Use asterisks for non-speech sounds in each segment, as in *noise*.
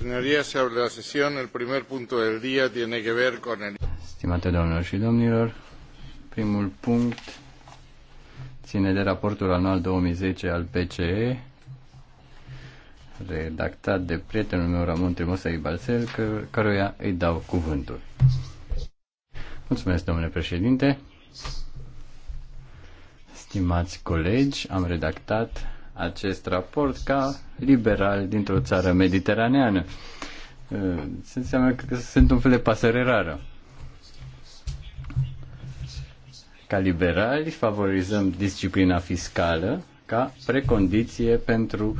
Señorías, abre la sesión. El primer punto del día tiene que ver con el... Stimate domnilor și domnilor, primul punct ține de raportul anual 2010 al PCE, redactat de prietenul meu Ramon Trimosa Ibalcel, căruia îi dau cuvântul. Mulțumesc, domnule președinte. Stimați colegi, am redactat acest raport ca liberal dintr-o țară mediteraneană. Se înseamnă că sunt un fel de pasăre rară. Ca liberali favorizăm disciplina fiscală ca precondiție pentru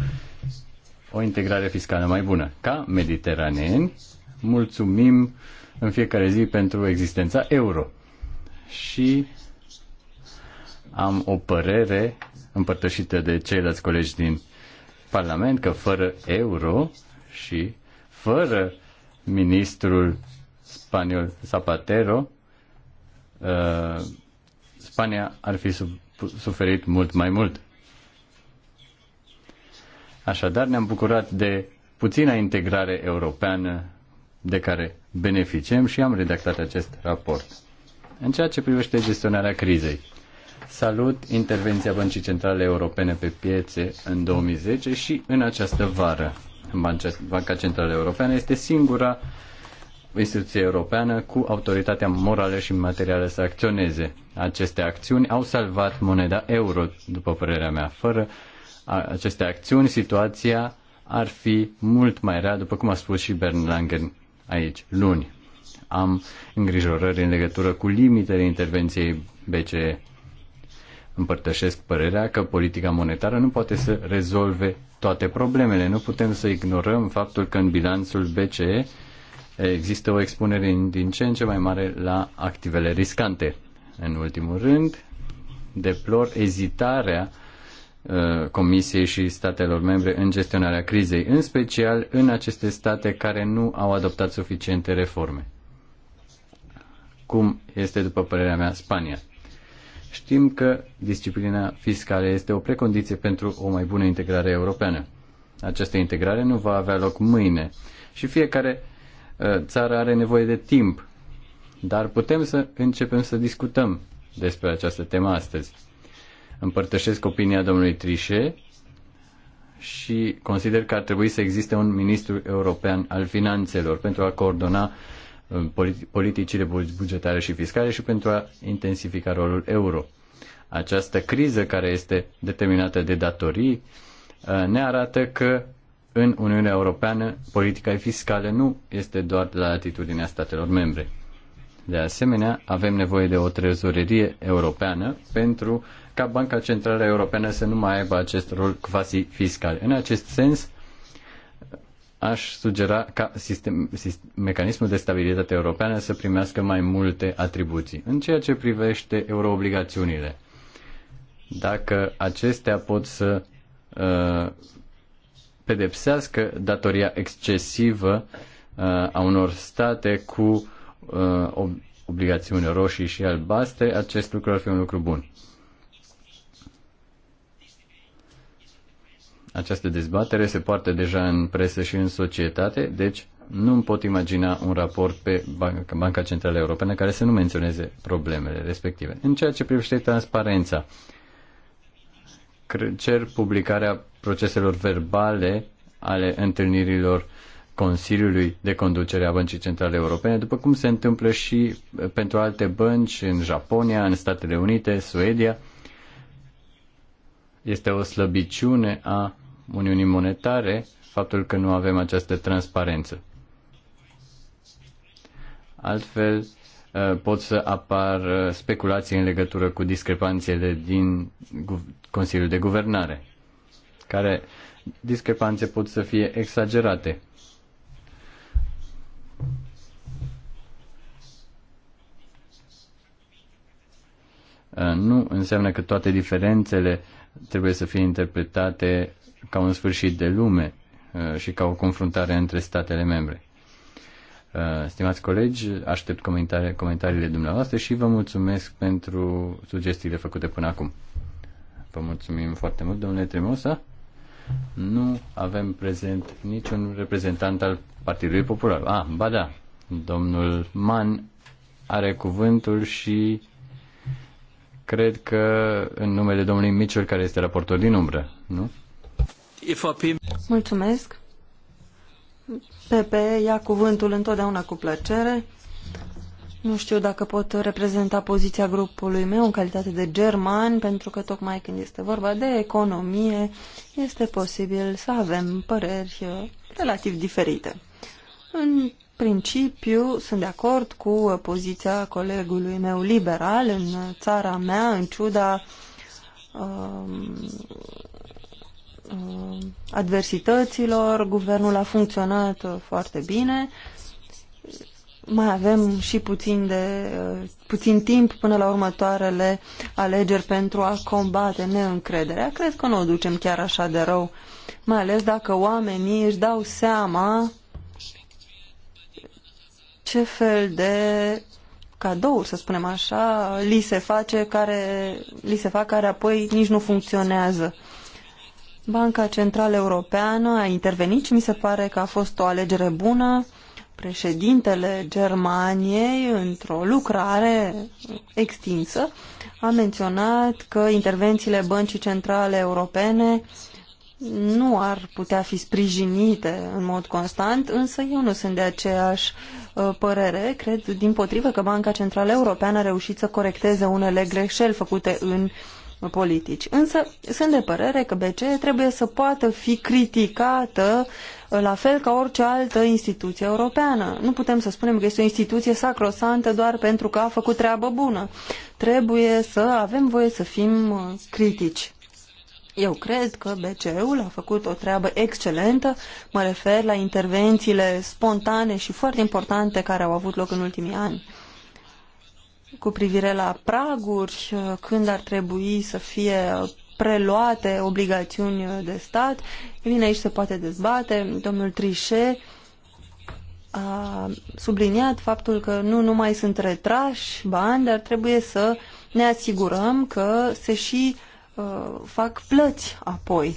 o integrare fiscală mai bună. Ca mediteraneeni mulțumim în fiecare zi pentru existența euro. Și am o părere împărtășită de ceilalți colegi din Parlament că fără euro și fără ministrul spaniol Zapatero, uh, Spania ar fi sub, suferit mult mai mult. Așadar, ne-am bucurat de puțina integrare europeană de care beneficiem și am redactat acest raport. În ceea ce privește gestionarea crizei, Salut intervenția Băncii Centrale Europene pe piețe în 2010 și în această vară. Banca Centrală Europeană este singura instituție europeană cu autoritatea morală și materială să acționeze. Aceste acțiuni au salvat moneda euro, după părerea mea. Fără aceste acțiuni, situația ar fi mult mai rea, după cum a spus și Bern Langen aici, luni. Am îngrijorări în legătură cu limitele intervenției BCE. Împărtășesc părerea că politica monetară nu poate să rezolve toate problemele. Nu putem să ignorăm faptul că în bilanțul BCE există o expunere din ce în ce mai mare la activele riscante. În ultimul rând, deplor ezitarea uh, Comisiei și statelor membre în gestionarea crizei, în special în aceste state care nu au adoptat suficiente reforme, cum este, după părerea mea, Spania. Știm că disciplina fiscală este o precondiție pentru o mai bună integrare europeană. Această integrare nu va avea loc mâine și fiecare uh, țară are nevoie de timp, dar putem să începem să discutăm despre această temă astăzi. Împărtășesc opinia domnului Trișe și consider că ar trebui să existe un ministru european al finanțelor pentru a coordona uh, politicile bugetare și fiscale și pentru a intensifica rolul euro. Această criză care este determinată de datorii uh, ne arată că în Uniunea Europeană politica fiscală nu este doar la atitudinea statelor membre. De asemenea, avem nevoie de o trezorerie europeană pentru ca Banca Centrală Europeană să nu mai aibă acest rol quasi fiscal. În acest sens, aș sugera ca sistem, sistem, mecanismul de stabilitate europeană să primească mai multe atribuții. În ceea ce privește euroobligațiunile, dacă acestea pot să uh, pedepsească datoria excesivă uh, a unor state cu uh, obligațiuni roșii și albaste, acest lucru ar fi un lucru bun. Această dezbatere se poartă deja în presă și în societate, deci nu îmi pot imagina un raport pe Banca Centrală Europeană care să nu menționeze problemele respective. În ceea ce privește transparența, cer publicarea proceselor verbale ale întâlnirilor Consiliului de Conducere a Băncii Centrale Europene, după cum se întâmplă și pentru alte bănci în Japonia, în Statele Unite, Suedia. Este o slăbiciune a Uniunii Monetare faptul că nu avem această transparență. Altfel, uh, pot să apar uh, speculații în legătură cu discrepanțele din Consiliul de Guvernare, care discrepanțe pot să fie exagerate. Uh, nu înseamnă că toate diferențele trebuie să fie interpretate ca un sfârșit de lume uh, și ca o confruntare între statele membre. Uh, stimați colegi, aștept comentari- comentariile dumneavoastră și vă mulțumesc pentru sugestiile făcute până acum. Vă mulțumim foarte mult, domnule Tremosa. Nu avem prezent niciun reprezentant al Partidului Popular. Ah, ba da, domnul Man are cuvântul și cred că în numele domnului Mitchell, care este raportor din umbră, nu? Mulțumesc. PP ia cuvântul întotdeauna cu plăcere. Nu știu dacă pot reprezenta poziția grupului meu în calitate de german, pentru că tocmai când este vorba de economie, este posibil să avem păreri uh, relativ diferite. În principiu, sunt de acord cu uh, poziția colegului meu liberal în țara mea, în ciuda um, Uh, adversităților, guvernul a funcționat uh, foarte bine. Mai avem și puțin, de, uh, puțin timp până la următoarele alegeri pentru a combate neîncrederea. Cred că nu o ducem chiar așa de rău, mai ales dacă oamenii își dau seama ce fel de cadouri, să spunem așa, li se face care, li se fac care apoi nici nu funcționează. Banca Centrală Europeană a intervenit și mi se pare că a fost o alegere bună. Președintele Germaniei, într-o lucrare extinsă, a menționat că intervențiile Băncii Centrale Europene nu ar putea fi sprijinite în mod constant, însă eu nu sunt de aceeași uh, părere. Cred, din potrivă, că Banca Centrală Europeană a reușit să corecteze unele greșeli făcute în uh, politici. Însă sunt de părere că BCE trebuie să poată fi criticată uh, la fel ca orice altă instituție europeană. Nu putem să spunem că este o instituție sacrosantă doar pentru că a făcut treabă bună. Trebuie să avem voie să fim uh, critici. Eu cred că BCE-ul a făcut o treabă excelentă, mă refer la intervențiile spontane și foarte importante care au avut loc în ultimii ani cu privire la praguri, uh, când ar trebui să fie preluate obligațiuni uh, de stat. E bine, aici se poate dezbate. Domnul Trichet a subliniat faptul că nu numai sunt retrași bani, dar trebuie să ne asigurăm că se și uh, fac plăți apoi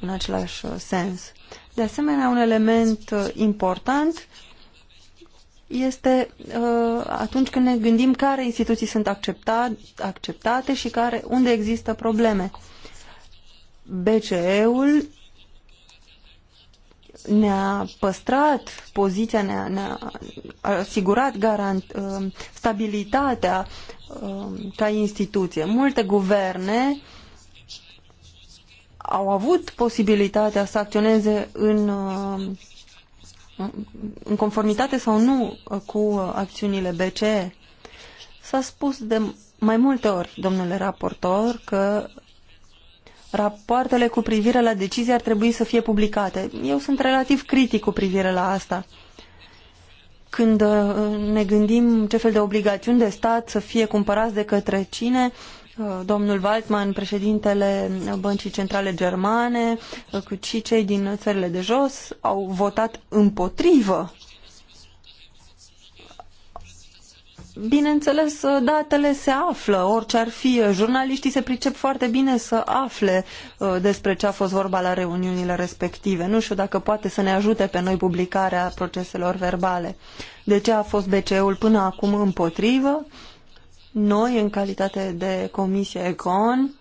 în același uh, sens. De asemenea, un element important uh, este uh, atunci când ne gândim care instituții sunt accepta, acceptate și care, unde există probleme. BCE-ul ne-a păstrat poziția, ne-a, ne asigurat garant, uh, stabilitatea uh, ca instituție. Multe guverne au avut posibilitatea să acționeze în uh, în conformitate sau nu cu acțiunile BCE. S-a spus de mai multe ori, domnule raportor, că rapoartele cu privire la decizii ar trebui să fie publicate. Eu sunt relativ critic cu privire la asta. Când uh, ne gândim ce fel de obligațiuni de stat să fie cumpărați de către cine, domnul Waldman, președintele Băncii Centrale Germane, cât și cei din țările de jos au votat împotrivă. Bineînțeles, datele se află, orice ar fi. Jurnaliștii se pricep foarte bine să afle uh, despre ce a fost vorba la reuniunile respective. Nu știu dacă poate să ne ajute pe noi publicarea proceselor verbale. De ce a fost BCE-ul până acum împotrivă? Noi, în calitate de Comisie Econ,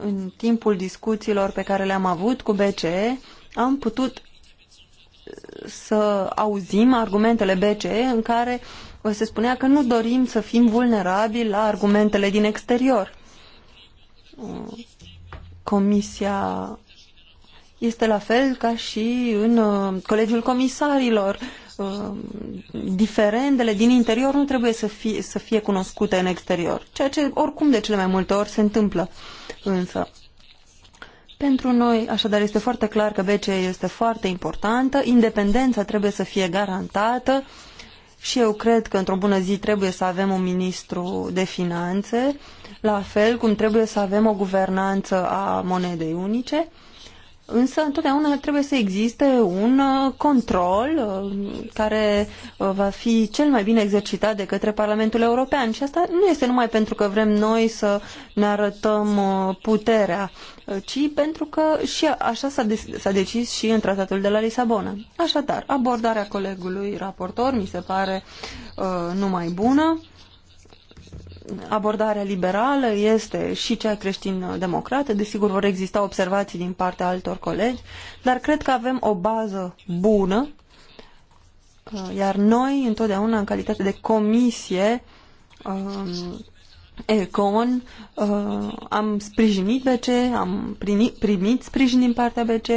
în timpul discuțiilor pe care le-am avut cu BCE, am putut să auzim argumentele BCE în care se spunea că nu dorim să fim vulnerabili la argumentele din exterior. Comisia este la fel ca și în uh, Colegiul Comisarilor Uh, diferendele din interior nu trebuie să fie, să fie cunoscute în exterior, ceea ce oricum de cele mai multe ori se întâmplă însă. Pentru noi, așadar, este foarte clar că BCE este foarte importantă, independența trebuie să fie garantată și eu cred că într-o bună zi trebuie să avem un ministru de finanțe, la fel cum trebuie să avem o guvernanță a monedei unice Însă, întotdeauna trebuie să existe un uh, control uh, care uh, va fi cel mai bine exercitat de către Parlamentul European. Și asta nu este numai pentru că vrem noi să ne arătăm puterea, ci pentru că și așa s-a, de- decis și în tratatul de la Lisabona. Așadar, abordarea colegului raportor mi se pare uh, numai bună abordarea liberală este și cea creștin-democrată. Desigur, vor exista observații din partea altor colegi, dar cred că avem o bază bună, uh, iar noi, întotdeauna, în calitate de comisie, um, Econ, uh, am sprijinit BC, am primit, sprijin din partea BC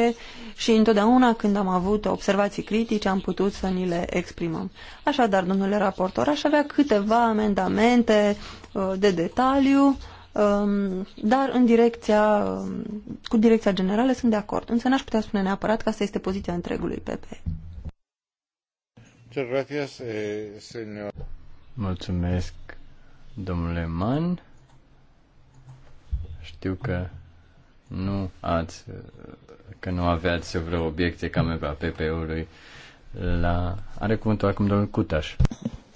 și întotdeauna când am avut observații critice am putut să ni le exprimăm. Așadar, domnule raportor, aș avea câteva amendamente Uh, de detaliu, um, dar în direcția, um, cu direcția generală sunt de acord. Însă n-aș putea spune neapărat că asta este poziția întregului PP. Eh, Mulțumesc, domnule Mann. Știu că nu ați, că nu aveați vreo obiecție ca membra PP-ului la... Are cuvântul acum domnul Cutaș.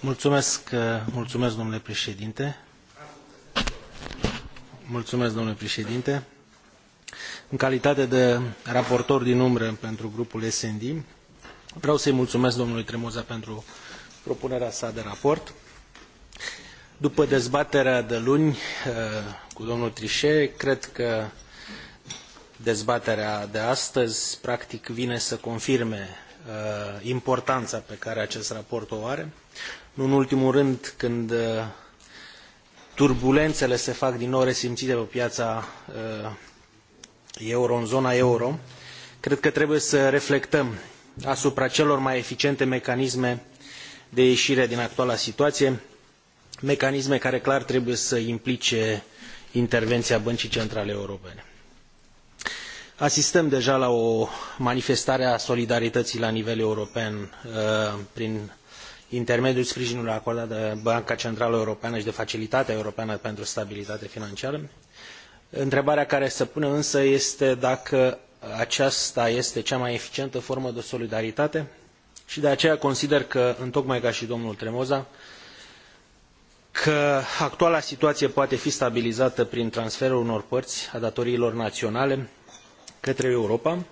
Mulțumesc, uh, mulțumesc domnule președinte. Mulțumesc, domnule președinte. În calitate de raportor din umbră pentru grupul SND, vreau să-i mulțumesc domnului Tremoza pentru propunerea sa de raport. După dezbaterea de luni uh, cu domnul Trichet, cred că dezbaterea de astăzi practic vine să confirme Uh, importanța pe care acest raport o are. Nu în ultimul rând când uh, turbulențele se fac din nou resimțite pe piața uh, euro, în zona euro, cred că trebuie să reflectăm asupra celor mai eficiente mecanisme de ieșire din actuala situație, mecanisme care clar trebuie să implice intervenția Băncii Centrale Europene asistăm deja la o manifestare a solidarității la nivel european uh, prin intermediul sprijinului acordat de Banca Centrală Europeană și de Facilitatea Europeană pentru Stabilitate Financiară. Întrebarea care se pune însă este dacă aceasta este cea mai eficientă formă de solidaritate și de aceea consider că, întocmai ca și domnul Tremoza, că actuala situație poate fi stabilizată prin transferul unor părți a datoriilor naționale către Europa,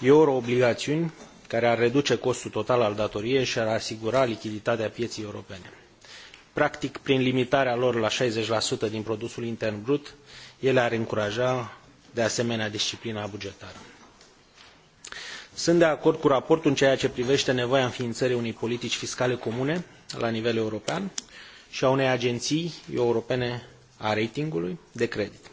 euroobligațiuni care ar reduce costul total al datoriei și ar asigura lichiditatea pieței europene. Practic, prin limitarea lor la 60% din produsul intern brut, ele ar încuraja de asemenea disciplina bugetară. Sunt de acord cu raportul în ceea ce privește nevoia înființării unei politici fiscale comune la nivel european și a unei agenții europene a ratingului de credit.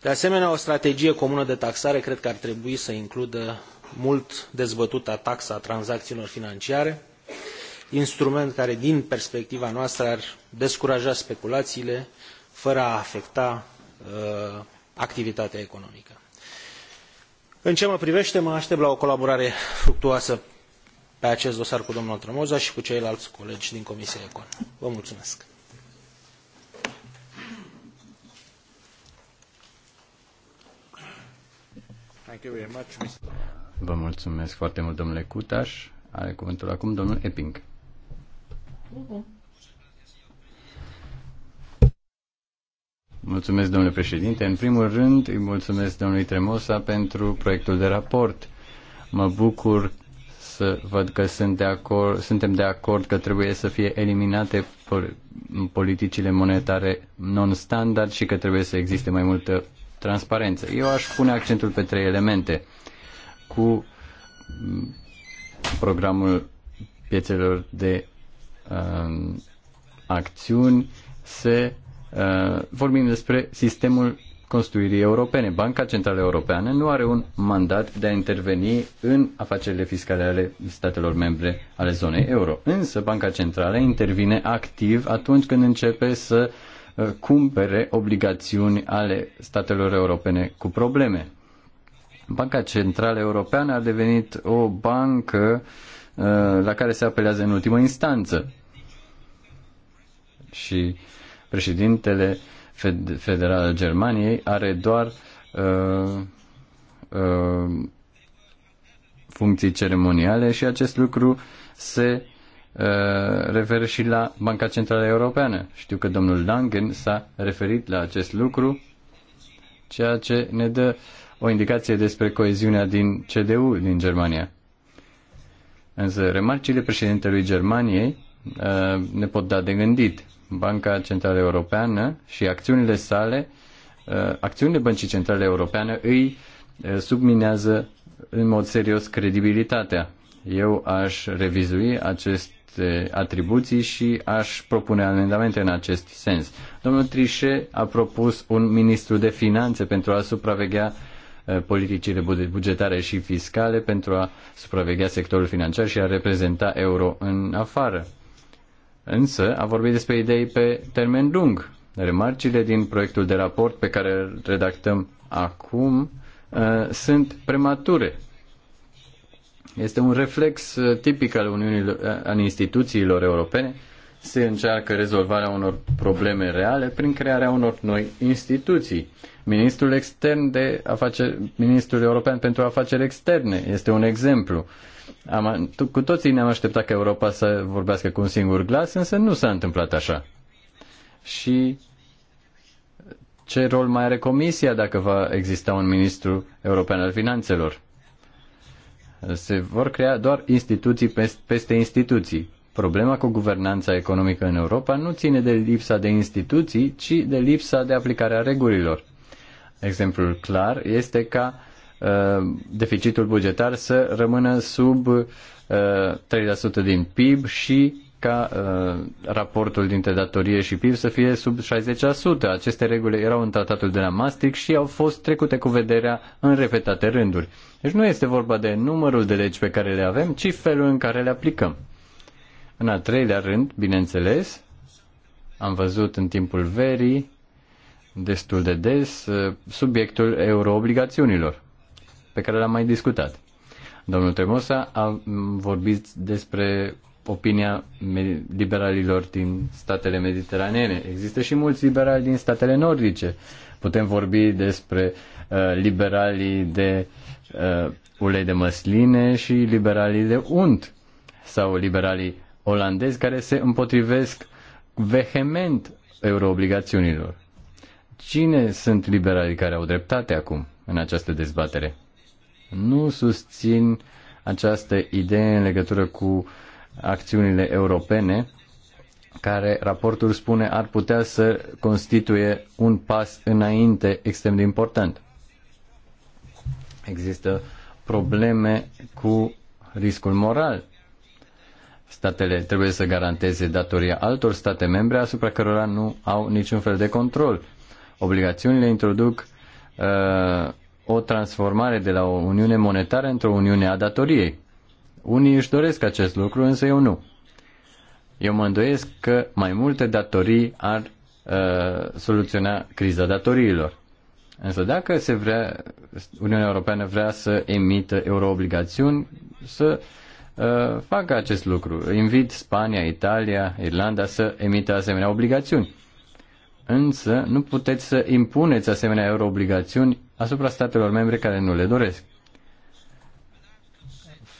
De asemenea, o strategie comună de taxare cred că ar trebui să includă mult dezbătuta taxa a tranzacțiilor financiare, instrument care, din perspectiva noastră, ar descuraja speculațiile fără a afecta uh, activitatea economică. În ce mă privește, mă aștept la o colaborare fructuoasă pe acest dosar cu domnul Tremoza și cu ceilalți colegi din Comisia Econ. Vă mulțumesc! Vă mulțumesc foarte mult, domnule Cutaș. Are cuvântul acum domnul Epping. Mulțumesc, domnule președinte. În primul rând, îi mulțumesc domnului Tremosa pentru proiectul de raport. Mă bucur să văd că sunt de acord, suntem de acord că trebuie să fie eliminate politicile monetare non-standard și că trebuie să existe mai multă transparență. Eu aș pune accentul pe trei elemente. Cu programul piețelor de uh, acțiuni se uh, vorbim despre sistemul construirii europene. Banca Centrală Europeană nu are un mandat de a interveni în afacerile fiscale ale statelor membre ale zonei euro. Însă Banca Centrală intervine activ atunci când începe să uh, cumpere obligațiuni ale statelor europene cu probleme. Banca Centrală Europeană a devenit o bancă uh, la care se apelează în ultimă instanță. Și președintele federal al Germaniei are doar uh, uh, funcții ceremoniale și acest lucru se Eh, referă și la Banca Centrală Europeană. Știu că domnul Langen s-a referit la acest lucru, ceea ce ne dă o indicație despre coeziunea din CDU din Germania. Însă remarcile președintelui Germaniei eh, ne pot da de gândit. Banca Centrală Europeană și acțiunile sale, eh, acțiunile Băncii Centrale Europeană îi subminează în mod serios credibilitatea. Eu aș revizui acest aceste atribuții și aș propune amendamente în acest sens. Domnul Trișe a propus un ministru de finanțe pentru a supraveghea uh, politicile bugetare și fiscale pentru a supraveghea sectorul financiar și a reprezenta euro în afară. Însă a vorbit despre idei pe termen lung. Remarcile din proiectul de raport pe care îl redactăm acum uh, sunt premature este un reflex uh, tipic al, Uniunii, uh, al instituțiilor europene. Se încearcă rezolvarea unor probleme reale prin crearea unor noi instituții. Ministrul extern de afaceri, Ministrul European pentru Afaceri Externe este un exemplu. Am, cu toții ne-am așteptat că Europa să vorbească cu un singur glas, însă nu s-a întâmplat așa. Și ce rol mai are Comisia dacă va exista un ministru european al finanțelor? Se vor crea doar instituții peste instituții. Problema cu guvernanța economică în Europa nu ține de lipsa de instituții, ci de lipsa de aplicare a regulilor. Exemplul clar este ca uh, deficitul bugetar să rămână sub uh, 3% din PIB și ca uh, raportul dintre datorie și PIB să fie sub 60%. Aceste reguli erau în tratatul de la Maastricht și au fost trecute cu vederea în repetate rânduri. Deci nu este vorba de numărul de legi pe care le avem, ci felul în care le aplicăm. În a treilea rând, bineînțeles, am văzut în timpul verii destul de des uh, subiectul euroobligațiunilor, pe care l-am mai discutat. Domnul Tremosa a vorbit despre opinia liberalilor din statele mediteraneene Există și mulți liberali din statele nordice. Putem vorbi despre uh, liberalii de uh, ulei de măsline și liberalii de unt sau liberalii olandezi care se împotrivesc vehement euroobligațiunilor. Cine sunt liberalii care au dreptate acum în această dezbatere? Nu susțin această idee în legătură cu uh, acțiunile europene, care raportul spune ar putea să constituie un pas înainte extrem de important. Există probleme cu riscul moral. Statele trebuie să garanteze datoria altor state membre asupra cărora nu au niciun fel de control. Obligațiunile introduc uh, o transformare de la o uniune monetară într-o uniune a datoriei. Unii își doresc acest lucru, însă eu nu. Eu mă îndoiesc că mai multe datorii ar uh, soluționa criza datoriilor. Însă dacă se vrea, Uniunea Europeană vrea să emită euroobligațiuni, să uh, facă acest lucru. Invit Spania, Italia, Irlanda să emită asemenea obligațiuni. Însă nu puteți să impuneți asemenea euroobligațiuni asupra statelor membre care nu le doresc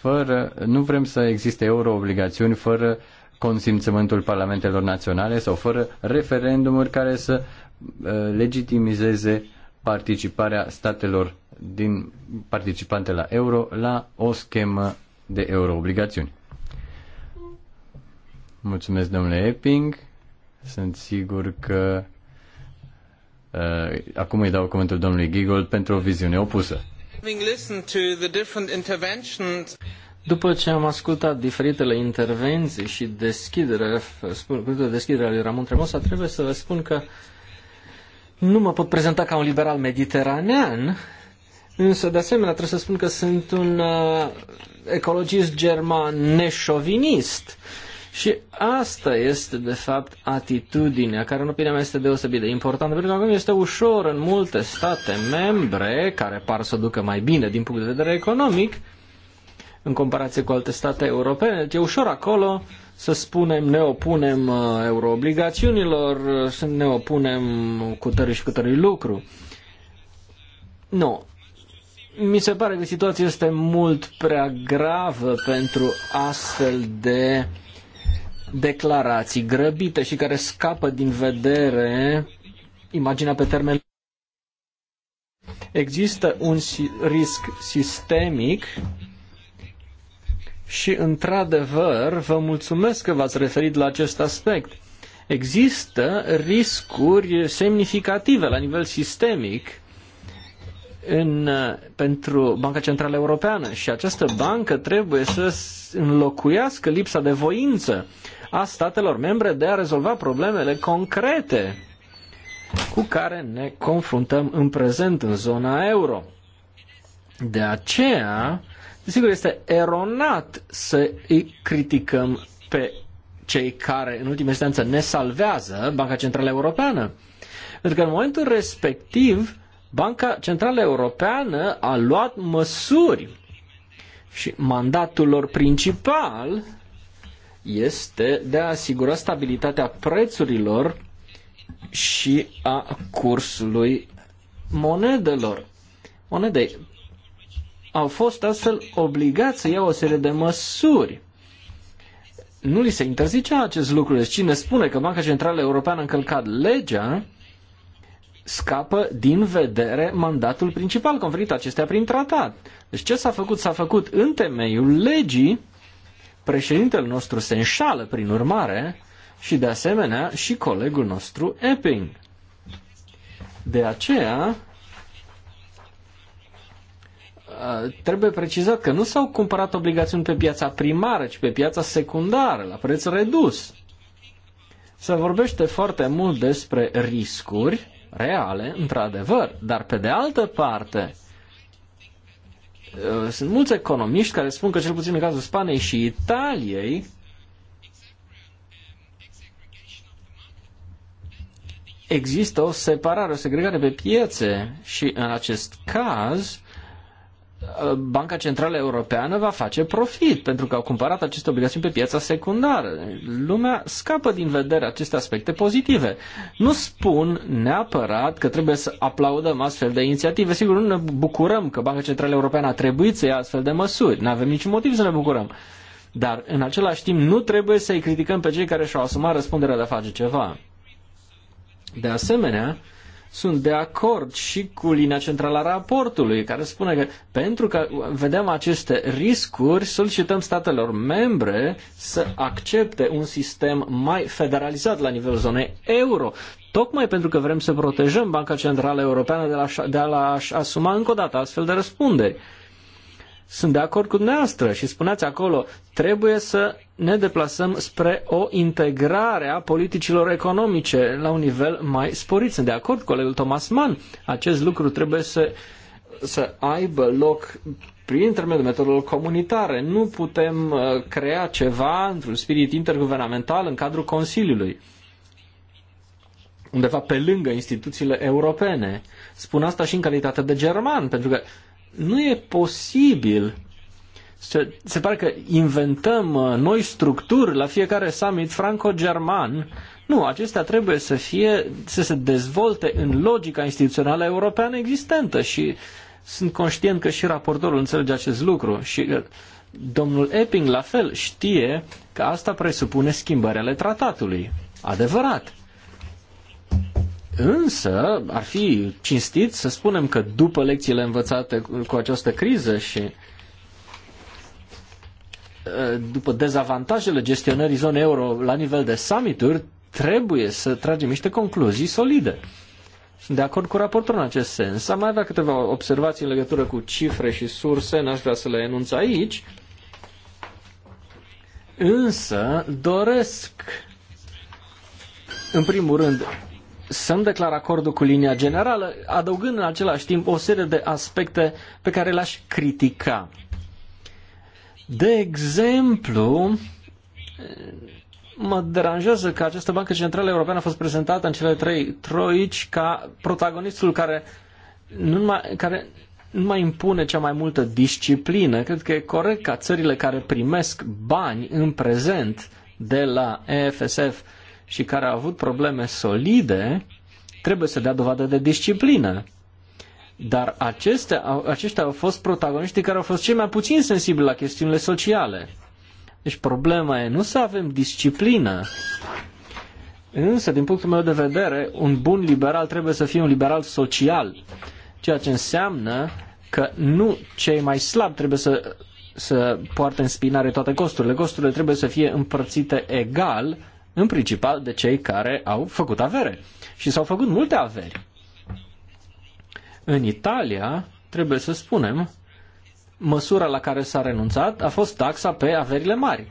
fără, nu vrem să existe euroobligațiuni fără consimțământul parlamentelor naționale sau fără referendumuri care să uh, legitimizeze participarea statelor din participante la euro la o schemă de euroobligațiuni. Mulțumesc, domnule Epping. Sunt sigur că uh, acum îi dau cuvântul domnului Gigol pentru o viziune opusă. După ce am ascultat diferitele intervenții și deschiderea, de deschiderea lui Ramon Tremosa, trebuie să vă spun că nu mă pot prezenta ca un liberal mediteranean, însă de asemenea trebuie să spun că sunt un uh, ecologist german neșovinist. Uh, și asta este, de fapt, atitudinea, care, în opinia mea, este deosebit de importantă, pentru că acum este ușor în multe state membre, care par să o ducă mai bine din punct de vedere economic, în comparație cu alte state europene, deci e ușor acolo să spunem, ne opunem uh, euroobligațiunilor, uh, ne opunem cu tări și cu tări lucru. Nu. Mi se pare că situația este mult prea gravă pentru astfel de uh, declarații grăbite și care scapă din vedere imaginea pe termen Există un risc sistemic și, într-adevăr, vă mulțumesc că v-ați referit la acest aspect. Există riscuri semnificative la nivel sistemic în, pentru Banca Centrală Europeană și această bancă trebuie să înlocuiască lipsa de voință a statelor membre de a rezolva problemele concrete cu care ne confruntăm în prezent în zona euro. De aceea, desigur, este eronat să îi criticăm pe cei care, în ultima instanță, ne salvează Banca Centrală Europeană. Pentru că în momentul respectiv, Banca Centrală Europeană a luat măsuri și mandatul lor principal este de a asigura stabilitatea prețurilor și a cursului monedelor. Monedei au fost astfel obligați să iau o serie de măsuri. Nu li se interzicea acest lucru. Deci cine spune că Banca Centrală Europeană a încălcat legea, scapă din vedere mandatul principal conferit acestea prin tratat. Deci ce s-a făcut? S-a făcut în temeiul legii Președintele nostru se înșală, prin urmare, și de asemenea și colegul nostru Epping. De aceea, trebuie precizat că nu s-au cumpărat obligațiuni pe piața primară, ci pe piața secundară, la preț redus. Se vorbește foarte mult despre riscuri reale, într-adevăr, dar pe de altă parte, Uh, sunt mulți economiști care spun că cel puțin în cazul Spaniei și Italiei există o separare, o segregare pe piețe și în acest caz Banca Centrală Europeană va face profit pentru că au cumpărat aceste obligațiuni pe piața secundară. Lumea scapă din vedere aceste aspecte pozitive. Nu spun neapărat că trebuie să aplaudăm astfel de inițiative. Sigur, nu ne bucurăm că Banca Centrală Europeană a trebuit să ia astfel de măsuri. Nu avem niciun motiv să ne bucurăm. Dar, în același timp, nu trebuie să-i criticăm pe cei care și-au asumat răspunderea de a face ceva. De asemenea, uh, sunt de acord și cu linia centrală a raportului, care spune că pentru că vedem aceste riscuri, solicităm statelor membre să accepte un sistem mai federalizat la nivelul zonei euro, tocmai pentru că vrem să protejăm Banca Centrală Europeană de, la, de a-și asuma încă o dată astfel de răspunderi. Sunt de acord cu dumneavoastră și spuneați acolo, trebuie să ne deplasăm spre o integrare a politicilor economice la un nivel mai sporit. Sunt de acord cu colegul Thomas Mann. Acest lucru trebuie să, să aibă loc prin intermediul metodelor comunitare. Nu putem uh, crea ceva într-un spirit interguvernamental în cadrul Consiliului undeva pe lângă instituțiile europene. Spun asta și în calitate de german, pentru că nu e posibil. Se pare că inventăm uh, noi structuri la fiecare summit franco-german. Nu, acestea trebuie să fie, să se dezvolte în logica instituțională europeană existentă și sunt conștient că și raportorul înțelege acest lucru și domnul Epping la fel știe că asta presupune schimbări ale tratatului. Adevărat. Însă ar fi cinstit să spunem că după lecțiile învățate cu această criză și ă, după dezavantajele gestionării zonei euro la nivel de summituri, trebuie să tragem niște concluzii solide. Sunt de acord cu raportul în acest sens. Am mai avea câteva observații în legătură cu cifre și surse, n-aș vrea să le enunț aici, însă doresc, în primul rând, să-mi declar acordul cu linia generală, adăugând în același timp o serie de aspecte pe care le-aș critica. De exemplu, mă deranjează că această Bancă Centrală Europeană a fost prezentată în cele trei troici ca protagonistul care nu numai, care nu mai impune cea mai multă disciplină. Cred că e corect ca țările care primesc bani în prezent de la EFSF și care a avut probleme solide, trebuie să dea dovadă de disciplină. Dar acestea, aceștia au fost protagoniștii care au fost cei mai puțin sensibili la chestiunile sociale. Deci problema e nu să avem disciplină, însă, din punctul meu de vedere, un bun liberal trebuie să fie un liberal social, ceea ce înseamnă că nu cei mai slabi trebuie să, să poartă în spinare toate costurile. Costurile trebuie să fie împărțite egal în principal de cei care au făcut avere. Și s-au făcut multe averi. În Italia, trebuie să spunem, măsura la care s-a renunțat a fost taxa pe averile mari.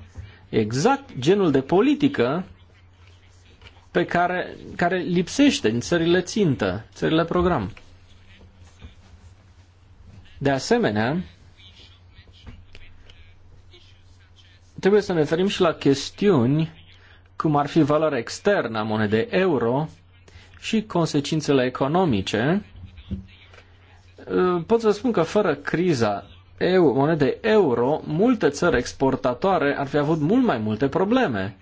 Exact genul de politică pe care, care lipsește în țările țintă, țările program. De asemenea, trebuie să ne referim și la chestiuni cum ar fi valoarea externă a monedei euro și consecințele economice, eh, pot să spun că fără criza eu, monedei euro, multe țări exportatoare ar fi avut mult mai multe probleme.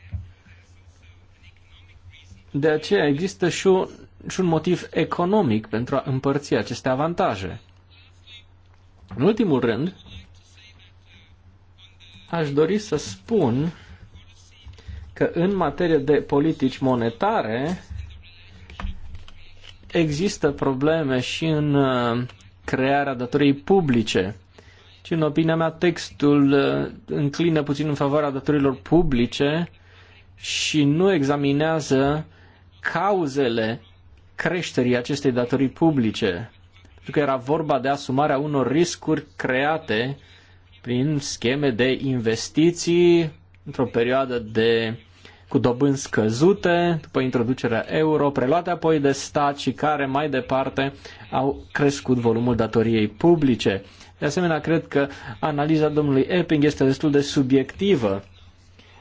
De aceea există și un, și un motiv economic pentru a împărți aceste avantaje. În ultimul rând, aș dori să spun că în materie de politici monetare există probleme și în uh, crearea datoriei publice. Și în opinia mea textul uh, înclină puțin în favoarea datorilor publice și nu examinează cauzele creșterii acestei datorii publice. Pentru că era vorba de asumarea unor riscuri create prin scheme de investiții într-o perioadă de cu dobânzi scăzute după introducerea euro, preluate apoi de stat și care mai departe au crescut volumul datoriei publice. De asemenea, cred că analiza domnului Epping este destul de subiectivă,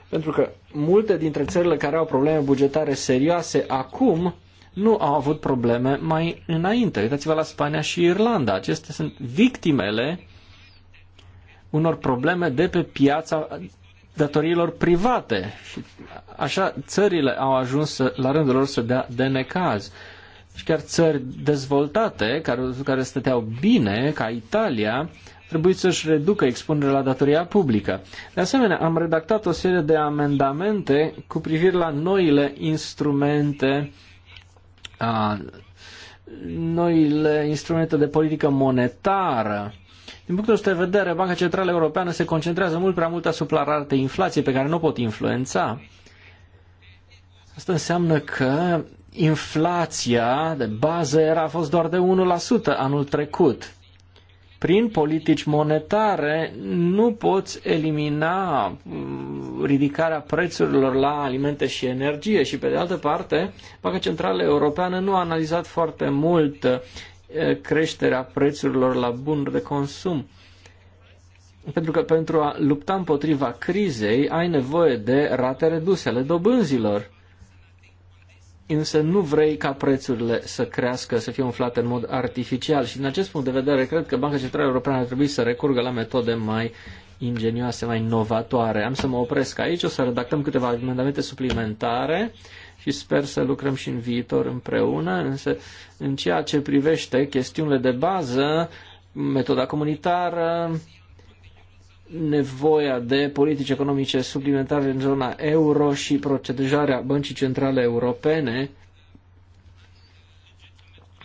pentru că multe dintre țările care au probleme bugetare serioase acum nu au avut probleme mai înainte. Uitați-vă la Spania și Irlanda. Acestea sunt victimele unor probleme de pe piața datoriilor private. Și așa țările au ajuns la rândul lor să dea de necaz. Și chiar țări dezvoltate, care, care stăteau bine, ca Italia, trebuie să-și reducă expunerea la datoria publică. De asemenea, am redactat o serie de amendamente cu privire la noile instrumente a, noile instrumente de politică monetară din punctul ăsta de vedere, Banca Centrală Europeană se concentrează mult prea mult asupra ratei inflației pe care nu o pot influența. Asta înseamnă că inflația de bază era, a fost doar de 1% anul trecut. Prin politici monetare nu poți elimina mm, ridicarea prețurilor la alimente și energie și pe de altă parte, Banca Centrală Europeană nu a analizat foarte mult creșterea prețurilor la bunuri de consum. Pentru că pentru a lupta împotriva crizei ai nevoie de rate reduse ale dobânzilor. Însă nu vrei ca prețurile să crească, să fie umflate în mod artificial și din acest punct de vedere cred că Banca Centrală Europeană ar trebui să recurgă la metode mai ingenioase, mai inovatoare. Am să mă opresc aici, o să redactăm câteva amendamente suplimentare și sper să lucrăm și în viitor împreună, însă în ceea ce privește chestiunile de bază, metoda comunitară, nevoia de politici economice suplimentare în zona euro și protejarea băncii centrale europene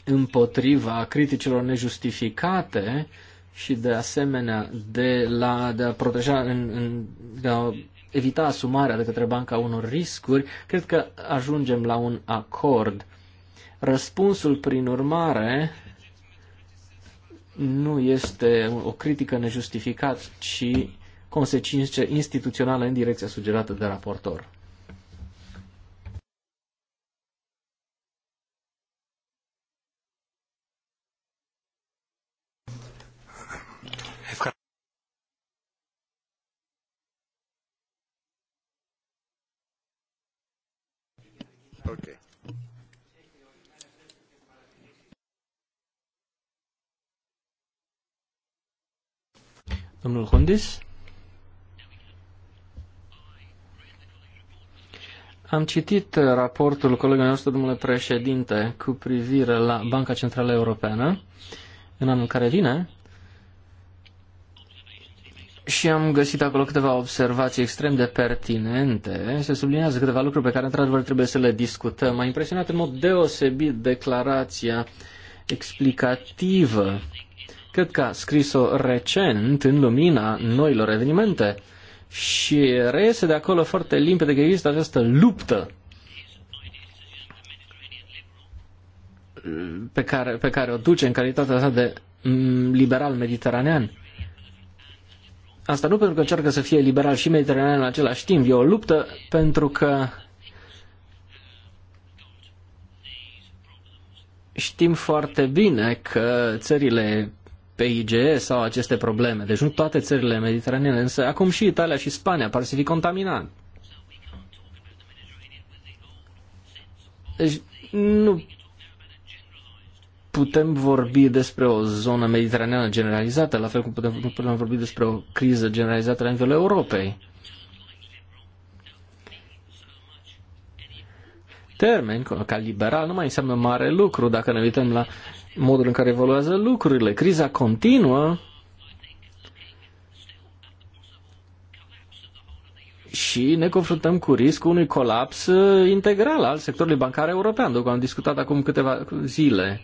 împotriva criticilor nejustificate și de asemenea de, la, de a proteja în, în de a evita asumarea de către banca unor riscuri, cred că ajungem la un acord. Răspunsul, prin urmare, nu este o critică nejustificată, ci consecințe instituționale în direcția sugerată de raportor. Domnul Hundis? Am citit uh, raportul colegului nostru, domnule președinte, cu privire la Banca Centrală Europeană în anul care vine și am găsit acolo câteva observații extrem de pertinente. Se sublinează câteva lucruri pe care, într-adevăr, trebuie să le discutăm. M-a impresionat în mod deosebit declarația explicativă Cred că a scris-o recent în lumina noilor evenimente și reiese de acolo foarte limpede că există această luptă pe care, pe care o duce în calitatea sa de mm, liberal mediteranean. Asta nu pentru că încearcă să fie liberal și mediteranean în același timp, e o luptă pentru că știm foarte bine că țările PIGE sau aceste probleme. Deci nu toate țările mediteranene, însă acum și Italia și Spania par să fi contaminate. Deci nu putem vorbi despre o zonă mediteraneană generalizată, la fel cum putem, nu putem vorbi despre o criză generalizată la nivelul Europei. Termen ca liberal nu mai înseamnă mare lucru dacă ne uităm la modul în care evoluează lucrurile. Criza continuă și ne confruntăm cu riscul unui colaps integral al sectorului bancar european, după am discutat acum câteva zile.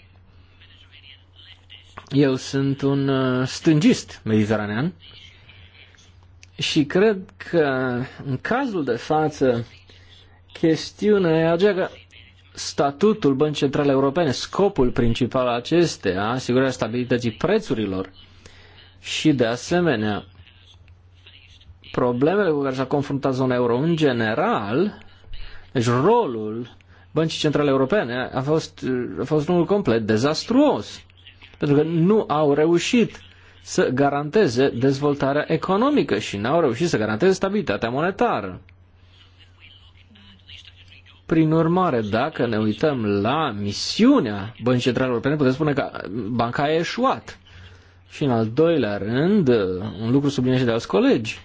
Eu sunt un uh, stângist mediteranean și cred că în cazul de față chestiunea e aceea că statutul Băncii Centrale Europene, scopul principal acestea, asigurarea stabilității prețurilor și, de asemenea, problemele cu care s-a confruntat zona euro în general, deci rolul Băncii Centrale Europene a fost, a fost unul complet dezastruos, pentru că nu au reușit să garanteze dezvoltarea economică și n-au reușit să garanteze stabilitatea monetară. Prin urmare, dacă ne uităm la misiunea Băncii Centrale Europene, putem spune că banca a eșuat. Și în al doilea rând, un lucru subliniat și de alți colegi,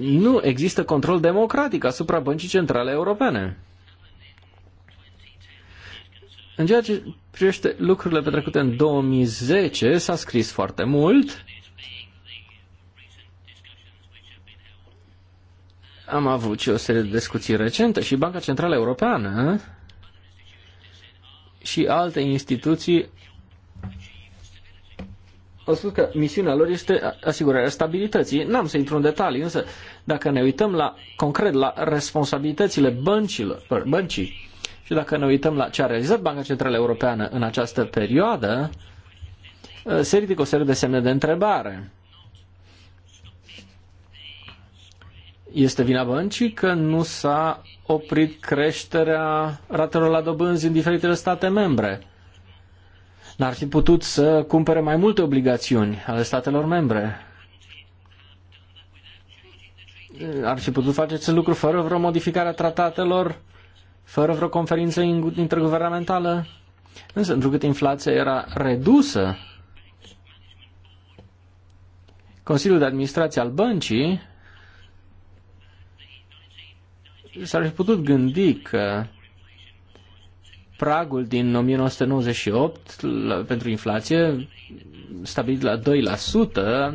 nu există control democratic asupra Băncii Centrale Europene. În ceea ce privește lucrurile petrecute în 2010, s-a scris foarte mult am avut și o serie de discuții recente și Banca Centrală Europeană și alte instituții au spus că misiunea lor este asigurarea stabilității. N-am să intru în detalii, însă dacă ne uităm la concret la responsabilitățile băncilor, băncii și dacă ne uităm la ce a realizat Banca Centrală Europeană în această perioadă, se ridică o serie de semne de întrebare. este vina băncii că nu s-a oprit creșterea ratelor la dobânzi în diferitele state membre. N-ar fi putut să cumpere mai multe obligațiuni ale statelor membre. Ar fi putut face acest lucru fără vreo modificare a tratatelor, fără vreo conferință interguvernamentală. Însă, pentru inflația era redusă, Consiliul de Administrație al băncii s-ar fi putut gândi că pragul din 1998 la, pentru inflație, stabilit la 2%,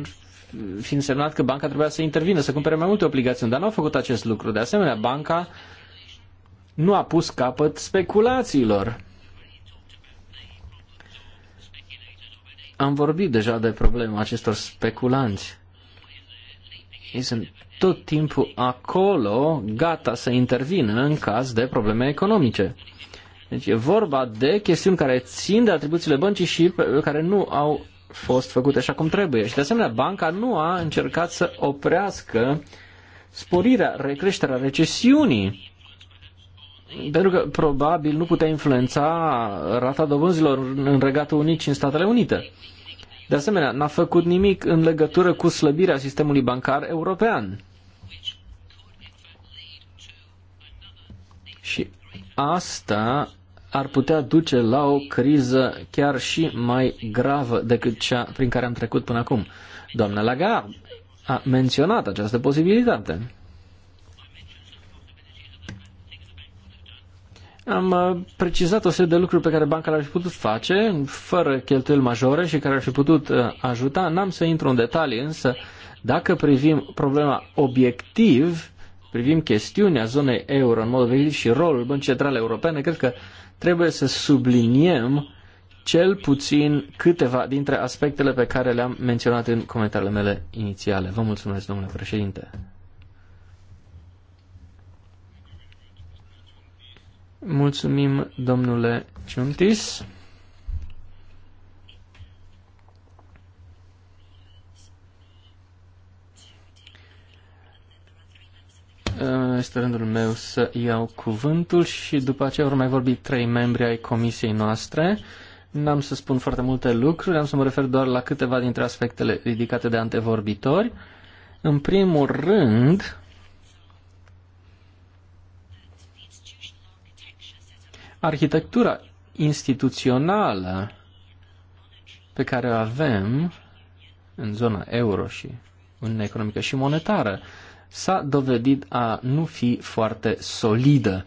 fiind semnat că banca trebuia să intervină, să cumpere mai multe obligațiuni, dar nu a făcut acest lucru. De asemenea, banca nu a pus capăt speculațiilor. Am vorbit deja de problema acestor speculanți ei sunt tot timpul acolo, gata să intervină în caz de probleme economice. Deci e vorba de chestiuni care țin de atribuțiile băncii și care nu au fost făcute așa cum trebuie. Și de asemenea, banca nu a încercat să oprească sporirea, recreșterea recesiunii. Pentru că probabil nu putea influența rata dobânzilor în Regatul unic în Statele Unite. De asemenea, n-a făcut nimic în legătură cu slăbirea sistemului bancar european. Și asta ar putea duce la o criză chiar și mai gravă decât cea prin care am trecut până acum. Doamna Lagarde a menționat această posibilitate. Am uh, precizat o serie de lucruri pe care banca le-ar fi putut face, fără cheltuieli majore și care ar fi putut uh, ajuta. N-am să intru în detalii, însă dacă privim problema obiectiv, privim chestiunea zonei euro în mod obiectiv și rolul Băncii Centrale Europene, cred că trebuie să subliniem cel puțin câteva dintre aspectele pe care le-am menționat în comentariile mele inițiale. Vă mulțumesc, domnule președinte. Mulțumim, domnule Ciuntis. Este rândul meu să iau cuvântul și după aceea vor mai vorbi trei membri ai comisiei noastre. N-am să spun foarte multe lucruri, am să mă refer doar la câteva dintre aspectele ridicate de antevorbitori. În primul rând, Arhitectura instituțională pe care o avem în zona euro și în Economică și Monetară s-a dovedit a nu fi foarte solidă.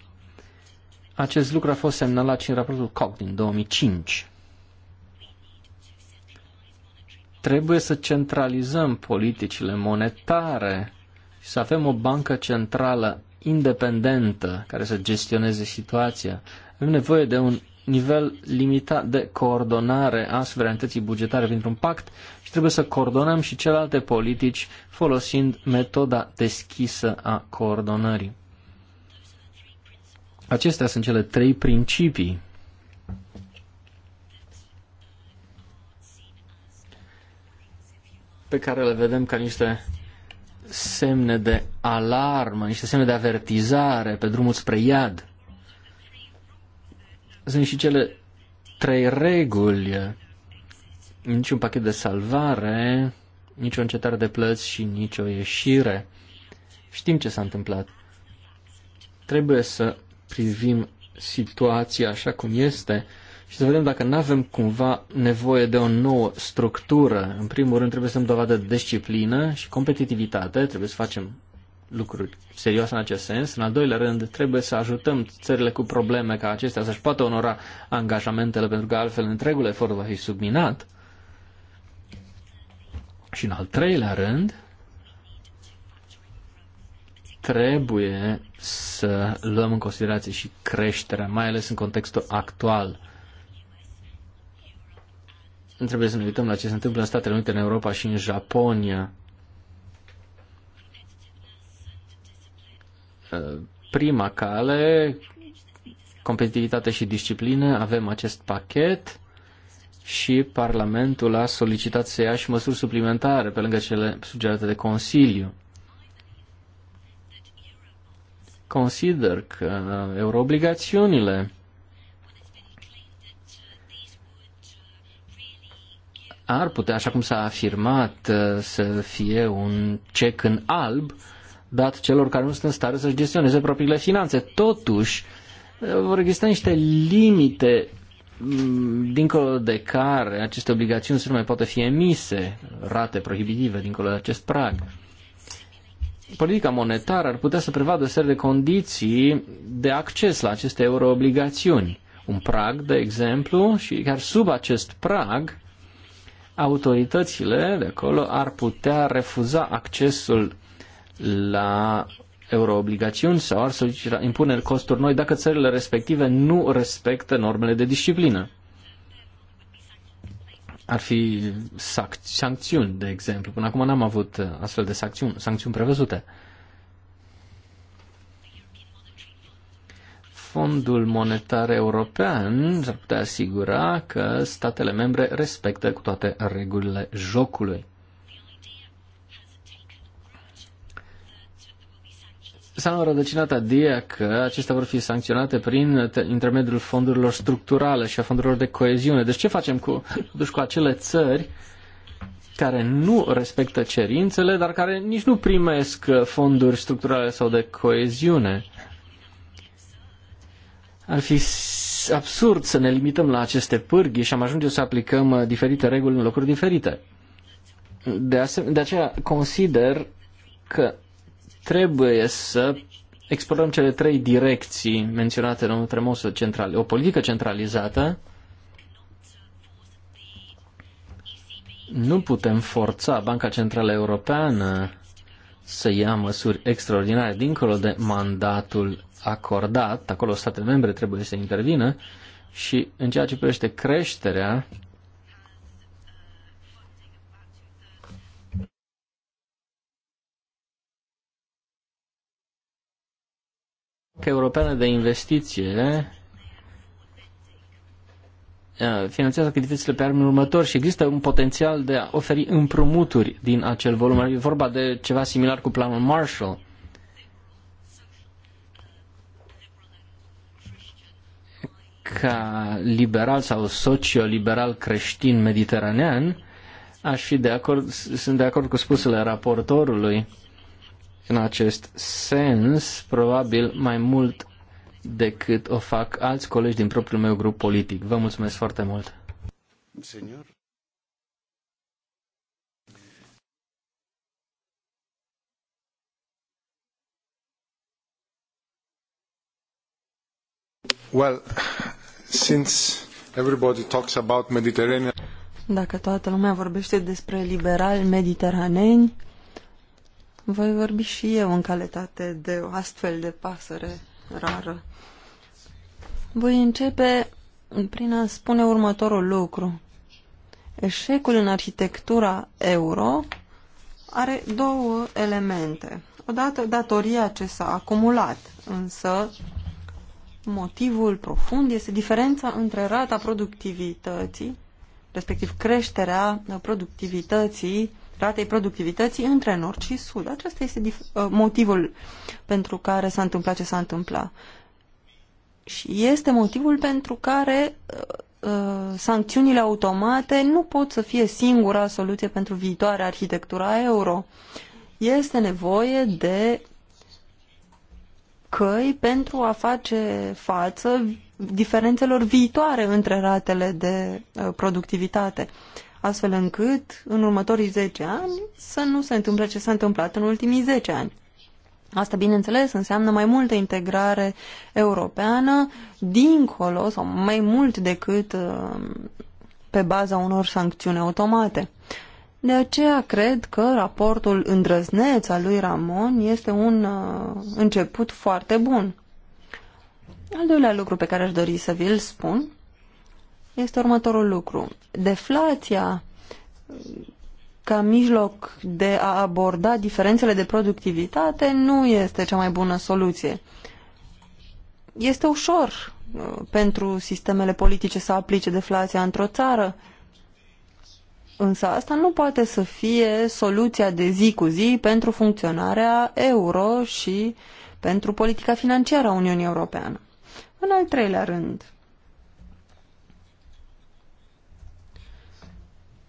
Acest lucru a fost semnalat și în raportul COC din 2005. Trebuie să centralizăm politicile monetare și să avem o bancă centrală independentă care să gestioneze situația. Avem nevoie de un nivel limitat de coordonare a suveranității bugetare printr-un pact și trebuie să coordonăm și celelalte politici folosind metoda deschisă a coordonării. Acestea sunt cele trei principii pe care le vedem ca niște semne de alarmă, niște semne de avertizare pe drumul spre iad sunt și cele trei reguli. Niciun pachet de salvare, nicio încetare de plăți și nicio ieșire. Știm ce s-a întâmplat. Trebuie să privim situația așa cum este și să vedem dacă nu avem cumva nevoie de o nouă structură. În primul rând trebuie să-mi dovadă disciplină și competitivitate, trebuie să facem lucruri serioase în acest sens. În al doilea rând, trebuie să ajutăm țările cu probleme ca acestea să-și poată onora angajamentele, pentru că altfel întregul efort va fi subminat. Și în al treilea rând, trebuie să luăm în considerație și creșterea, mai ales în contextul actual. Trebuie să ne uităm la ce se întâmplă în Statele Unite, în Europa și în Japonia. Eh, prima cale, competitivitate și disciplină, avem acest pachet și Parlamentul a solicitat să ia și măsuri suplimentare pe lângă cele sugerate de Consiliu. Consider că euroobligațiunile ar putea, așa cum s-a afirmat, eh, să fie un cec în alb uh, dat celor care nu sunt în stare să-și gestioneze propriile finanțe. Totuși, vor exista niște limite mm, dincolo de care aceste obligațiuni să nu mai poate fi emise, rate prohibitive dincolo de acest prag. Politica monetară ar putea să prevadă o serie de condiții de acces la aceste euroobligațiuni. Un prag, de exemplu, și chiar sub acest prag, autoritățile de acolo ar putea refuza accesul la euroobligațiuni sau ar solicita impuneri costuri noi dacă țările respective nu respectă normele de disciplină. Ar fi sac- sancțiuni, de exemplu. Până acum n-am avut astfel de sancțiuni, sancțiuni prevăzute. Fondul Monetar European s-ar putea asigura că statele membre respectă cu toate regulile jocului. S-a înrădăcinat adia că acestea vor fi sancționate prin intermediul fondurilor structurale și a fondurilor de coeziune. Deci ce facem cu, totuși, cu acele țări care nu respectă cerințele, dar care nici nu primesc fonduri structurale sau de coeziune? Ar fi absurd să ne limităm la aceste pârghii și am ajunge să aplicăm uh, diferite reguli în locuri diferite. De, asem- de aceea consider că Trebuie să explorăm cele trei direcții menționate în domnul Tremosă, central, o politică centralizată, nu putem forța Banca Centrală Europeană să ia măsuri extraordinare dincolo de mandatul acordat, acolo statele membre trebuie să intervină și în ceea ce privește creșterea, Europeană de Investiție finanțează activitățile pe anul următor și există un potențial de a oferi împrumuturi din acel volum. E vorba de ceva similar cu planul Marshall. Ca liberal sau socio-liberal creștin mediteranean, aș fi de acord, sunt de acord cu spusele raportorului în acest sens, probabil mai mult decât o fac alți colegi din propriul meu grup politic. Vă mulțumesc foarte mult! Senior? Well, since everybody talks about Mediterranean... Dacă toată lumea vorbește despre liberali mediteraneni, voi vorbi și eu în calitate de o astfel de pasăre rară. Voi începe prin a spune următorul lucru. Eșecul în arhitectura euro are două elemente. Odată datoria ce s-a acumulat, însă motivul profund este diferența între rata productivității, respectiv creșterea productivității ratei productivității între nord și sud. Acesta este uh, motivul pentru care s-a întâmplat ce s-a întâmplat. Și este motivul pentru care uh, uh sancțiunile automate nu pot să fie singura soluție pentru viitoarea arhitectura euro. Este nevoie de căi pentru a face față diferențelor viitoare între ratele de uh, productivitate. Uh, astfel încât în următorii 10 ani să nu se întâmple ce s-a întâmplat în ultimii 10 ani. Asta, bineînțeles, înseamnă mai multă integrare europeană, dincolo sau mai mult decât uh, pe baza unor sancțiuni automate. De aceea cred că raportul îndrăzneț al lui Ramon este un uh, început foarte bun. Al doilea lucru pe care aș dori să vi-l spun este următorul lucru. Deflația ca mijloc de a aborda diferențele de productivitate nu este cea mai bună soluție. Este ușor uh, pentru sistemele politice să aplice deflația într-o țară, însă asta nu poate să fie soluția de zi cu zi pentru funcționarea euro și pentru politica financiară a Uniunii Europeană. În al treilea rând,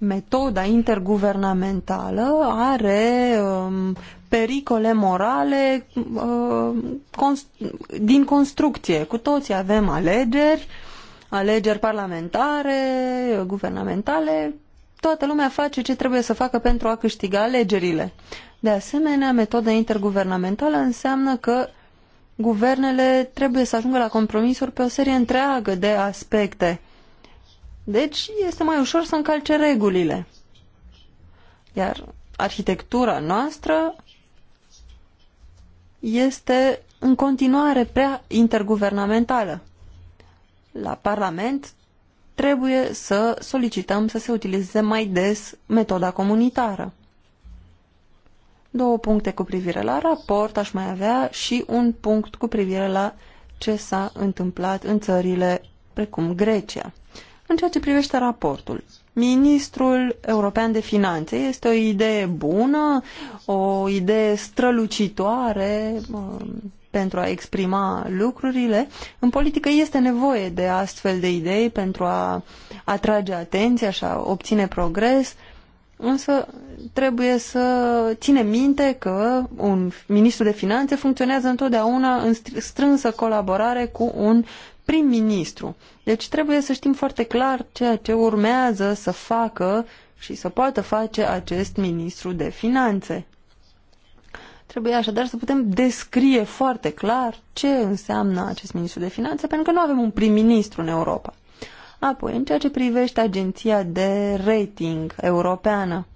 metoda interguvernamentală are um, pericole morale um, const din construcție. Cu toții avem alegeri, alegeri parlamentare, guvernamentale, toată lumea face ce trebuie să facă pentru a câștiga alegerile. De asemenea, metoda interguvernamentală înseamnă că guvernele trebuie să ajungă la compromisuri pe o serie întreagă de aspecte deci este mai ușor să încalce regulile. Iar arhitectura noastră este în continuare prea interguvernamentală. La Parlament trebuie să solicităm să se utilizeze mai des metoda comunitară. Două puncte cu privire la raport aș mai avea și un punct cu privire la ce s-a întâmplat în țările precum Grecia. În ceea ce privește raportul, Ministrul European de Finanțe este o idee bună, o idee strălucitoare um, pentru a exprima lucrurile. În politică este nevoie de astfel de idei pentru a atrage atenția și a obține progres, însă trebuie să ținem minte că un ministru de finanțe funcționează întotdeauna în strânsă colaborare cu un prim-ministru. Deci trebuie să știm foarte clar ceea ce urmează să facă și să poată face acest ministru de finanțe. Trebuie așadar să putem descrie foarte clar ce înseamnă acest ministru de finanțe, pentru că nu avem un prim-ministru în Europa. Apoi, în ceea ce privește agenția de rating europeană,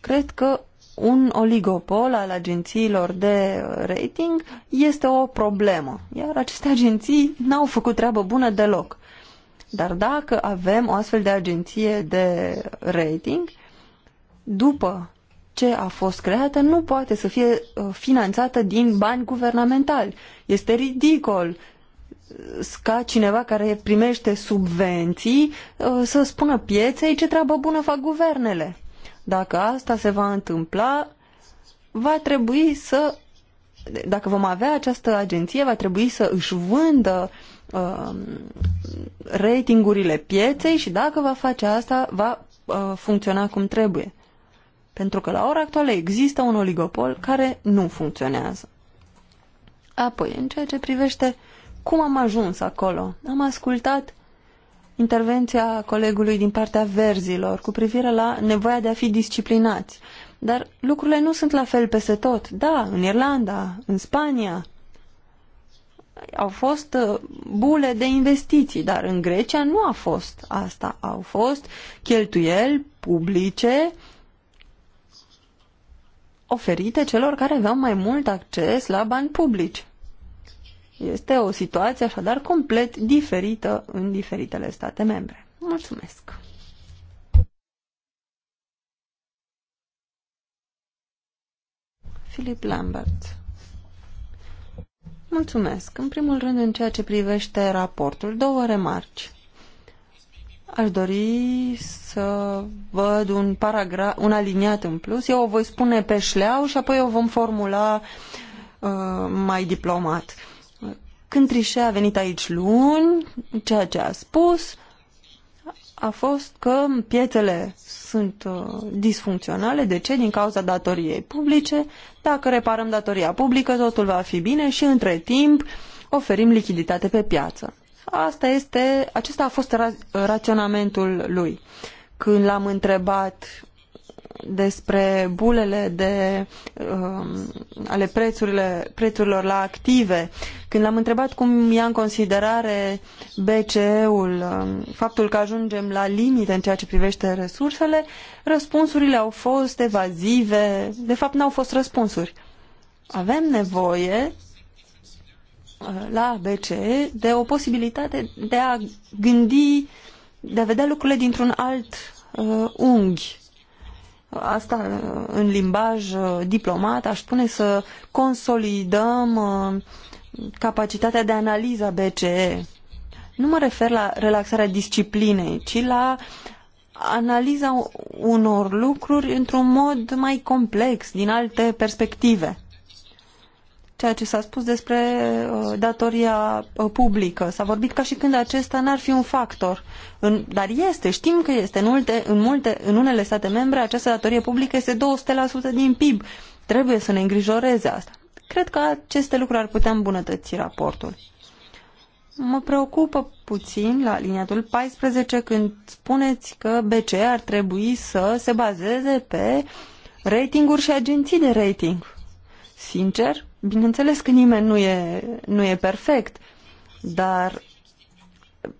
cred că un oligopol al agențiilor de rating este o problemă, iar aceste agenții n-au făcut treabă bună deloc. Dar dacă avem o astfel de agenție de rating, după ce a fost creată, nu poate să fie uh, finanțată din bani guvernamentali. Este ridicol ca cineva care primește subvenții uh, să spună pieței ce treabă bună fac guvernele dacă asta se va întâmpla, va trebui să, dacă vom avea această agenție, va trebui să își vândă uh, ratingurile pieței și dacă va face asta, va uh, funcționa cum trebuie. Pentru că la ora actuală există un oligopol care nu funcționează. Apoi, în ceea ce privește cum am ajuns acolo, am ascultat intervenția colegului din partea verzilor cu privire la nevoia de a fi disciplinați. Dar lucrurile nu sunt la fel peste tot. Da, în Irlanda, în Spania, au fost uh, bule de investiții, dar în Grecia nu a fost asta. Au fost cheltuieli publice oferite celor care aveau mai mult acces la bani publici. Este o situație așadar complet diferită în diferitele state membre. Mulțumesc! Philip Lambert Mulțumesc. În primul rând, în ceea ce privește raportul, două remarci. Aș dori să văd un paragraf, un aliniat în plus. Eu o voi spune pe șleau și apoi o vom formula uh, mai diplomat. Uh, când Trișe a venit aici luni, ceea ce a spus a fost că piețele sunt uh, disfuncționale. De ce? Din cauza datoriei publice. Dacă reparăm datoria publică, totul va fi bine și între timp oferim lichiditate pe piață. Asta este, acesta a fost ra raționamentul lui. Când l-am întrebat despre bulele de, um, ale prețurile, prețurilor la active. Când l-am întrebat cum ia în considerare BCE-ul um, faptul că ajungem la limite în ceea ce privește resursele, răspunsurile au fost evazive, de fapt n-au fost răspunsuri. Avem nevoie uh, la BCE de o posibilitate de a gândi, de a vedea lucrurile dintr-un alt uh, unghi asta în limbaj uh, diplomat, aș spune să consolidăm uh, capacitatea de analiză a BCE. Nu mă refer la relaxarea disciplinei, ci la analiza unor lucruri într-un mod mai complex, din alte perspective ceea ce s-a spus despre uh, datoria uh, publică. S-a vorbit ca și când acesta n-ar fi un factor. În, dar este, știm că este. În, multe, în, multe, în unele state membre această datorie publică este 200% din PIB. Trebuie să ne îngrijoreze asta. Cred că aceste lucruri ar putea îmbunătăți raportul. Mă preocupă puțin la liniatul 14 când spuneți că BCE ar trebui să se bazeze pe ratinguri și agenții de rating. Sincer, Bineînțeles că nimeni nu e, nu e perfect, dar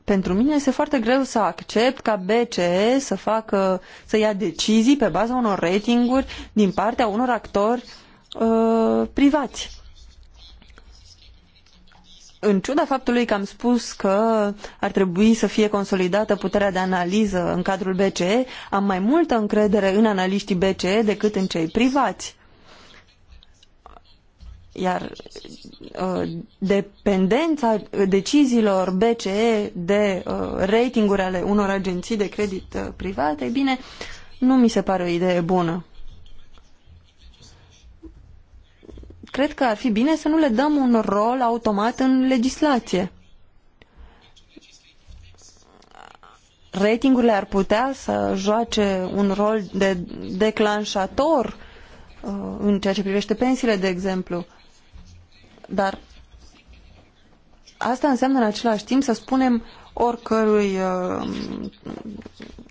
pentru mine este foarte greu să accept ca BCE să facă, să ia decizii pe baza unor ratinguri din partea unor actori uh, privați. În ciuda faptului că am spus că ar trebui să fie consolidată puterea de analiză în cadrul BCE, am mai multă încredere în analiștii BCE decât în cei privați. Iar uh, dependența uh, deciziilor BCE de uh, ratinguri ale unor agenții de credit private, bine, nu mi se pare o idee bună. Cred că ar fi bine să nu le dăm un rol automat în legislație. Ratingurile ar putea să joace un rol de declanșator în ceea ce privește pensiile, de exemplu. Dar asta înseamnă în același timp să spunem oricărui, uh,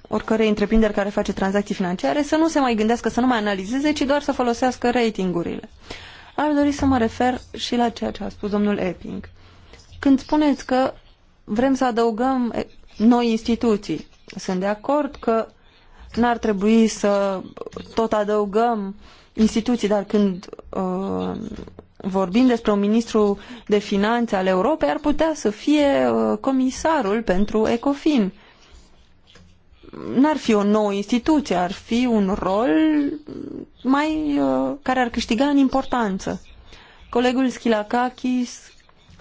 oricărei întreprinderi care face tranzacții financiare să nu se mai gândească, să nu mai analizeze, ci doar să folosească ratingurile. Aș dori să mă refer și la ceea ce a spus domnul Epping. Când spuneți că vrem să adăugăm noi instituții, sunt de acord că n-ar trebui să tot adăugăm instituții, dar când uh, vorbim despre un ministru de finanțe al Europei, ar putea să fie uh, comisarul pentru ECOFIN. N-ar fi o nouă instituție, ar fi un rol mai, uh, care ar câștiga în importanță. Colegul Schilakakis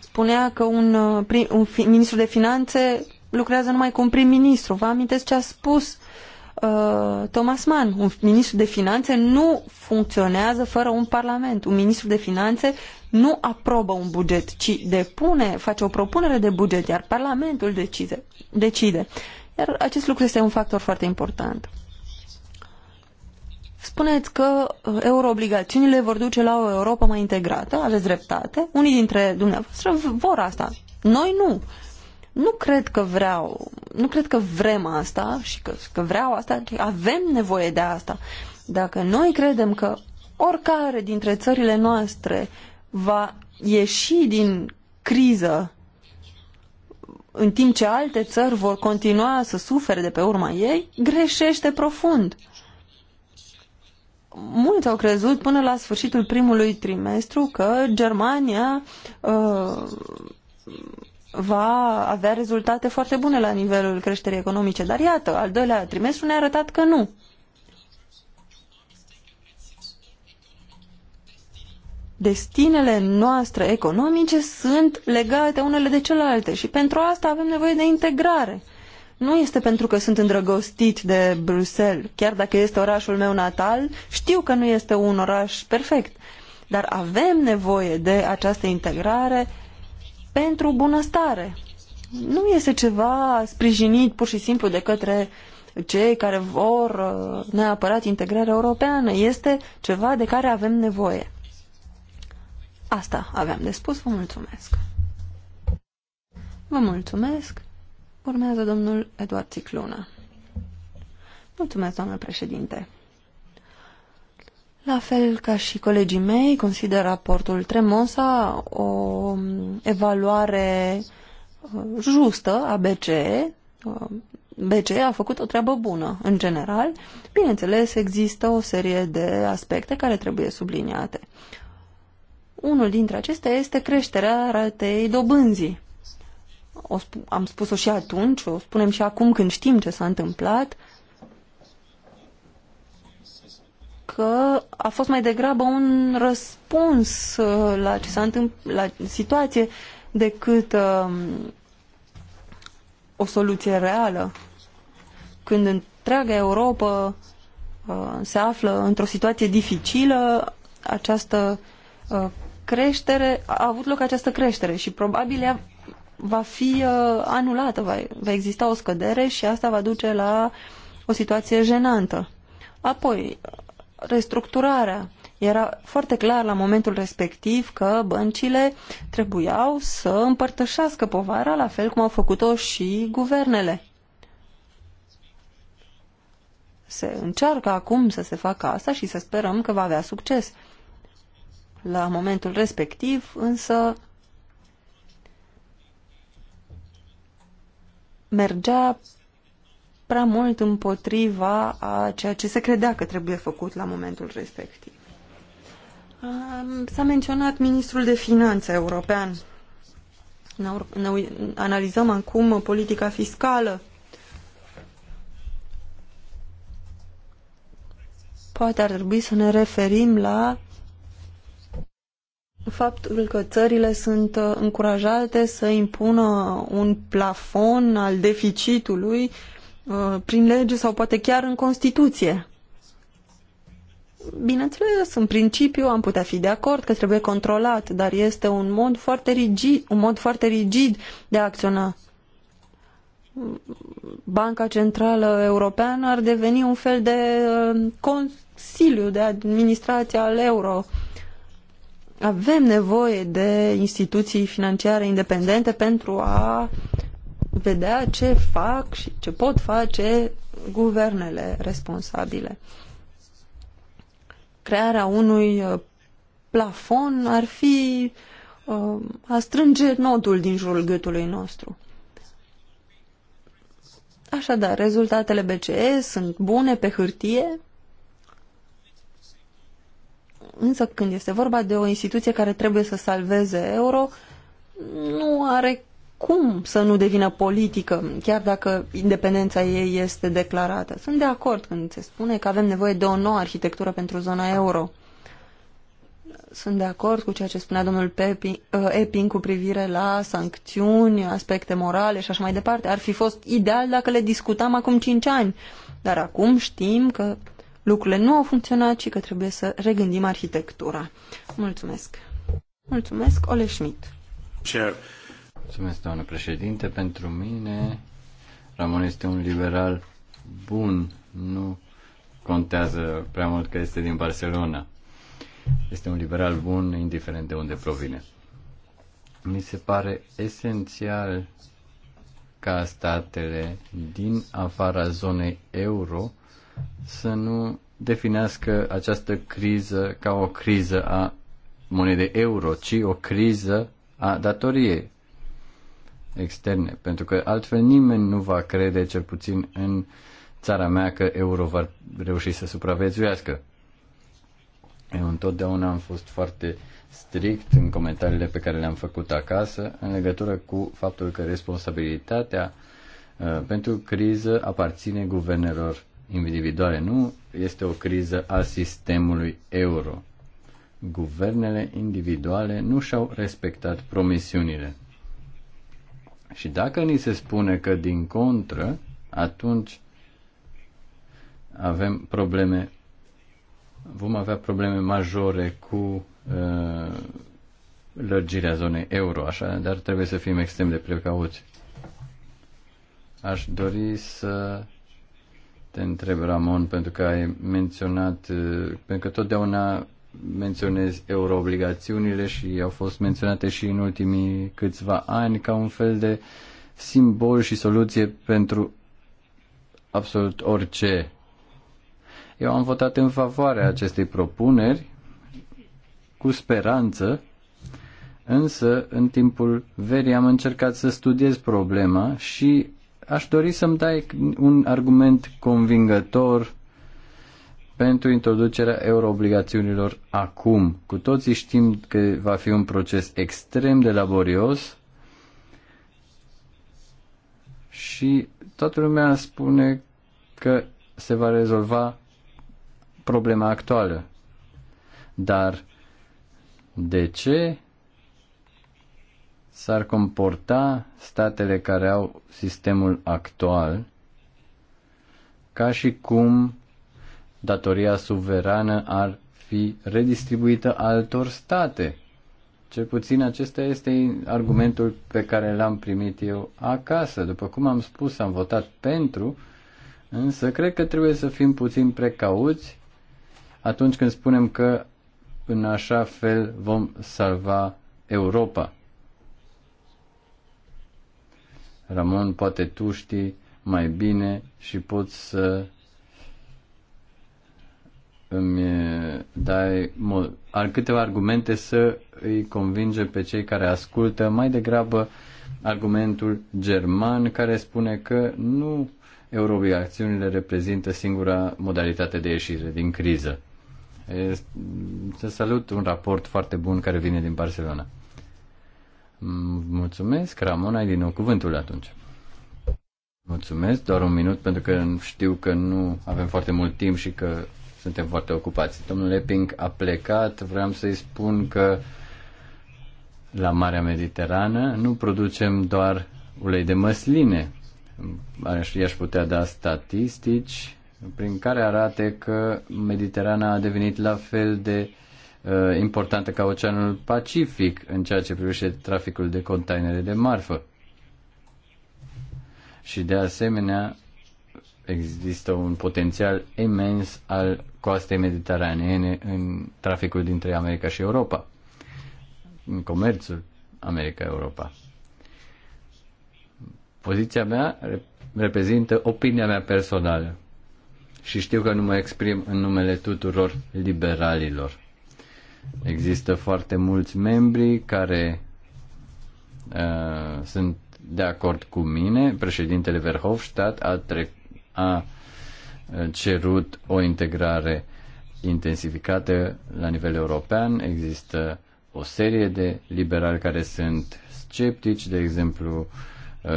spunea că un, uh, un ministru de finanțe lucrează numai cu un prim-ministru. Vă amintesc ce a spus Uh, Thomas Mann. Un ministru de finanțe nu funcționează fără un parlament. Un ministru de finanțe nu aprobă un buget, ci depune, face o propunere de buget, iar parlamentul decide. decide. Iar acest lucru este un factor foarte important. Spuneți că uh, euroobligațiunile vor duce la o Europa mai integrată, aveți dreptate, unii dintre dumneavoastră vor asta. Noi nu. Nu cred că vreau nu cred că vrem asta și că, că vreau asta, ci avem nevoie de asta. Dacă noi credem că oricare dintre țările noastre va ieși din criză în timp ce alte țări vor continua să sufere de pe urma ei, greșește profund. Mulți au crezut până la sfârșitul primului trimestru că Germania uh, va avea rezultate foarte bune la nivelul creșterii economice. Dar iată, al doilea trimestru ne-a arătat că nu. Destinele noastre economice sunt legate unele de celelalte și pentru asta avem nevoie de integrare. Nu este pentru că sunt îndrăgostit de Bruxelles, chiar dacă este orașul meu natal, știu că nu este un oraș perfect, dar avem nevoie de această integrare pentru bunăstare. Nu este ceva sprijinit pur și simplu de către cei care vor uh, neapărat integrarea europeană. Este ceva de care avem nevoie. Asta aveam de spus. Vă mulțumesc. Vă mulțumesc. Urmează domnul Eduard Cicluna. Mulțumesc, doamnă președinte. La fel ca și colegii mei, consider raportul Tremosa o evaluare uh, justă a BCE. Uh, BCE a făcut o treabă bună, în general. Bineînțeles, există o serie de aspecte care trebuie subliniate. Unul dintre acestea este creșterea ratei dobânzii. O sp- am spus-o și atunci, o spunem și acum când știm ce s-a întâmplat. că a fost mai degrabă un răspuns uh, la ce s-a la situație, decât uh, o soluție reală. Când întreaga Europa uh, se află într-o situație dificilă, această uh, creștere, a avut loc această creștere și probabil ea va fi uh, anulată, va, va exista o scădere și asta va duce la o situație jenantă. Apoi, restructurarea. Era foarte clar la momentul respectiv că băncile trebuiau să împărtășească povara, la fel cum au făcut-o și guvernele. Se încearcă acum să se facă asta și să sperăm că va avea succes. La momentul respectiv, însă, mergea prea mult împotriva a ceea ce se credea că trebuie făcut la momentul respectiv. S-a menționat ministrul de finanțe european. Ne analizăm acum politica fiscală. Poate ar trebui să ne referim la faptul că țările sunt uh, încurajate să impună un plafon al deficitului uh, Uh, prin lege sau poate chiar în Constituție. Bineînțeles, în principiu am putea fi de acord că trebuie controlat, dar este un mod foarte rigid, un mod foarte rigid de a acționa. Banca Centrală Europeană ar deveni un fel de uh, consiliu de administrație al euro. Avem nevoie de instituții financiare independente pentru a vedea ce fac și ce pot face guvernele responsabile. Crearea unui uh, plafon ar fi uh, a strânge nodul din jurul gâtului nostru. Așadar, rezultatele BCE sunt bune pe hârtie, însă când este vorba de o instituție care trebuie să salveze euro, nu are cum să nu devină politică, chiar dacă independența ei este declarată. Sunt de acord când se spune că avem nevoie de o nouă arhitectură pentru zona euro. Sunt de acord cu ceea ce spunea domnul Pepin, uh, Epin cu privire la sancțiuni, aspecte morale și așa mai departe. Ar fi fost ideal dacă le discutam acum 5 ani, dar acum știm că lucrurile nu au funcționat și că trebuie să regândim arhitectura. Mulțumesc! Mulțumesc, Ole Schmidt! Mulțumesc, doamnă președinte. Pentru mine, Ramon este un liberal bun. Nu contează prea mult că este din Barcelona. Este un liberal bun, indiferent de unde provine. Mi se pare esențial ca statele din afara zonei euro să nu definească această criză ca o criză a monedei euro, ci o criză a datoriei externe, pentru că altfel nimeni nu va crede, cel puțin în țara mea, că euro va reuși să supraviețuiască. Eu întotdeauna am fost foarte strict în comentariile pe care le-am făcut acasă în legătură cu faptul că responsabilitatea uh, pentru criză aparține guvernelor individuale. Nu este o criză a sistemului euro. Guvernele individuale nu și-au respectat promisiunile. Și dacă ni se spune că din contră, atunci avem probleme, vom avea probleme majore cu uh, lărgirea zonei euro, așa, dar trebuie să fim extrem de precauți. Aș dori să te întreb, Ramon, pentru că ai menționat, uh, pentru că totdeauna menționez euroobligațiunile și au fost menționate și în ultimii câțiva ani ca un fel de simbol și soluție pentru absolut orice. Eu am votat în favoarea acestei propuneri cu speranță, însă în timpul verii am încercat să studiez problema și aș dori să-mi dai un argument convingător pentru introducerea euroobligațiunilor acum. Cu toții știm că va fi un proces extrem de laborios și toată lumea spune că se va rezolva problema actuală. Dar de ce s-ar comporta statele care au sistemul actual ca și cum datoria suverană ar fi redistribuită altor state. Cel puțin acesta este argumentul pe care l-am primit eu acasă. După cum am spus, am votat pentru, însă cred că trebuie să fim puțin precauți atunci când spunem că în așa fel vom salva Europa. Ramon, poate tu știi mai bine și poți să îmi dai ar câteva argumente să îi convinge pe cei care ascultă mai degrabă argumentul german care spune că nu euroacțiunile reprezintă singura modalitate de ieșire din criză. Să salut un raport foarte bun care vine din Barcelona. Mulțumesc, Ramon, ai din nou cuvântul atunci. Mulțumesc, doar un minut, pentru că știu că nu avem foarte mult timp și că suntem foarte ocupați. Domnul Epping a plecat. Vreau să-i spun că la Marea Mediterană nu producem doar ulei de măsline. i-aș putea da statistici prin care arate că Mediterana a devenit la fel de uh, importantă ca Oceanul Pacific în ceea ce privește traficul de containere de marfă. Și de asemenea, există un potențial imens al coastei mediteraneene în traficul dintre America și Europa, în comerțul America-Europa. Poziția mea reprezintă opinia mea personală și știu că nu mă exprim în numele tuturor liberalilor. Există foarte mulți membri care uh, sunt de acord cu mine. Președintele Verhofstadt a, trecut a cerut o integrare intensificată la nivel european. Există o serie de liberali care sunt sceptici, de exemplu uh,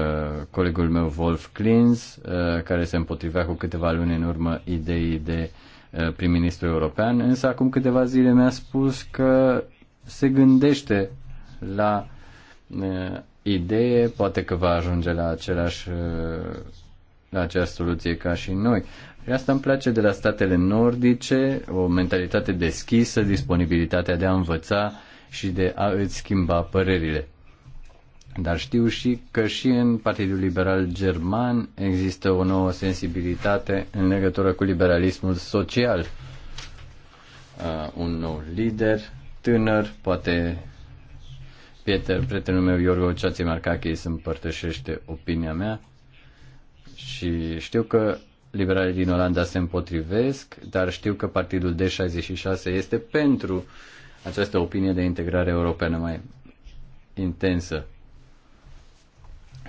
colegul meu Wolf Klins, uh, care se împotrivea cu câteva luni în urmă ideii de uh, prim-ministru european, însă acum câteva zile mi-a spus că se gândește la idee, poate că va ajunge la același la această soluție ca și noi. Și asta îmi place de la statele nordice, o mentalitate deschisă, disponibilitatea de a învăța și de a îți schimba părerile. Dar știu și că și în Partidul Liberal German există o nouă sensibilitate în legătură cu liberalismul social. Uh, un nou lider, tânăr, poate Peter, prietenul meu Iorgo Ceațimarcache împărtășește opinia mea și știu că liberalii din Olanda se împotrivesc, dar știu că partidul D66 este pentru această opinie de integrare europeană mai intensă.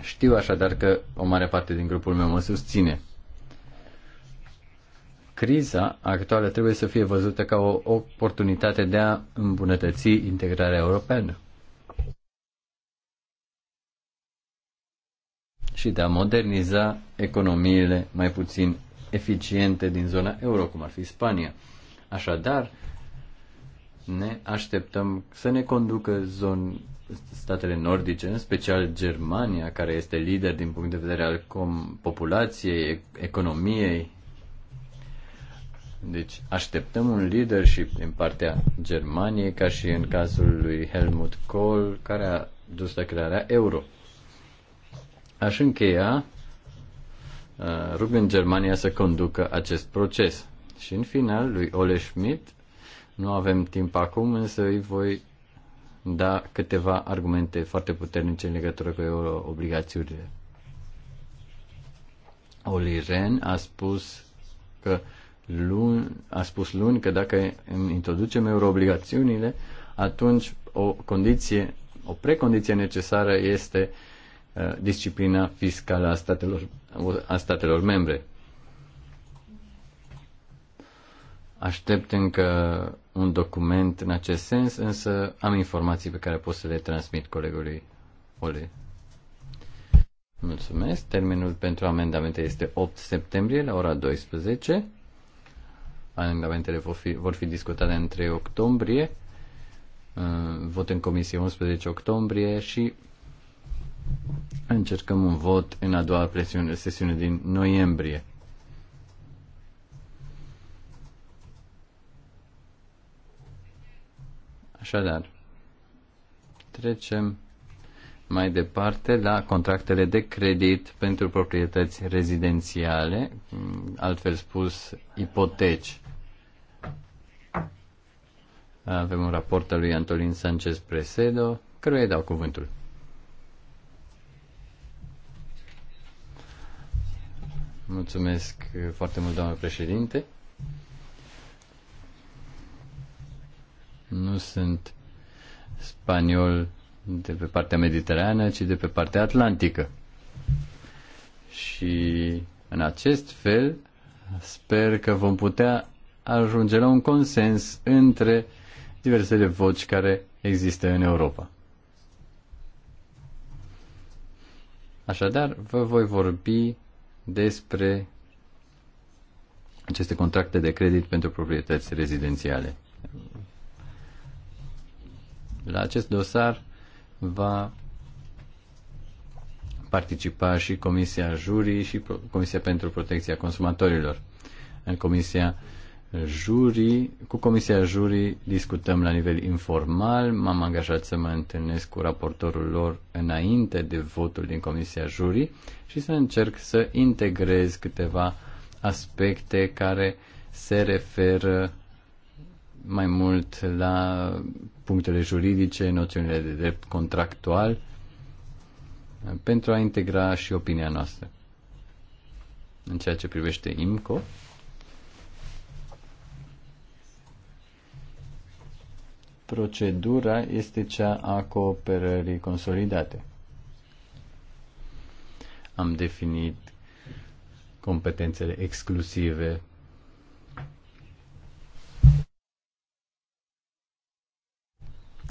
Știu așadar că o mare parte din grupul meu mă susține. Criza actuală trebuie să fie văzută ca o oportunitate de a îmbunătăți integrarea europeană. și de a moderniza economiile mai puțin eficiente din zona euro, cum ar fi Spania. Așadar, ne așteptăm să ne conducă zon, statele nordice, în special Germania, care este lider din punct de vedere al com, populației, economiei. Deci așteptăm un leadership din partea Germaniei, ca și în cazul lui Helmut Kohl, care a dus la crearea euro. Aș încheia uh, rugând Germania să conducă acest proces. Și în final, lui Ole Schmidt, nu avem timp acum, însă îi voi da câteva argumente foarte puternice în legătură cu obligațiunile. Oli Ren a spus că luni, a spus luni că dacă introducem euroobligațiunile, atunci o condiție, o precondiție necesară este uh, Uh, disciplina fiscală a statelor, a statelor membre. Aștept încă un document în acest sens, însă am informații pe care pot să le transmit colegului Ole. Mulțumesc. Termenul pentru amendamente este 8 septembrie la ora 12. Amendamentele vor fi, vor fi discutate între octombrie, uh, vot în comisie 11 octombrie și Încercăm un vot în a doua presiune, sesiune din noiembrie. Așadar, trecem mai departe la contractele de credit pentru proprietăți rezidențiale, altfel spus ipoteci. Avem un raport al lui Antolin Sanchez Presedo, căruia îi dau cuvântul. Mulțumesc foarte mult, doamnă președinte. Nu sunt spaniol de pe partea mediterană, ci de pe partea atlantică. Și în acest fel sper că vom putea ajunge la un consens între diversele voci care există în Europa. Așadar, vă voi vorbi despre aceste contracte de credit pentru proprietăți rezidențiale. La acest dosar va participa și Comisia Jurii și Comisia pentru Protecția Consumatorilor. În Comisia uh, Juri cu comisia juri discutăm la nivel informal, m-am angajat să mă întâlnesc cu raportorul lor înainte de votul din comisia juri și să încerc să integrez câteva aspecte care se referă mai mult la punctele juridice, noțiunile de drept contractual, pentru a integra și opinia noastră. În ceea ce privește IMCO, procedura este cea a cooperării consolidate. Am definit competențele exclusive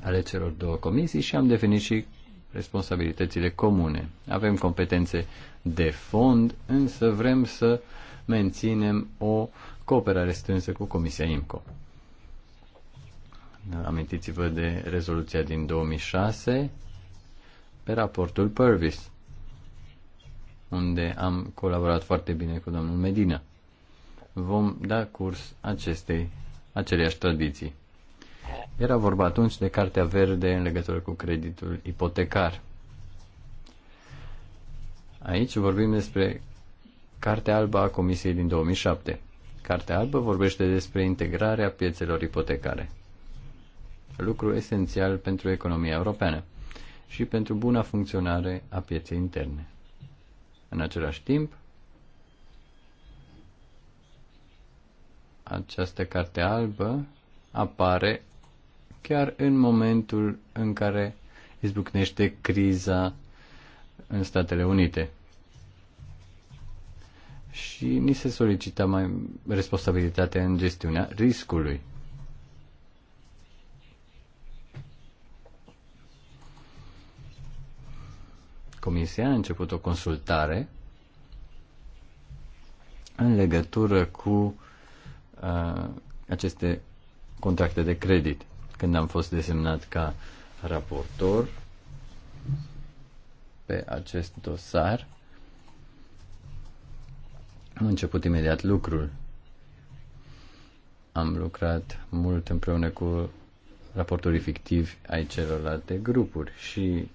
ale celor două comisii și am definit și responsabilitățile comune. Avem competențe de fond, însă vrem să menținem o cooperare strânsă cu Comisia IMCO. Amintiți-vă de rezoluția din 2006 pe raportul Purvis, unde am colaborat foarte bine cu domnul Medina. Vom da curs acestei, aceleași tradiții. Era vorba atunci de Cartea Verde în legătură cu creditul ipotecar. Aici vorbim despre Cartea Albă a Comisiei din 2007. Cartea Albă vorbește despre integrarea piețelor ipotecare lucru esențial pentru economia europeană și pentru buna funcționare a pieței interne. În același timp, această carte albă apare chiar în momentul în care izbucnește criza în Statele Unite. Și ni se solicită mai responsabilitate în gestiunea riscului. Comisia a început o consultare în legătură cu uh, aceste contracte de credit. Când am fost desemnat ca raportor pe acest dosar, am început imediat lucrul. Am lucrat mult împreună cu raportorii fictivi ai celorlalte grupuri și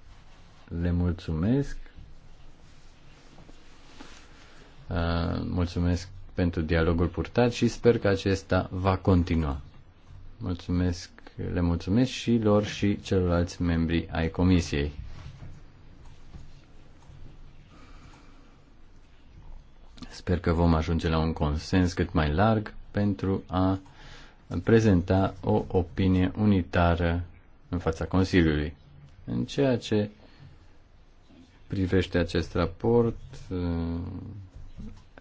le mulțumesc. Mulțumesc pentru dialogul purtat și sper că acesta va continua. Mulțumesc, le mulțumesc și lor și celorlalți membri ai comisiei. Sper că vom ajunge la un consens cât mai larg pentru a prezenta o opinie unitară în fața Consiliului. În ceea ce privește acest raport. Uh,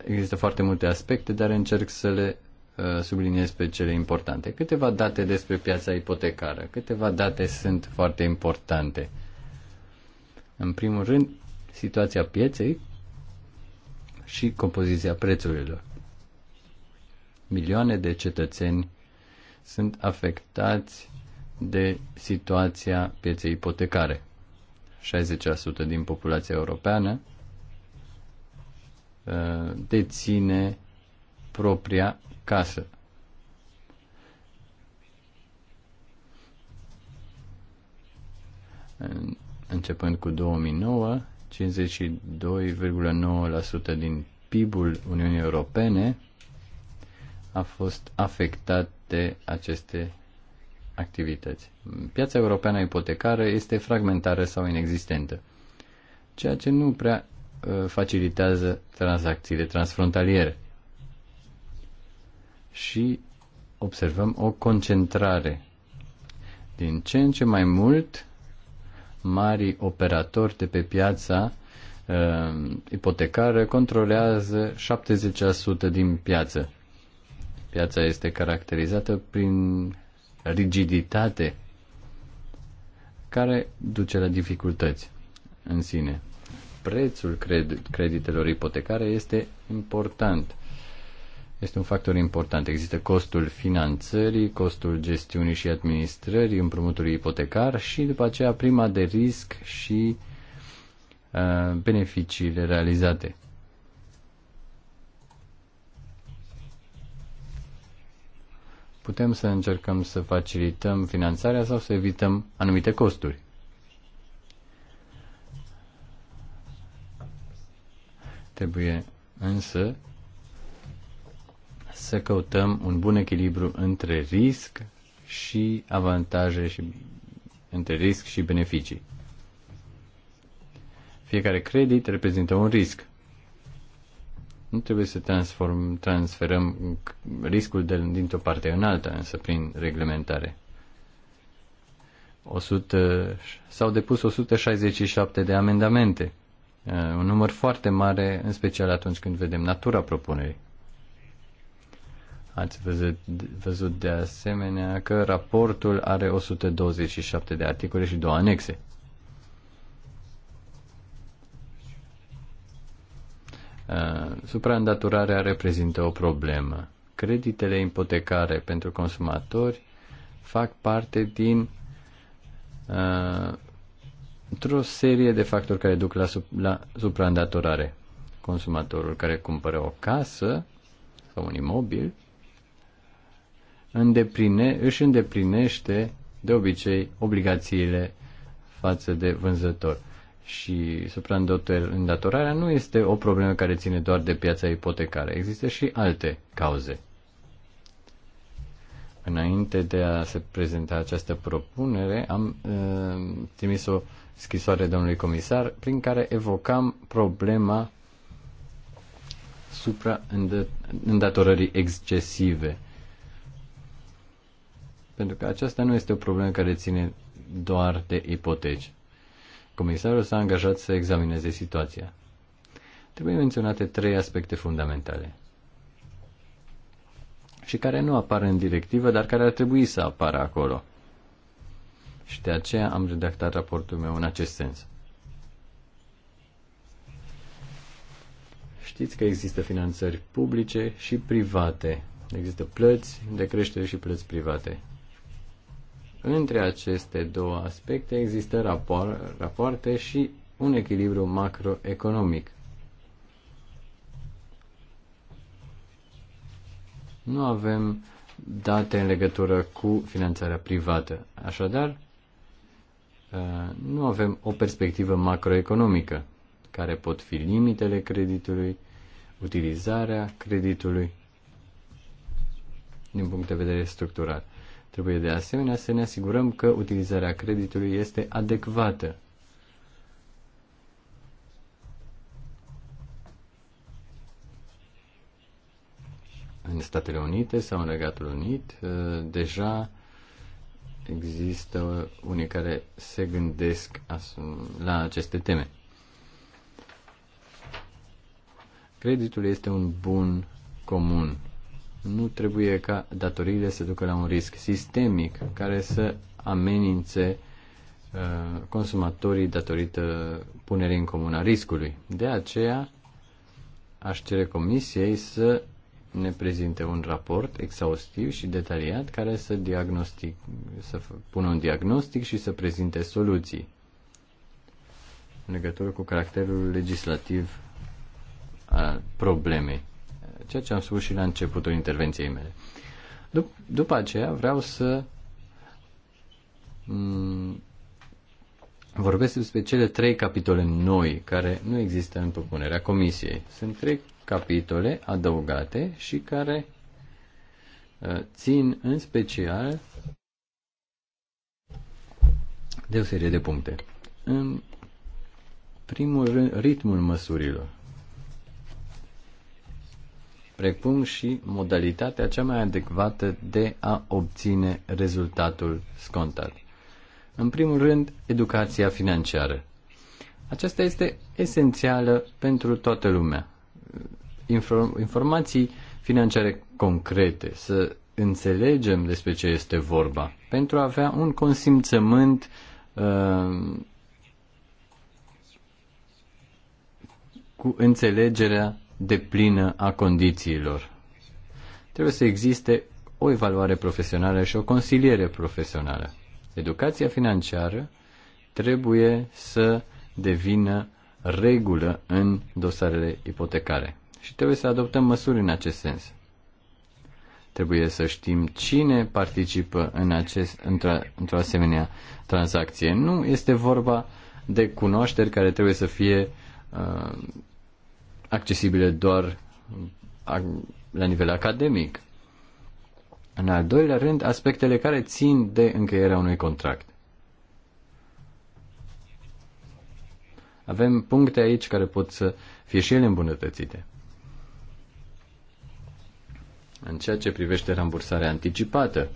există foarte multe aspecte, dar încerc să le uh, subliniez pe cele importante. Câteva date despre piața ipotecară. Câteva date sunt foarte importante. În primul rând, situația pieței și compoziția prețurilor. Milioane de cetățeni sunt afectați de situația pieței ipotecare. 60% din populația europeană uh, deține propria casă. Începând cu 2009, 52,9% din PIB-ul Uniunii Europene a fost afectat de aceste activități. Piața europeană ipotecară este fragmentară sau inexistentă, ceea ce nu prea uh, facilitează tranzacțiile transfrontaliere. Și observăm o concentrare. Din ce în ce mai mult, mari operatori de pe piața uh, ipotecară controlează 70% din piață. Piața este caracterizată prin rigiditate care duce la dificultăți în sine. Prețul cred- creditelor ipotecare este important. Este un factor important. Există costul finanțării, costul gestiunii și administrării împrumutului ipotecar și după aceea prima de risc și uh, beneficiile realizate. putem să încercăm să facilităm finanțarea sau să evităm anumite costuri. Trebuie însă să căutăm un bun echilibru între risc și avantaje și între risc și beneficii. Fiecare credit reprezintă un risc. Nu trebuie să transform, transferăm riscul de, dintr-o parte în alta, însă prin reglementare. 100, s-au depus 167 de amendamente, uh, un număr foarte mare, în special atunci când vedem natura propunerii. Ați văzut, văzut de asemenea că raportul are 127 de articole și două anexe. Uh, supraîndatorarea reprezintă o problemă. Creditele ipotecare pentru consumatori fac parte din uh, într-o serie de factori care duc la, sup- la supraîndatorare. Consumatorul care cumpără o casă sau un imobil îndepline, își îndeplinește de obicei obligațiile față de vânzător și supraîndatorarea nu este o problemă care ține doar de piața ipotecară. Există și alte cauze. Înainte de a se prezenta această propunere, am uh, trimis o scrisoare domnului comisar prin care evocam problema supraîndatorării excesive. Pentru că aceasta nu este o problemă care ține doar de ipoteci. Comisarul s-a angajat să examineze situația. Trebuie menționate trei aspecte fundamentale și care nu apar în directivă, dar care ar trebui să apară acolo. Și de aceea am redactat raportul meu în acest sens. Știți că există finanțări publice și private. Există plăți de creștere și plăți private. Între aceste două aspecte există rapoarte și un echilibru macroeconomic. Nu avem date în legătură cu finanțarea privată. Așadar, uh, nu avem o perspectivă macroeconomică, care pot fi limitele creditului, utilizarea creditului din punct de vedere structural. Trebuie de asemenea să ne asigurăm că utilizarea creditului este adecvată. În Statele Unite sau în Regatul Unit, ă, deja există unii care se gândesc la aceste teme. Creditul este un bun comun nu trebuie ca datoriile să ducă la un risc sistemic care să amenințe uh, consumatorii datorită punerii în comun a riscului. De aceea aș cere comisiei să ne prezinte un raport exhaustiv și detaliat care să, diagnostic, să pună un diagnostic și să prezinte soluții în legătură cu caracterul legislativ al problemei ceea ce am spus și la începutul intervenției mele. Dup- după aceea vreau să mm, vorbesc despre cele trei capitole noi care nu există în propunerea comisiei. Sunt trei capitole adăugate și care uh, țin în special de o serie de puncte. În primul rând, ritmul măsurilor precum și modalitatea cea mai adecvată de a obține rezultatul scontat. În primul rând, educația financiară. Aceasta este esențială pentru toată lumea. informații financiare concrete, să înțelegem despre ce este vorba, pentru a avea un consimțământ uh, cu înțelegerea de plină a condițiilor. Trebuie să existe o evaluare profesională și o consiliere profesională. Educația financiară trebuie să devină regulă în dosarele ipotecare și trebuie să adoptăm măsuri în acest sens. Trebuie să știm cine participă în acest, într-o, într asemenea tranzacție. Nu este vorba de cunoașteri care trebuie să fie uh, accesibile doar la nivel academic. În al doilea rând, aspectele care țin de încheierea unui contract. Avem puncte aici care pot să fie și ele îmbunătățite. În ceea ce privește rambursarea anticipată,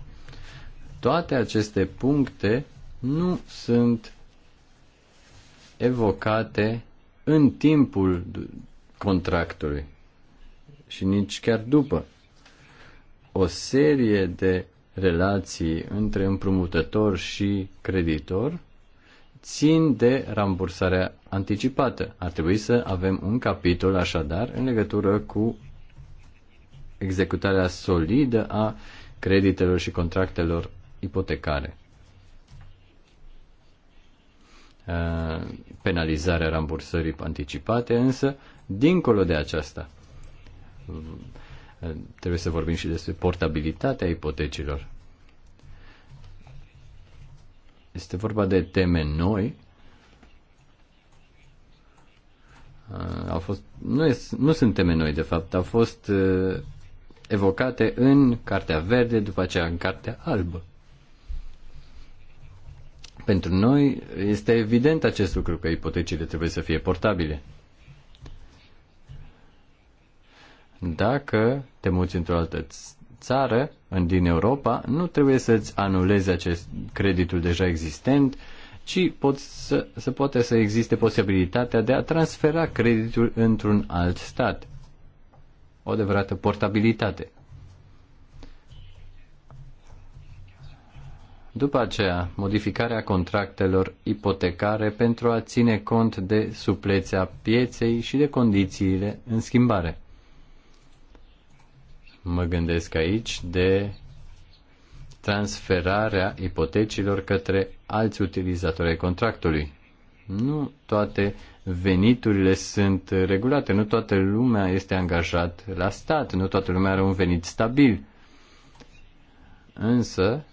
toate aceste puncte nu sunt evocate în timpul contractului și nici chiar după. O serie de relații între împrumutător și creditor țin de rambursarea anticipată. Ar trebui să avem un capitol așadar în legătură cu executarea solidă a creditelor și contractelor ipotecare. Uh, penalizarea rambursării anticipate, însă, dincolo de aceasta, uh, trebuie să vorbim și despre portabilitatea ipotecilor. Este vorba de teme noi. Uh, A fost, nu, e, nu sunt teme noi, de fapt, au fost evocate în Cartea Verde, după aceea în Cartea Albă. Pentru noi este evident acest lucru că ipotecile trebuie să fie portabile. Dacă te muți într-o altă țară, în, din Europa, nu trebuie să-ți anulezi acest creditul deja existent, ci pot să, să poate să existe posibilitatea de a transfera creditul într-un alt stat. O adevărată portabilitate. După aceea, modificarea contractelor ipotecare pentru a ține cont de suplețea pieței și de condițiile în schimbare. Mă gândesc aici de transferarea ipotecilor către alți utilizatori ai contractului. Nu toate veniturile sunt regulate, nu toată lumea este angajat la stat, nu toată lumea are un venit stabil. Însă,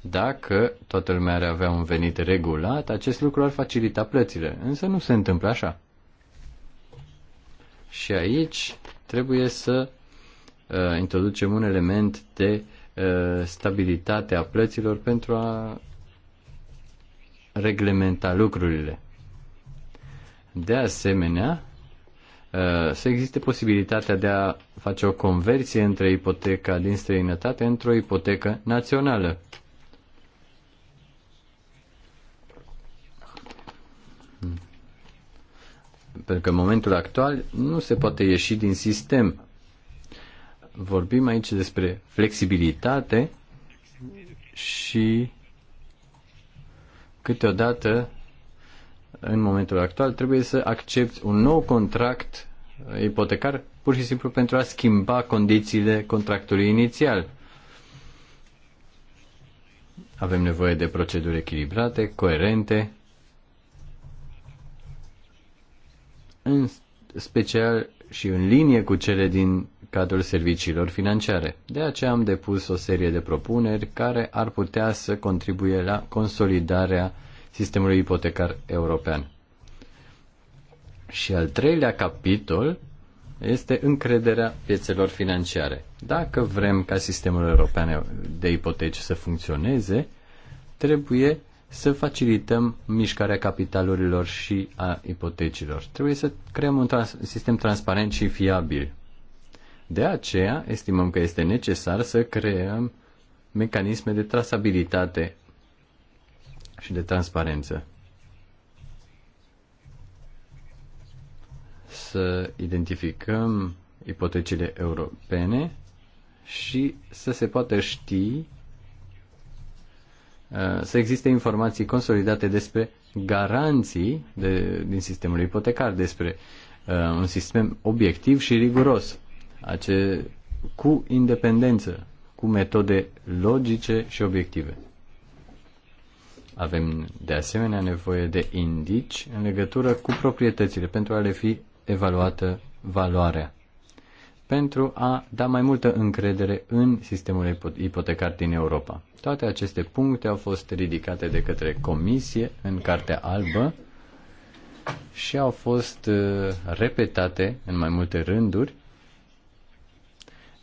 dacă toată lumea ar avea un venit regulat, acest lucru ar facilita plățile, însă nu se întâmplă așa. Și aici trebuie să uh, introducem un element de uh, stabilitate a plăților pentru a reglementa lucrurile. De asemenea, uh, să existe posibilitatea de a face o conversie între ipoteca din străinătate într-o ipotecă națională. Pentru că în momentul actual nu se poate ieși din sistem. Vorbim aici despre flexibilitate și câteodată în momentul actual trebuie să accepti un nou contract ipotecar pur și simplu pentru a schimba condițiile contractului inițial. Avem nevoie de proceduri echilibrate, coerente în special și în linie cu cele din cadrul serviciilor financiare. De aceea am depus o serie de propuneri care ar putea să contribuie la consolidarea sistemului ipotecar european. Și al treilea capitol este încrederea piețelor financiare. Dacă vrem ca sistemul european de ipoteci să funcționeze, trebuie să facilităm mișcarea capitalurilor și a ipotecilor. Trebuie să creăm un trans- sistem transparent și fiabil. De aceea, estimăm că este necesar să creăm mecanisme de trasabilitate și de transparență. Să identificăm ipotecile europene și să se poată ști Uh, să existe informații consolidate despre garanții de, din sistemul ipotecar, despre uh, un sistem obiectiv și riguros, ace, cu independență, cu metode logice și obiective. Avem de asemenea nevoie de indici în legătură cu proprietățile pentru a le fi evaluată valoarea pentru a da mai multă încredere în sistemul ipotecar din Europa. Toate aceste puncte au fost ridicate de către Comisie în Cartea Albă și au fost uh, repetate în mai multe rânduri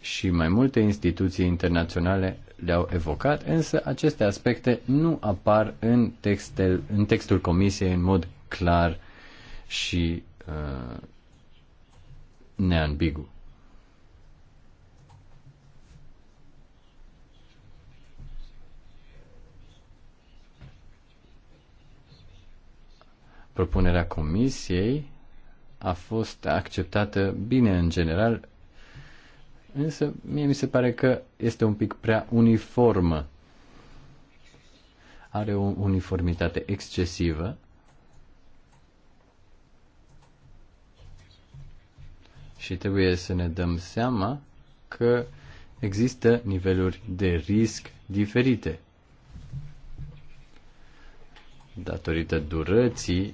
și mai multe instituții internaționale le-au evocat, însă aceste aspecte nu apar în, textel, în textul Comisiei în mod clar și uh, neambigu. Propunerea comisiei a fost acceptată bine în general, însă mie mi se pare că este un pic prea uniformă. Are o uniformitate excesivă și trebuie să ne dăm seama că există niveluri de risc diferite datorită durății,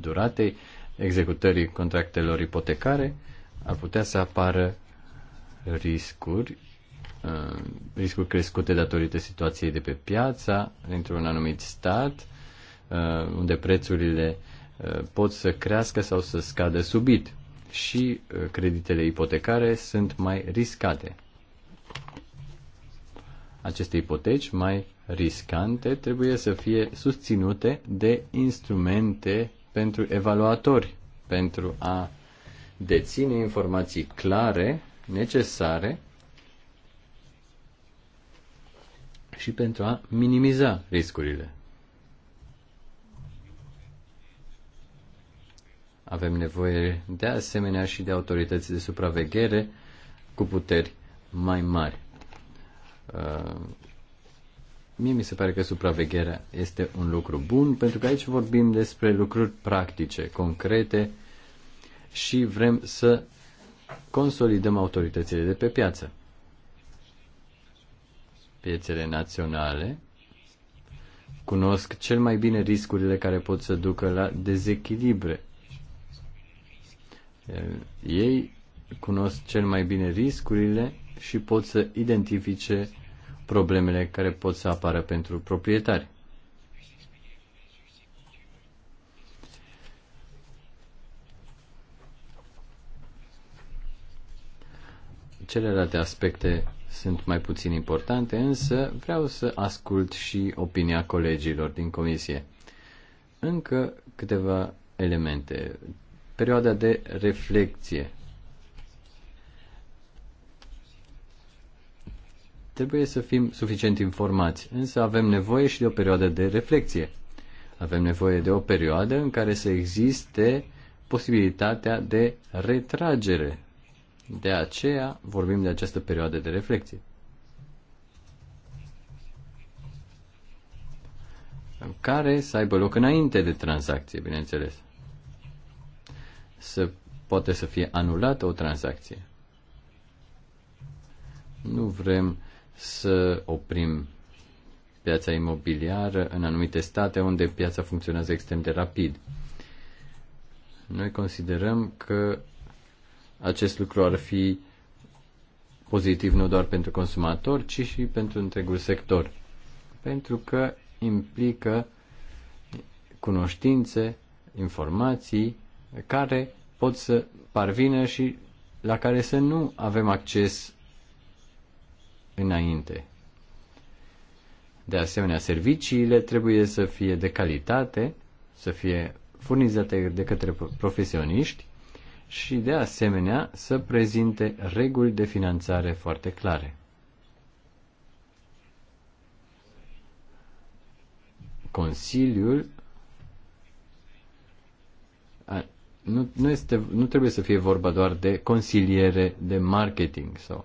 duratei executării contractelor ipotecare, ar putea să apară riscuri, uh, riscuri crescute datorită situației de pe piața într un anumit stat, uh, unde prețurile uh, pot să crească sau să scadă subit și uh, creditele ipotecare sunt mai riscate. Aceste ipoteci mai riscante trebuie să fie susținute de instrumente pentru evaluatori, pentru a deține informații clare, necesare și pentru a minimiza riscurile. Avem nevoie de asemenea și de autorități de supraveghere cu puteri mai mari. Uh, mie mi se pare că supravegherea este un lucru bun, pentru că aici vorbim despre lucruri practice, concrete și vrem să consolidăm autoritățile de pe piață. Piețele naționale cunosc cel mai bine riscurile care pot să ducă la dezechilibre. Uh, ei cunosc cel mai bine riscurile și pot să identifice problemele care pot să apară pentru proprietari. Celelalte aspecte sunt mai puțin importante, însă vreau să ascult și opinia colegilor din comisie. Încă câteva elemente. Perioada de reflecție Trebuie să fim suficient informați, însă avem nevoie și de o perioadă de reflexie. Avem nevoie de o perioadă în care să existe posibilitatea de retragere. De aceea vorbim de această perioadă de reflexie. care să aibă loc înainte de tranzacție, bineînțeles. Să poate să fie anulată o tranzacție. Nu vrem să oprim piața imobiliară în anumite state unde piața funcționează extrem de rapid. Noi considerăm că acest lucru ar fi pozitiv nu doar pentru consumator, ci și pentru întregul sector, pentru că implică cunoștințe, informații care pot să parvină și la care să nu avem acces înainte. De asemenea, serviciile trebuie să fie de calitate, să fie furnizate de către profesioniști și, de asemenea, să prezinte reguli de finanțare foarte clare. Consiliul nu, nu, este, nu trebuie să fie vorba doar de consiliere de marketing sau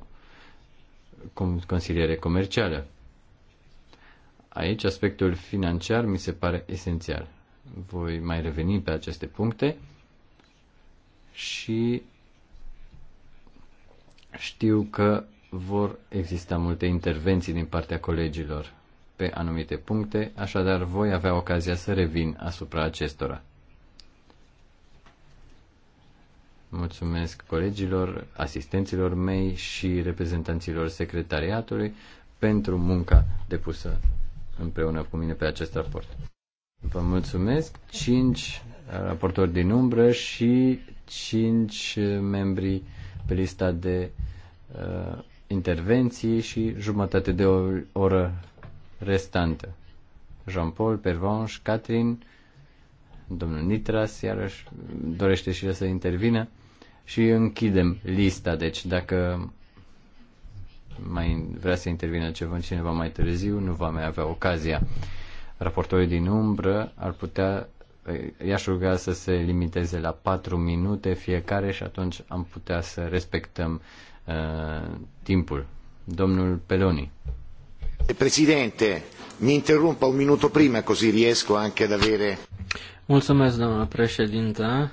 consiliere comercială. Aici aspectul financiar mi se pare esențial. Voi mai reveni pe aceste puncte și știu că vor exista multe intervenții din partea colegilor pe anumite puncte, așadar voi avea ocazia să revin asupra acestora. Mulțumesc colegilor, asistenților mei și reprezentanților secretariatului pentru munca depusă împreună cu mine pe acest raport. Vă mulțumesc. Cinci raportori din umbră și cinci membri pe lista de uh, intervenții și jumătate de o oră restantă. Jean-Paul, Pervanche, Catherine, domnul Nitras, iarăși dorește și el să intervină și închidem lista. Deci dacă mai vrea să intervină ceva cineva mai târziu, nu va mai avea ocazia. Raportorii din umbră ar putea i-aș ruga să se limiteze la 4 minute fiecare și atunci am putea să respectăm uh, timpul. Domnul Peloni. Presidente, mi interrompa un minuto prima così riesco anche ad avere... Mulțumesc, domnule președinte.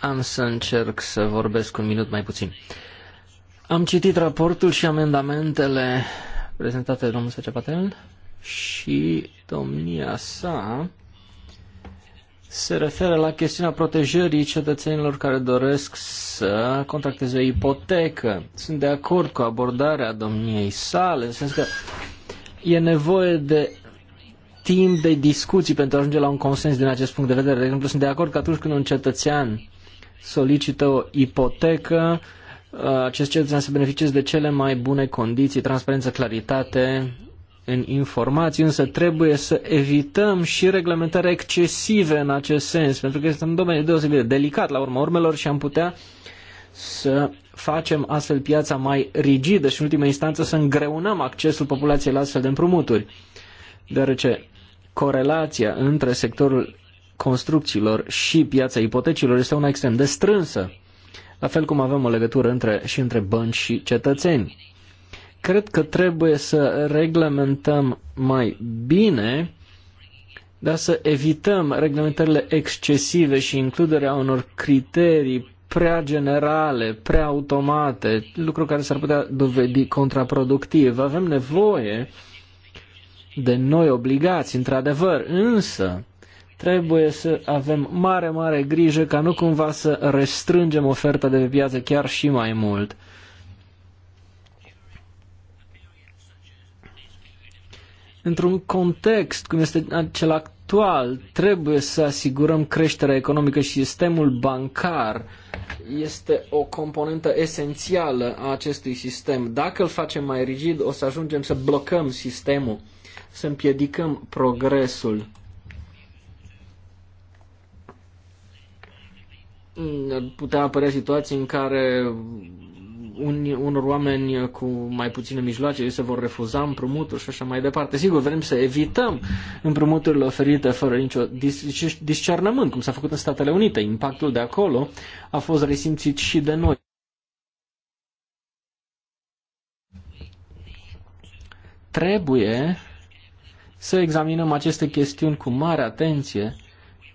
Am să încerc să vorbesc un minut mai puțin. Am citit raportul și amendamentele prezentate de domnul Secepatel și domnia sa se referă la chestiunea protejării cetățenilor care doresc să contracteze o ipotecă. Sunt de acord cu abordarea domniei sale, în sens că e nevoie de timp de discuții pentru a ajunge la un consens din acest punct de vedere. De exemplu, sunt de acord că atunci când un cetățean solicită o ipotecă, uh, acest cetățean să beneficieze de cele mai bune condiții, transparență, claritate în informații, însă trebuie să evităm și reglementări excesive în acest sens, pentru că este un domeniu deosebit de delicat la urma urmelor și am putea să facem astfel piața mai rigidă și în ultima instanță să îngreunăm accesul populației la astfel de împrumuturi. Deoarece corelația între sectorul construcțiilor și piața ipotecilor este una extrem de strânsă, la fel cum avem o legătură între, și între bănci și cetățeni. Cred că trebuie să reglementăm mai bine, dar să evităm reglementările excesive și includerea unor criterii prea generale, prea automate, lucru care s-ar putea dovedi contraproductiv. Avem nevoie uh, de noi obligați, într-adevăr, însă trebuie să avem mare, mare grijă ca nu cumva să restrângem oferta de pe piață chiar și mai mult. Într-un context cum este cel actual, trebuie să asigurăm creșterea economică și sistemul bancar este o componentă esențială a acestui sistem. Dacă îl facem mai rigid, o să ajungem să blocăm sistemul să împiedicăm progresul. Ar putea apărea situații în care unii, unor oameni cu mai puține mijloace se vor refuza împrumuturi și așa mai departe. Sigur, vrem să evităm împrumuturile oferite fără nicio discernământ, cum s-a făcut în Statele Unite. Impactul de acolo a fost resimțit și de noi. Trebuie să examinăm aceste chestiuni cu mare atenție,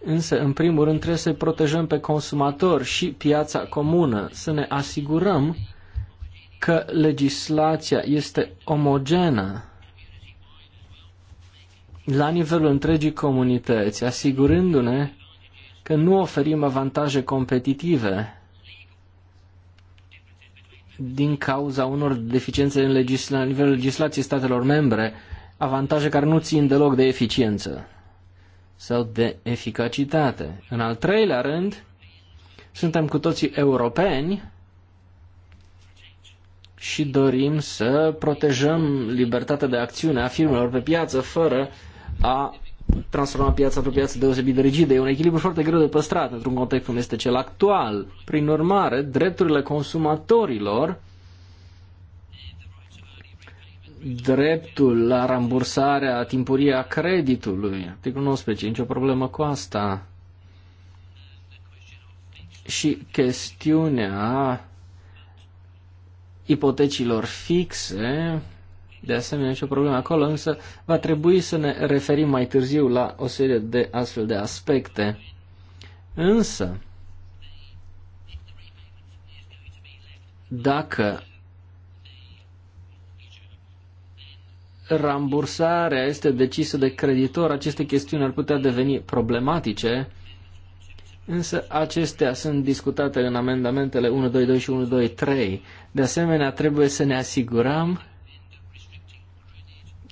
însă, în primul rând, trebuie să protejăm pe consumator și piața comună, să ne asigurăm că legislația este omogenă la nivelul întregii comunități, asigurându-ne că nu oferim avantaje competitive din cauza unor deficiențe în legisla- la nivelul legislației statelor membre avantaje care nu țin deloc de eficiență sau de eficacitate. În al treilea rând, suntem cu toții europeni și dorim să protejăm libertatea de acțiune a firmelor pe piață fără a transforma piața pe piață deosebit de rigidă. E un echilibru foarte greu de păstrat într-un context cum este cel actual. Prin urmare, drepturile consumatorilor dreptul la rambursarea timpurie a creditului. Articolul 19, nicio problemă cu asta. Și chestiunea ipotecilor fixe, de asemenea nicio problemă acolo, însă va trebui să ne referim mai târziu la o serie de astfel de aspecte. Însă, dacă rambursarea este decisă de creditor, aceste chestiuni ar putea deveni problematice, însă acestea sunt discutate în amendamentele 122 și 123. De asemenea, trebuie să ne asigurăm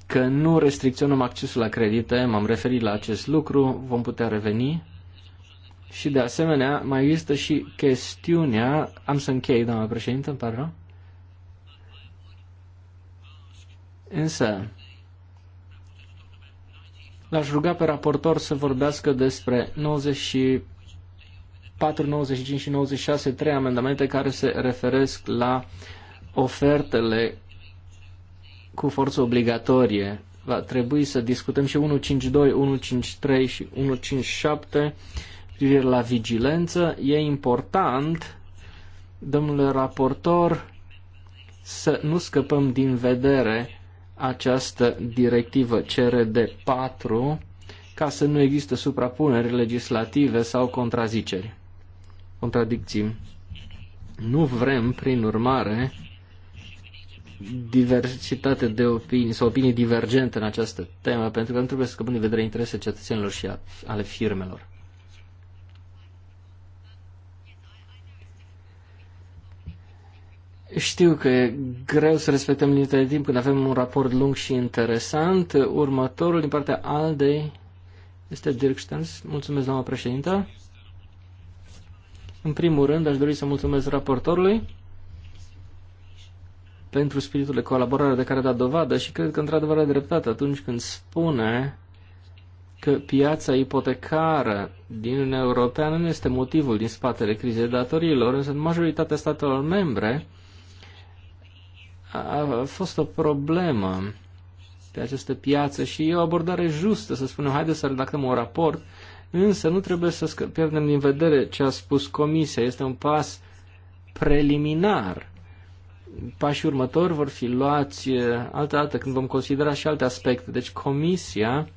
că nu restricționăm accesul la credite, m-am referit la acest lucru, vom putea reveni. Și de asemenea, mai există și chestiunea, am să închei, doamna președintă, îmi pare rău? Însă, l-aș ruga pe raportor să vorbească despre 94, 95 și 96, trei amendamente care se referesc la ofertele cu forță obligatorie. Va trebui să discutăm și 152, 153 și 157 privire la vigilență. E important, domnule raportor, să nu scăpăm din vedere această directivă CRD 4 ca să nu există suprapuneri legislative sau contraziceri. Contradicții. Nu vrem, prin urmare, diversitate de opinii sau opinii divergente în această temă, pentru că nu trebuie să scăpăm de vedere interese cetățenilor și ale firmelor. Știu că e greu să respectăm limitele de timp când avem un raport lung și interesant. Următorul din partea Aldei este Dirk Stens. Mulțumesc, doamna președintă. În primul rând, aș dori să mulțumesc raportorului pentru spiritul de colaborare de care a dat dovadă și cred că într-adevăr are dreptate atunci când spune că piața ipotecară din Uniunea Europeană nu este motivul din spatele crizei datoriilor, însă în majoritatea statelor membre a fost o problemă pe această piață și e o abordare justă, să spunem, haideți să redactăm un raport, însă nu trebuie să pierdem din vedere ce a spus comisia, este un pas preliminar. Pașii următori vor fi luați altă dată când vom considera și alte aspecte. Deci comisia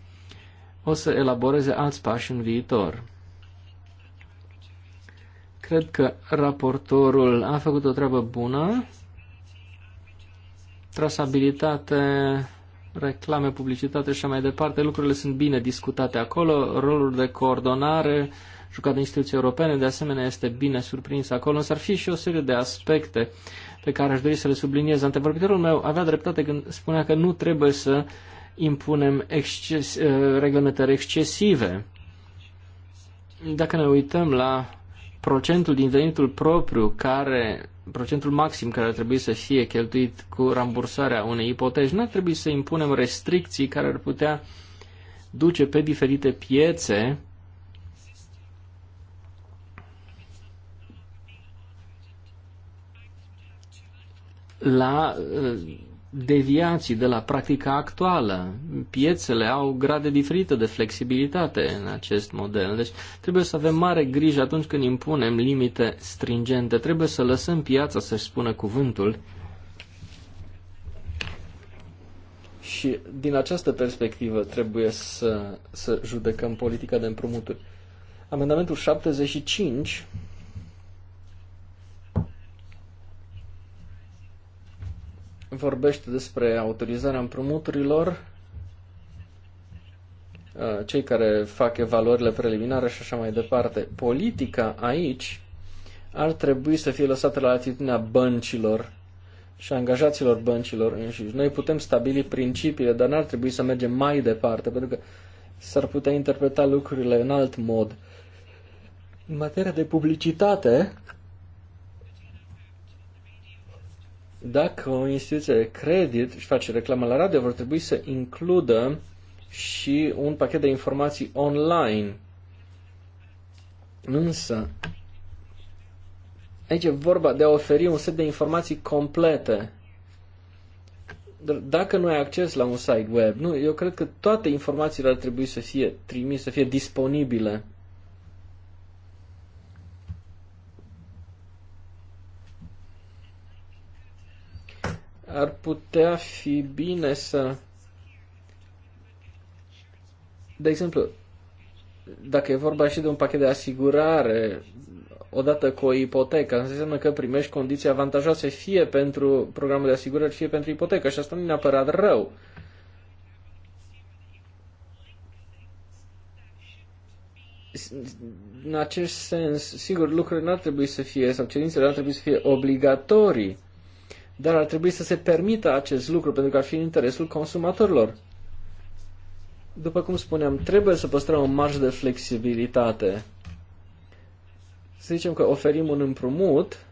o să elaboreze alți pași în viitor. Cred că raportorul a făcut o treabă bună trasabilitate, reclame, publicitate și mai departe, lucrurile sunt bine discutate acolo, rolul de coordonare jucat de instituții europene, de asemenea, este bine surprins acolo, însă ar fi și o serie de aspecte pe care aș dori să le subliniez. Antevorbitorul meu avea dreptate când spunea că nu trebuie să impunem exces, eh, reglementări excesive. Dacă ne uităm la procentul din venitul propriu care procentul maxim care ar trebui să fie cheltuit cu rambursarea unei ipoteci. Nu ar trebui să impunem restricții care ar putea duce pe diferite piețe la uh, deviații de la practica actuală. Piețele au grade diferite de flexibilitate în acest model. Deci trebuie să avem mare grijă atunci când impunem limite stringente. Trebuie să lăsăm piața să-și spună cuvântul. Și din această perspectivă trebuie să, să judecăm politica de împrumuturi. Amendamentul 75 vorbește despre autorizarea împrumuturilor, cei care fac evaluările preliminare și așa mai departe. Politica aici ar trebui să fie lăsată la atitudinea băncilor și angajaților băncilor înșiși. Noi putem stabili principiile, dar n-ar trebui să mergem mai departe, pentru că s-ar putea interpreta lucrurile în alt mod. În materie de publicitate, dacă o instituție de credit își face reclamă la radio, vor trebui să includă și un pachet de informații online. Însă, aici e vorba de a oferi un set de informații complete. Dacă nu ai acces la un site web, nu, eu cred că toate informațiile ar trebui să fie trimise, să fie disponibile ar putea fi bine să... De exemplu, dacă e vorba și de un pachet de asigurare, odată cu o ipotecă, înseamnă că primești condiții avantajoase fie pentru programul de asigurări, fie pentru ipotecă și asta nu e neapărat rău. În acest sens, sigur, lucrurile nu ar trebui să fie, sau cerințele nu ar trebui să fie obligatorii, dar ar trebui să se permită acest lucru pentru că ar fi în interesul consumatorilor. După cum spuneam, trebuie să păstrăm o marjă de flexibilitate. Să zicem că oferim un împrumut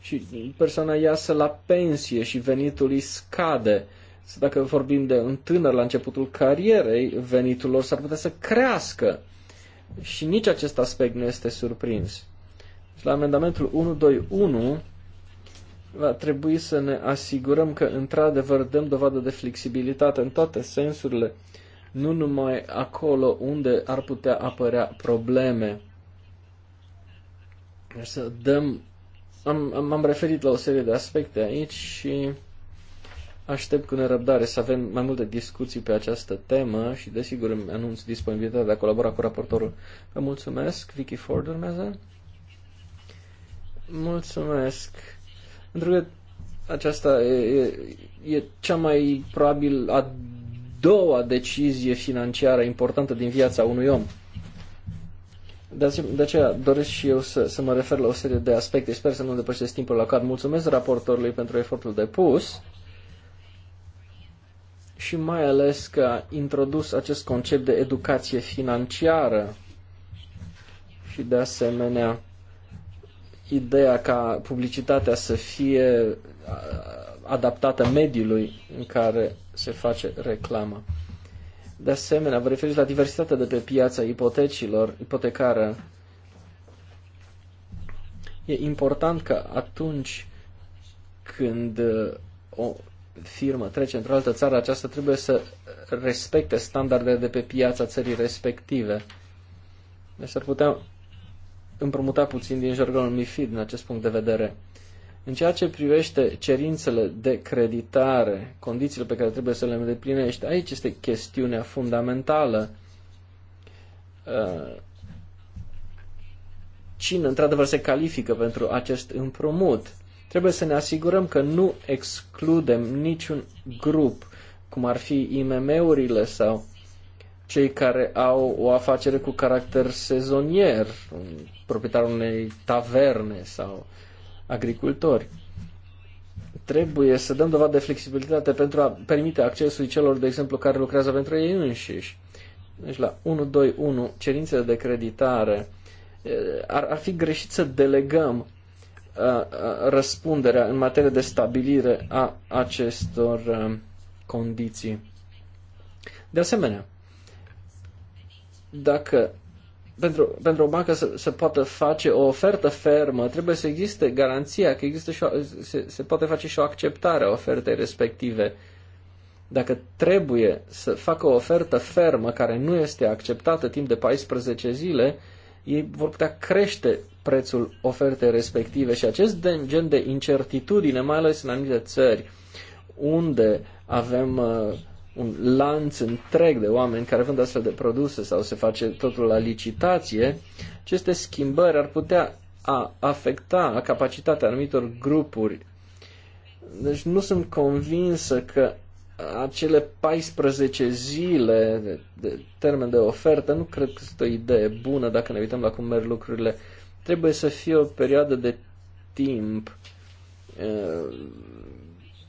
și persoana iasă la pensie și venitul îi scade. Să dacă vorbim de un tânăr la începutul carierei, venitul lor s-ar putea să crească. Și nici acest aspect nu este surprins. la amendamentul 121 va trebui să ne asigurăm că într-adevăr dăm dovadă de flexibilitate în toate sensurile, nu numai acolo unde ar putea apărea probleme. Deci să dăm, am, am referit la o serie de aspecte aici și aștept cu nerăbdare să avem mai multe discuții pe această temă și desigur îmi anunț disponibilitatea de a colabora cu raportorul. Vă mulțumesc, Vicky Ford urmează. Mulțumesc. Pentru că aceasta e, e, e cea mai probabil a doua decizie financiară importantă din viața unui om. De aceea doresc și eu să, să mă refer la o serie de aspecte. Sper să nu depășesc timpul la care mulțumesc raportorului pentru efortul depus și mai ales că a introdus acest concept de educație financiară și de asemenea ideea ca publicitatea să fie adaptată mediului în care se face reclamă. De asemenea, vă referiți la diversitatea de pe piața ipotecilor, ipotecară. E important că atunci când uh, o firmă trece într-o altă țară, aceasta trebuie să respecte standardele de pe piața țării respective. Deci ar putea împrumuta puțin din jargonul MIFID în acest punct de vedere. În ceea ce privește cerințele de creditare, condițiile pe care trebuie să le îndeplinești, aici este chestiunea fundamentală. Uh, cine într-adevăr se califică pentru acest împrumut? Trebuie să ne asigurăm că nu excludem niciun grup, cum ar fi IMM-urile sau cei care au o afacere cu caracter sezonier, proprietarul unei taverne sau agricultori. Trebuie să dăm dovadă de flexibilitate pentru a permite accesul celor, de exemplu, care lucrează pentru ei înșiși. Deci la 121, cerințele de creditare, ar, ar fi greșit să delegăm răspunderea în materie de stabilire a acestor condiții. De asemenea, dacă pentru, pentru o bancă să, să poată face o ofertă fermă, trebuie să existe garanția că există și o, se, se poate face și o acceptare a ofertei respective. Dacă trebuie să facă o ofertă fermă care nu este acceptată timp de 14 zile, ei vor putea crește prețul ofertei respective și acest gen de incertitudine, mai ales în anumite țări, unde avem uh, un lanț întreg de oameni care vând astfel de produse sau se face totul la licitație, aceste schimbări ar putea a afecta capacitatea anumitor grupuri. Deci nu sunt convinsă că acele 14 zile de, termen de ofertă nu cred că este o idee bună dacă ne uităm la cum merg lucrurile. Trebuie să fie o perioadă de timp eh,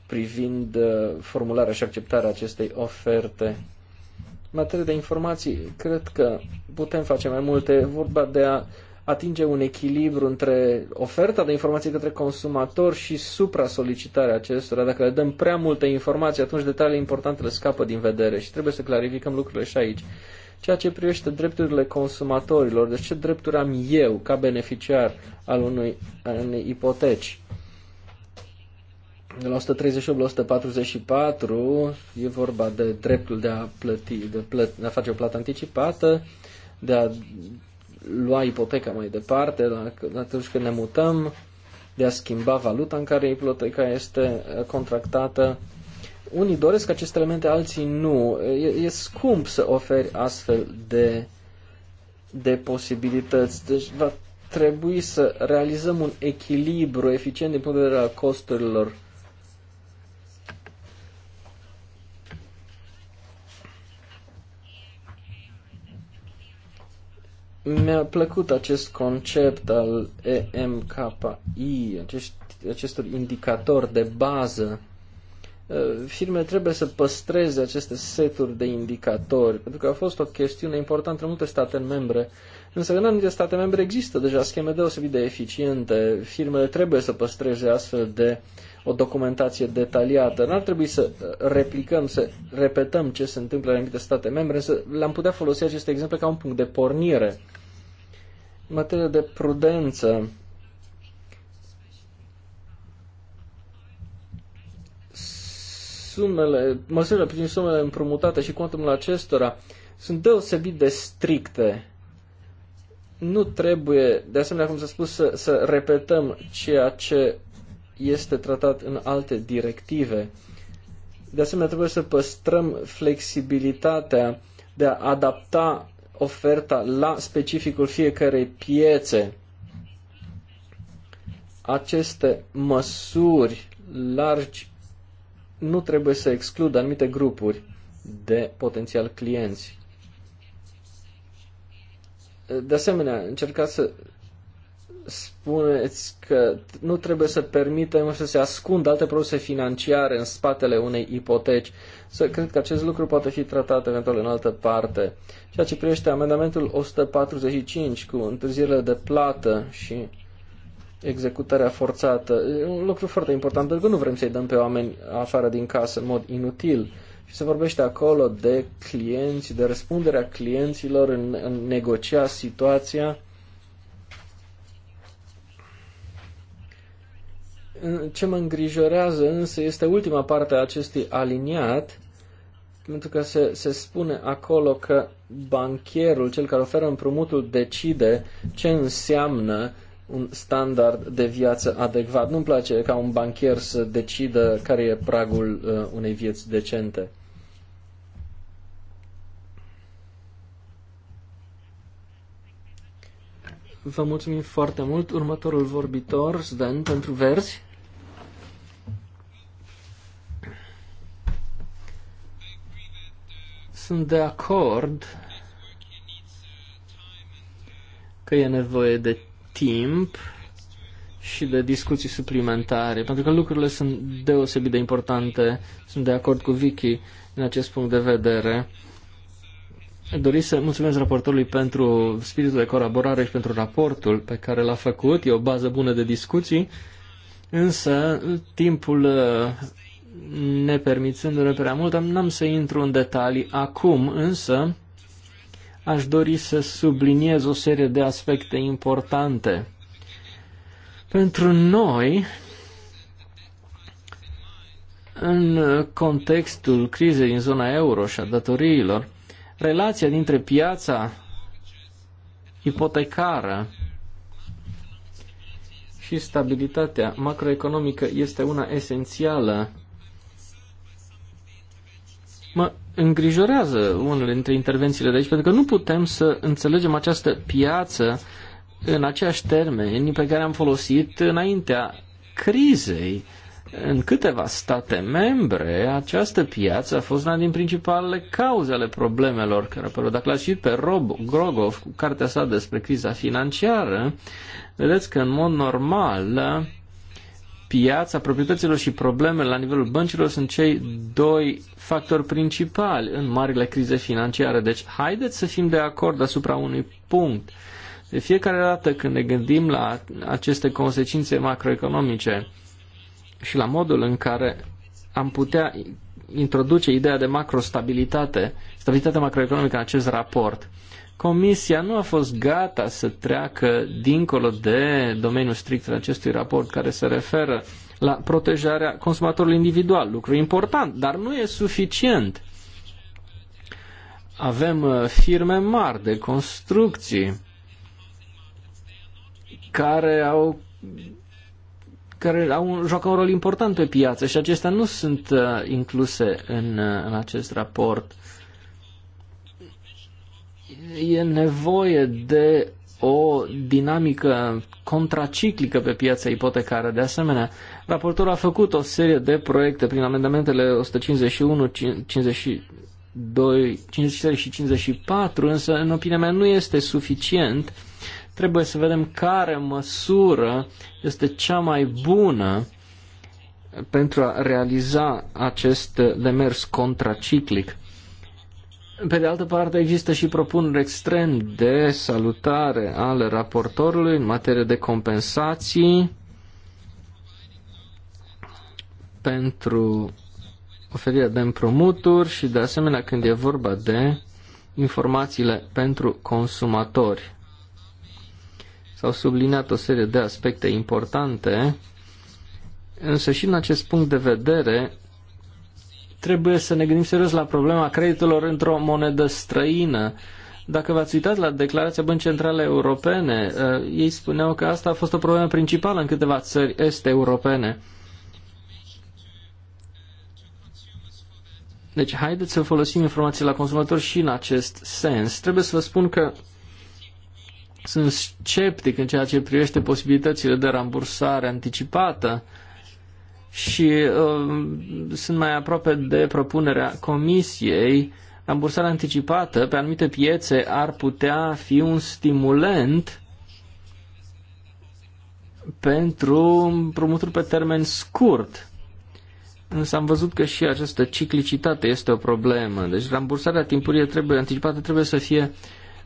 privind uh, formularea și acceptarea acestei oferte. În materie de informații, cred că putem face mai multe. Vorba de a atinge un echilibru între oferta de informații către consumator și supra-solicitarea acestora. Dacă le dăm prea multe informații, atunci detaliile importante le scapă din vedere și trebuie să clarificăm lucrurile și aici. Ceea ce privește drepturile consumatorilor, deci ce drepturi am eu ca beneficiar al unui, unei ipoteci. De la 138 la 144 e vorba de dreptul de a, plăti, de, plăt, de a face o plată anticipată, de a lua ipoteca mai departe la, atunci când ne mutăm, de a schimba valuta în care ipoteca este uh, contractată. Unii doresc aceste elemente, alții nu. E, e scump să oferi astfel de, de posibilități. Deci va trebui să realizăm un echilibru eficient din punct de vedere al costurilor Mi-a plăcut acest concept al EMKI, acest acestor indicatori de bază. Uh, Firmele trebuie să păstreze aceste seturi de indicatori, pentru că a fost o chestiune importantă în multe state membre. Însă în anumite state membre există deja scheme deosebit de eficiente. Firmele trebuie să păstreze astfel de o documentație detaliată. N-ar trebui să uh, replicăm, să repetăm ce se întâmplă în anumite state membre, să le-am putea folosi aceste exemple ca un punct de pornire. În materie de prudență, sumele, măsurile prin sumele împrumutate și cuantumul acestora sunt deosebit de stricte. Nu trebuie, de asemenea, cum s-a spus, să, să repetăm ceea ce este tratat în alte directive. De asemenea, trebuie să păstrăm flexibilitatea de a adapta oferta la specificul fiecarei piețe. Aceste măsuri largi nu trebuie să excludă anumite grupuri de potențial clienți. De asemenea, încercați să spuneți că nu trebuie să permitem să se ascundă alte produse financiare în spatele unei ipoteci. Să cred că acest lucru poate fi tratat eventual în altă parte. Ceea ce privește amendamentul 145 cu întârzierile de plată și executarea forțată, e un lucru foarte important pentru că nu vrem să-i dăm pe oameni afară din casă în mod inutil. Și se vorbește acolo de clienți, de răspunderea clienților în, în negocia situația Ce mă îngrijorează însă este ultima parte a acestui aliniat, pentru că se, se spune acolo că bancherul, cel care oferă împrumutul, decide ce înseamnă un standard de viață adecvat. Nu-mi place ca un banchier să decidă care e pragul uh, unei vieți decente. Vă mulțumim foarte mult. Următorul vorbitor, Sven, pentru verzi. Sunt de acord că e nevoie de timp și de discuții suplimentare, pentru că lucrurile sunt deosebit de importante. Sunt de acord cu Vicky în acest punct de vedere. Dori să mulțumesc raportorului pentru spiritul de colaborare și pentru raportul pe care l-a făcut. E o bază bună de discuții, însă timpul nepermițându-ne prea mult, n-am să intru în detalii acum, însă aș dori să subliniez o serie de aspecte importante. Pentru noi, în contextul crizei din zona euro și a datoriilor, relația dintre piața ipotecară și stabilitatea macroeconomică este una esențială Mă îngrijorează unele dintre intervențiile de aici, pentru că nu putem să înțelegem această piață în aceeași termeni pe care am folosit înaintea crizei. În câteva state membre, această piață a fost una din principalele cauze ale problemelor care apărut. Dacă l-ați pe Rob Grogov cu cartea sa despre criza financiară, vedeți că în mod normal piața proprietăților și problemele la nivelul băncilor sunt cei doi factori principali în marile crize financiare. Deci, haideți să fim de acord asupra unui punct. De fiecare dată când ne gândim la aceste consecințe macroeconomice și la modul în care am putea introduce ideea de macrostabilitate, stabilitatea macroeconomică în acest raport, Comisia nu a fost gata să treacă dincolo de domeniul strict al acestui raport care se referă la protejarea consumatorului individual, lucru important, dar nu e suficient. Avem uh, firme mari de construcții care au care au, joacă un rol important pe piață și acestea nu sunt uh, incluse în, uh, în acest raport. Uh, e nevoie de o dinamică contraciclică pe piața ipotecară. De asemenea, raportorul a făcut o serie de proiecte prin amendamentele 151, 52, 53 și 54, însă, în opinia mea, nu este suficient. Trebuie să vedem care măsură este cea mai bună pentru a realiza acest demers contraciclic. Pe de altă parte, există și propuneri extrem de salutare ale raportorului în materie de compensații pentru oferirea de împrumuturi și, de asemenea, când e vorba de informațiile pentru consumatori. S-au subliniat o serie de aspecte importante, însă și în acest punct de vedere trebuie să ne gândim serios la problema creditelor într-o monedă străină. Dacă v-ați uitat la declarația Băncii Centrale Europene, eh, ei spuneau că asta a fost o problemă principală în câteva țări este europene. Deci haideți să folosim informații la consumatori și în acest sens. Trebuie să vă spun că sunt sceptic în ceea ce privește posibilitățile de rambursare anticipată și uh, sunt mai aproape de propunerea comisiei. Rambursarea anticipată pe anumite piețe ar putea fi un stimulent pentru împrumuturi pe termen scurt. Însă am văzut că și această ciclicitate este o problemă. Deci rambursarea timpurie trebuie, anticipată trebuie să fie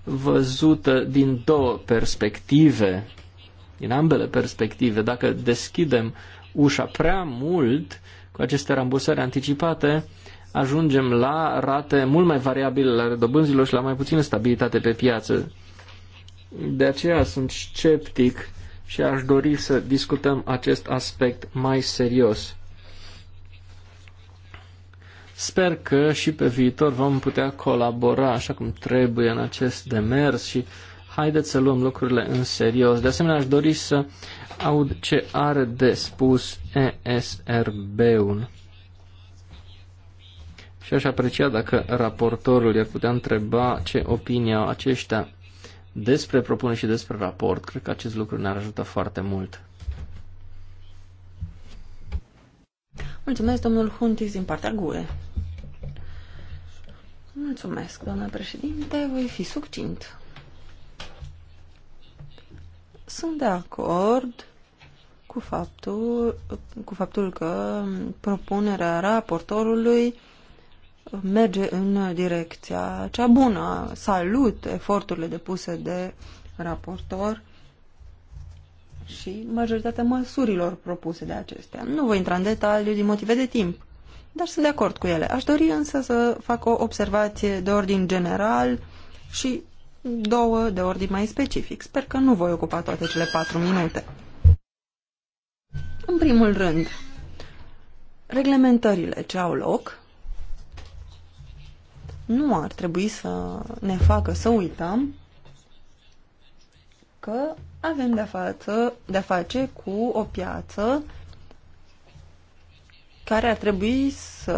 văzută din două perspective, din ambele perspective. Dacă deschidem ușa prea mult cu aceste rambursări anticipate, ajungem la rate mult mai variabile la dobânzilor și la mai puțină stabilitate pe piață. De aceea sunt sceptic și aș dori să discutăm acest aspect mai serios. Sper că și pe viitor vom putea colabora așa cum trebuie în acest demers și haideți să luăm lucrurile în serios. De asemenea, aș dori să aud ce are de spus ESRB-ul. Și aș aprecia dacă raportorul i-ar putea întreba ce opinia au aceștia despre propune și despre raport. Cred că acest lucru ne-ar ajuta foarte mult. Mulțumesc, domnul Huntis, din partea GUE. Mulțumesc, doamna președinte, voi fi succint. Sunt de acord cu faptul, cu faptul că propunerea raportorului merge în direcția cea bună. Salut eforturile depuse de raportor și majoritatea măsurilor propuse de acestea. Nu voi intra în detaliu din motive de timp, dar sunt de acord cu ele. Aș dori însă să fac o observație de ordin general și două de ordin mai specific. Sper că nu voi ocupa toate cele patru minute. În primul rând, reglementările ce au loc nu ar trebui să ne facă să uităm că avem de-a, de face cu o piață care ar trebui să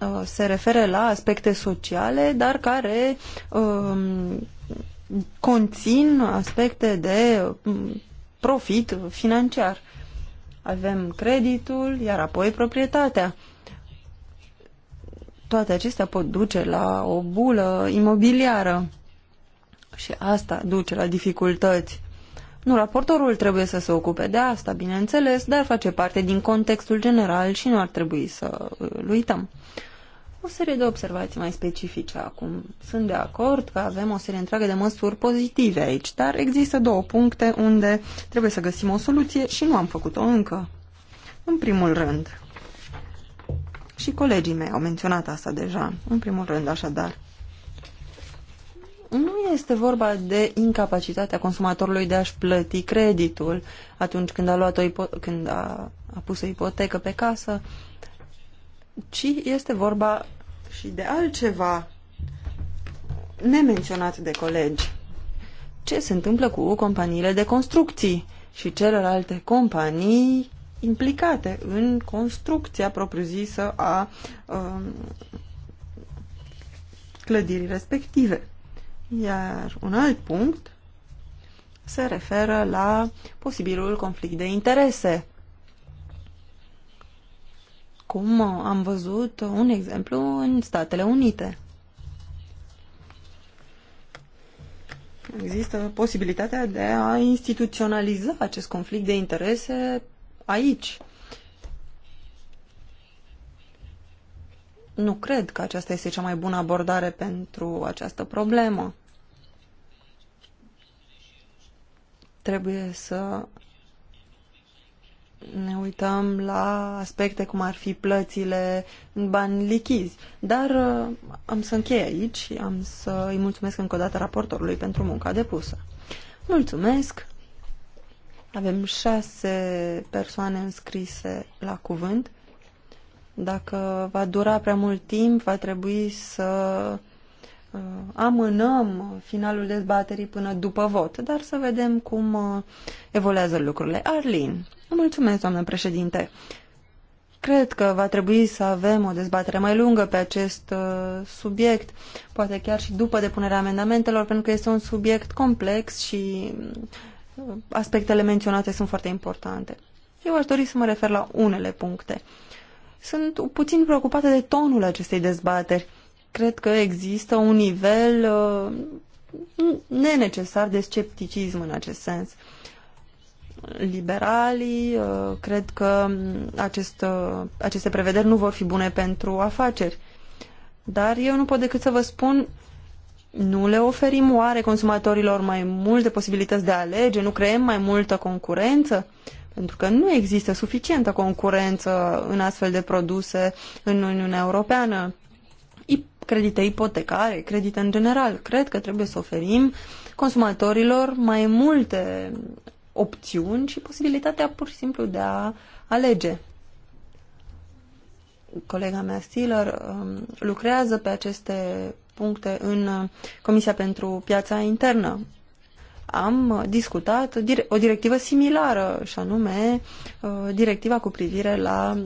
uh, se refere la aspecte sociale, dar care uh, conțin aspecte de uh, profit financiar. Uh, avem creditul, iar apoi proprietatea. Toate acestea pot duce la o bulă imobiliară și asta duce la dificultăți. Nu raportorul trebuie să se ocupe de asta, bineînțeles, dar face parte din contextul general și nu ar trebui să îl uităm. O serie de observații mai specifice acum. Sunt de acord că avem o serie întreagă de măsuri pozitive aici, dar există două puncte unde trebuie să găsim o soluție și nu am făcut-o încă. În primul rând, și colegii mei au menționat asta deja, în primul rând așadar, nu este vorba de incapacitatea consumatorului de a-și plăti creditul atunci când a, luat o ipo- când a, a pus o ipotecă pe casă ci este vorba și de altceva nemenționat de colegi. Ce se întâmplă cu companiile de construcții și celelalte companii implicate în construcția propriu-zisă a um, clădirii respective. Iar un alt punct se referă la posibilul conflict de interese cum am văzut un exemplu în Statele Unite. Există posibilitatea de a instituționaliza acest conflict de interese aici. Nu cred că aceasta este cea mai bună abordare pentru această problemă. Trebuie să ne uităm la aspecte cum ar fi plățile în bani lichizi. Dar uh, am să închei aici și am să îi mulțumesc încă o dată raportorului pentru munca depusă. Mulțumesc! Avem șase persoane înscrise la cuvânt. Dacă va dura prea mult timp, va trebui să Uh, amânăm finalul dezbaterii până după vot, dar să vedem cum uh, evoluează lucrurile. Arlin, mulțumesc, doamnă președinte. Cred că va trebui să avem o dezbatere mai lungă pe acest uh, subiect, poate chiar și după depunerea amendamentelor, pentru că este un subiect complex și aspectele menționate sunt foarte importante. Eu aș dori să mă refer la unele puncte. Sunt puțin preocupată de tonul acestei dezbateri cred că există un nivel uh, nenecesar de scepticism în acest sens. Liberalii uh, cred că acest, uh, aceste prevederi nu vor fi bune pentru afaceri. Dar eu nu pot decât să vă spun, nu le oferim oare consumatorilor mai multe posibilități de a alege, nu creăm mai multă concurență? pentru că nu există suficientă concurență în astfel de produse în Uniunea Europeană credite ipotecare, credite în general. Cred că trebuie să oferim consumatorilor mai multe opțiuni și posibilitatea pur și simplu de a alege. Colega mea, Stiller, um, lucrează pe aceste puncte în uh, Comisia pentru Piața Internă. Am uh, discutat o directivă similară, și anume uh, directiva cu privire la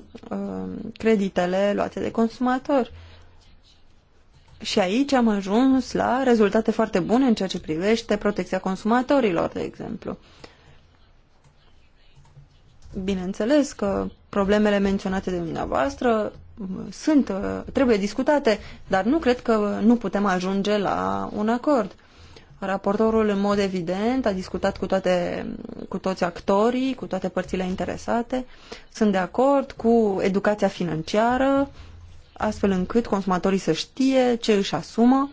creditele luate de consumatori și aici am ajuns la rezultate foarte bune în ceea ce privește protecția consumatorilor, de exemplu. Bineînțeles că problemele menționate de dumneavoastră uh, sunt, uh, trebuie discutate, dar nu cred că nu putem ajunge la un acord. Raportorul, în mod evident, a discutat cu, toate, cu toți actorii, cu toate părțile interesate. Sunt de acord cu educația financiară, astfel încât consumatorii să știe ce își asumă.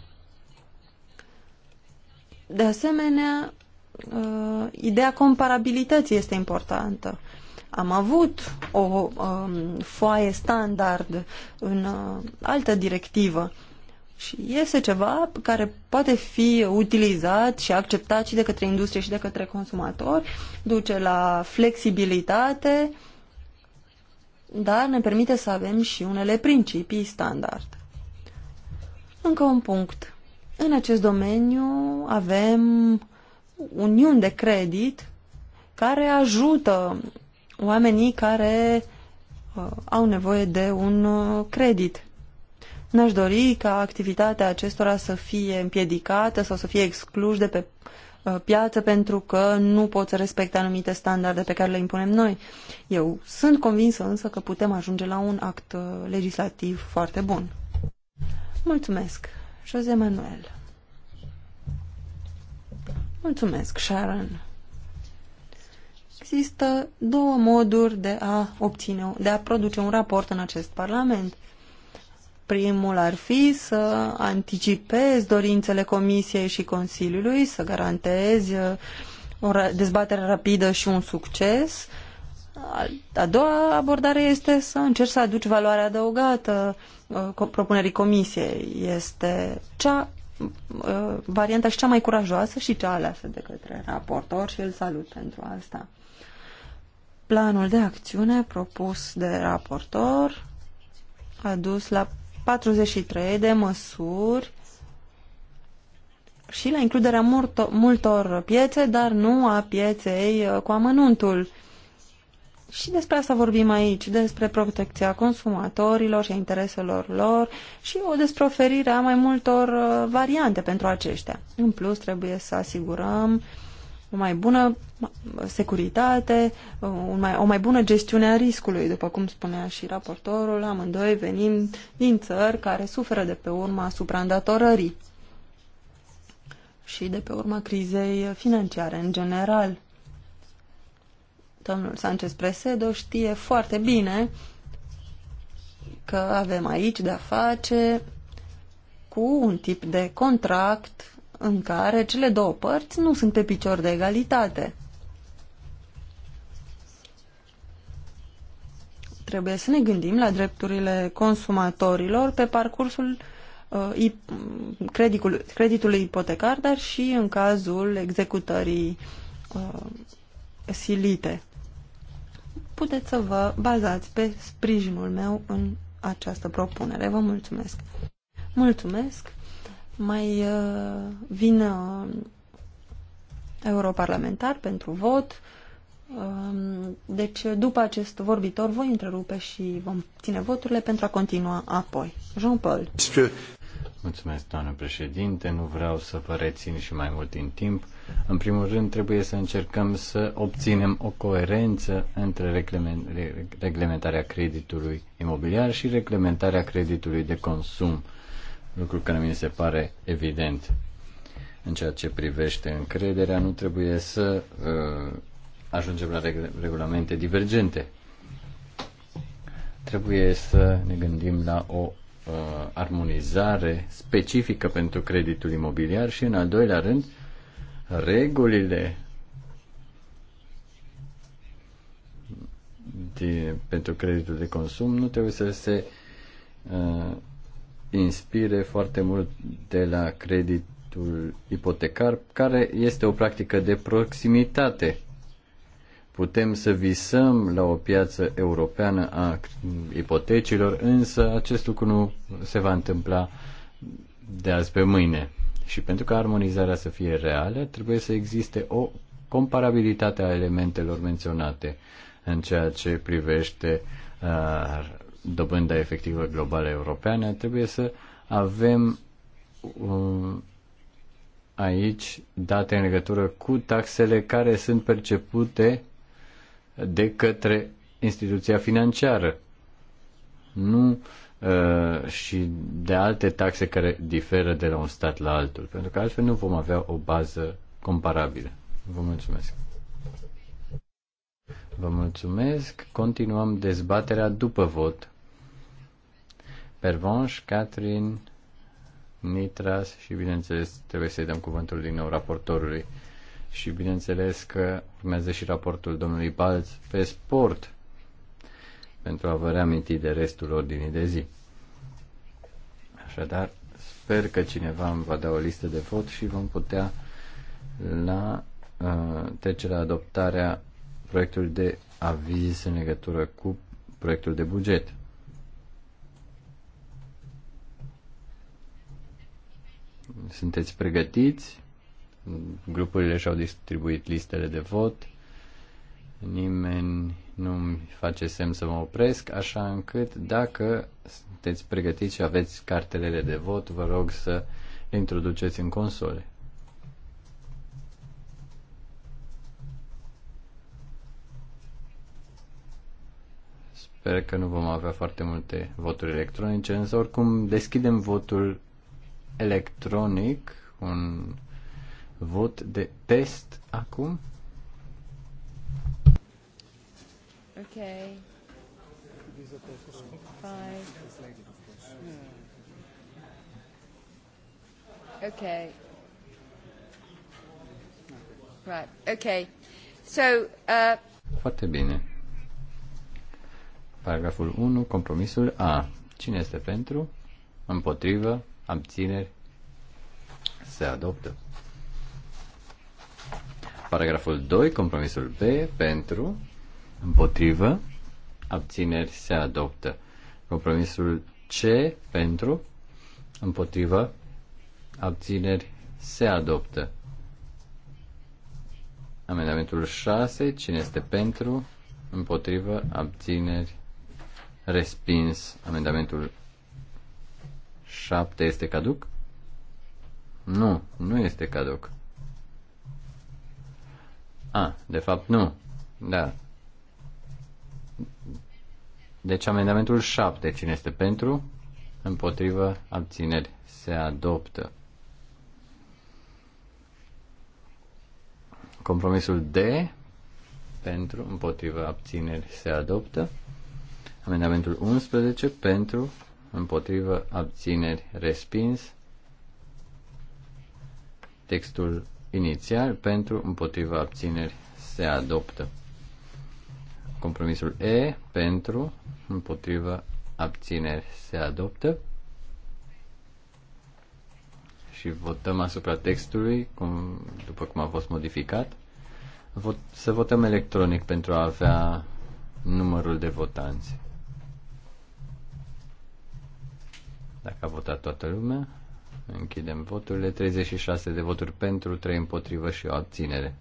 De asemenea, uh, ideea comparabilității este importantă. Am avut o um, foaie standard în uh, altă directivă și este ceva care poate fi utilizat și acceptat și de către industrie și de către consumatori, duce la flexibilitate uh, dar ne permite să avem și unele principii standard. Încă un punct. În acest domeniu avem uniuni de credit care ajută oamenii care uh, au nevoie de un uh, credit. N-aș dori ca activitatea acestora să fie împiedicată sau să fie excluși de pe Uh, piață pentru că nu pot să respecte anumite standarde pe care le impunem noi. Eu sunt convinsă însă că putem ajunge la un act uh, legislativ foarte bun. Mulțumesc, José Manuel. Mulțumesc, Sharon. Există două moduri de a obține, de a produce un raport în acest Parlament. Primul ar fi să anticipezi dorințele Comisiei și Consiliului, să garantezi uh, o dezbatere rapidă și un succes. A doua abordare este să încerci să aduci valoare adăugată uh, propunerii Comisiei. Este cea uh, varianta și cea mai curajoasă și cea aleasă de către raportor și îl salut pentru asta. Planul de acțiune propus de raportor a dus la 43 de măsuri și la includerea multor, multor piețe, dar nu a pieței uh, cu amănuntul. Și despre asta vorbim aici, despre protecția consumatorilor și a intereselor lor și o despre oferirea mai multor uh, variante pentru aceștia. În plus, trebuie să asigurăm uh, o mai bună securitate, o mai, o mai bună gestiune a riscului. După cum spunea și raportorul, amândoi venim din țări care suferă de pe urma supraîndatorării și de pe urma crizei financiare în general. Domnul Sanchez Presedo știe foarte bine că avem aici de-a face cu un tip de contract în care cele două părți nu sunt pe picior de egalitate. Trebuie să ne gândim la drepturile consumatorilor pe parcursul uh, creditul, creditului ipotecar, dar și în cazul executării uh, silite. Puteți să vă bazați pe sprijinul meu în această propunere. Vă mulțumesc! Mulțumesc! mai uh, vină uh, europarlamentar pentru vot. Um, deci, după acest vorbitor, voi întrerupe și vom ține voturile pentru a continua apoi. Jean-Paul. Mulțumesc, doamnă președinte. Nu vreau să vă rețin și mai mult din timp. În primul rând, trebuie să încercăm să obținem o coerență între reglementarea creditului imobiliar și reglementarea creditului de consum lucru care mi se pare evident. În ceea ce privește încrederea, nu trebuie să uh, ajungem la reg- regulamente divergente. Trebuie să ne gândim la o uh, armonizare specifică pentru creditul imobiliar și, în al doilea rând, regulile de, pentru creditul de consum nu trebuie să se uh, inspire foarte mult de la creditul ipotecar, care este o practică de proximitate. Putem să visăm la o piață europeană a ipotecilor, însă acest lucru nu se va întâmpla de azi pe mâine. Și pentru ca armonizarea să fie reală, trebuie să existe o comparabilitate a elementelor menționate în ceea ce privește uh, dobânda efectivă globală europeană, trebuie să avem uh, aici date în legătură cu taxele care sunt percepute de către instituția financiară. Nu uh, și de alte taxe care diferă de la un stat la altul, pentru că altfel nu vom avea o bază comparabilă. Vă mulțumesc. Vă mulțumesc. Continuăm dezbaterea după vot. Pervonș, Catherine, Nitras și, bineînțeles, trebuie să-i dăm cuvântul din nou raportorului. Și, bineînțeles, că urmează și raportul domnului Balț pe sport pentru a vă reaminti de restul ordinii de zi. Așadar, sper că cineva îmi va da o listă de vot și vom putea la uh, trecerea adoptarea proiectului de aviz în legătură cu proiectul de buget. sunteți pregătiți, grupurile și-au distribuit listele de vot, nimeni nu-mi face semn să mă opresc, așa încât dacă sunteți pregătiți și aveți cartelele de vot, vă rog să le introduceți în console. Sper că nu vom avea foarte multe voturi electronice, însă oricum deschidem votul electronic, un vot de test acum. Ok. Five. Okay. Right. Okay. So, uh... Foarte bine. Paragraful 1, compromisul A. Cine este pentru? Împotrivă? abțineri, se adoptă. Paragraful 2, compromisul B, pentru, împotrivă, abțineri, se adoptă. Compromisul C, pentru, împotrivă, abțineri, se adoptă. Amendamentul 6, cine este pentru, împotrivă, abțineri, respins. Amendamentul 7 este caduc? Nu, nu este caduc. A, de fapt nu. Da. Deci amendamentul 7, cine este pentru? Împotrivă, abțineri, se adoptă. Compromisul D, pentru, împotrivă, abțineri, se adoptă. Amendamentul 11, pentru, împotrivă, abțineri, respins. Textul inițial pentru, împotrivă, abțineri, se adoptă. Compromisul E pentru, împotrivă, abțineri, se adoptă. Și votăm asupra textului, cum, după cum a fost modificat. Vot, să votăm electronic pentru a avea numărul de votanți. Dacă a votat toată lumea, închidem voturile. 36 de voturi pentru, 3 împotrivă și o abținere.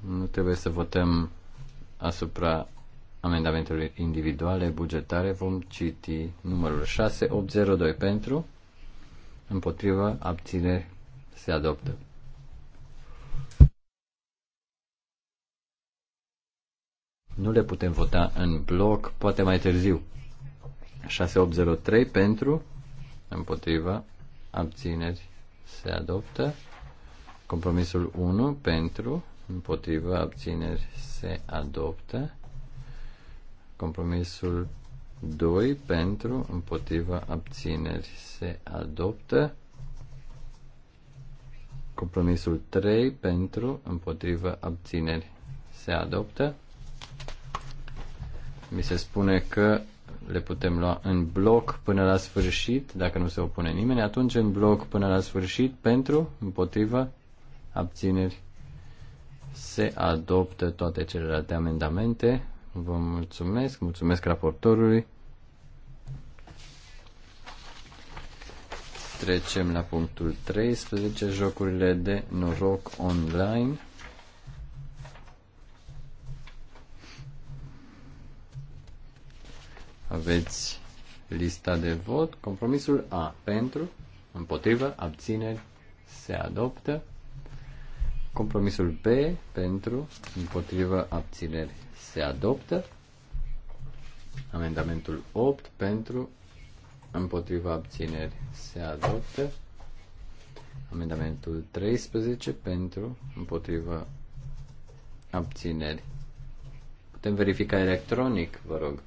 Nu trebuie să votăm asupra amendamentelor individuale, bugetare. Vom citi numărul 6, 802 pentru, împotrivă, abțineri, se adoptă. Nu le putem vota în bloc, poate mai târziu. 6803 pentru, împotriva, abțineri, se adoptă. Compromisul 1 pentru, împotriva, abțineri, se adoptă. Compromisul 2 pentru, împotriva, abțineri, se adoptă. Compromisul 3 pentru, împotrivă, abțineri se adoptă. Mi se spune că le putem lua în bloc până la sfârșit, dacă nu se opune nimeni, atunci în bloc până la sfârșit pentru, împotrivă, abțineri se adoptă toate celelalte amendamente. Vă mulțumesc, mulțumesc raportorului. Trecem la punctul 13, jocurile de noroc online. Aveți lista de vot, compromisul A pentru, împotrivă, abțineri, se adoptă. Compromisul B pentru, împotrivă, abțineri, se adoptă. Amendamentul 8 pentru, împotriva abțineri se adoptă. Amendamentul 13 pentru, împotriva abțineri. Putem verifica electronic, vă rog.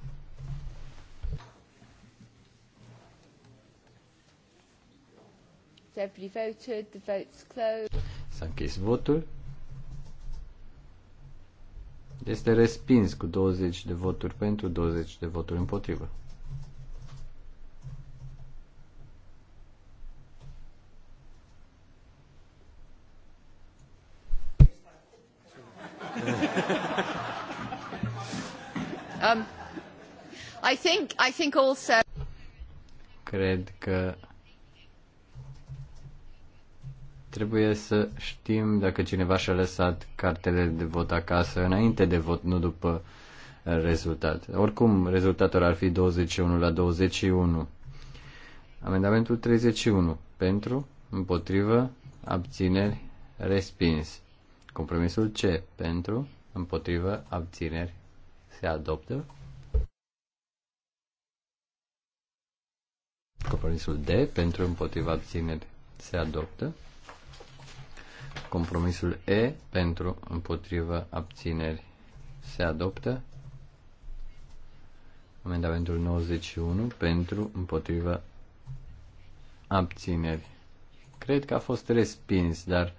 S-a închis votul. Este respins cu 20 de voturi pentru, 20 de voturi împotrivă. um, I think, I think also... Cred că trebuie să știm dacă cineva și-a lăsat cartele de vot acasă înainte de vot, nu după uh, rezultat. Oricum, rezultatul ar fi 21 la 21. Amendamentul 31. Pentru, împotrivă, abțineri, respins. Compromisul C pentru, împotrivă, abțineri se adoptă. Compromisul D pentru, împotrivă, abțineri se adoptă. Compromisul E pentru, împotrivă, abțineri se adoptă. Amendamentul 91 pentru, împotrivă, abțineri. Cred că a fost respins, dar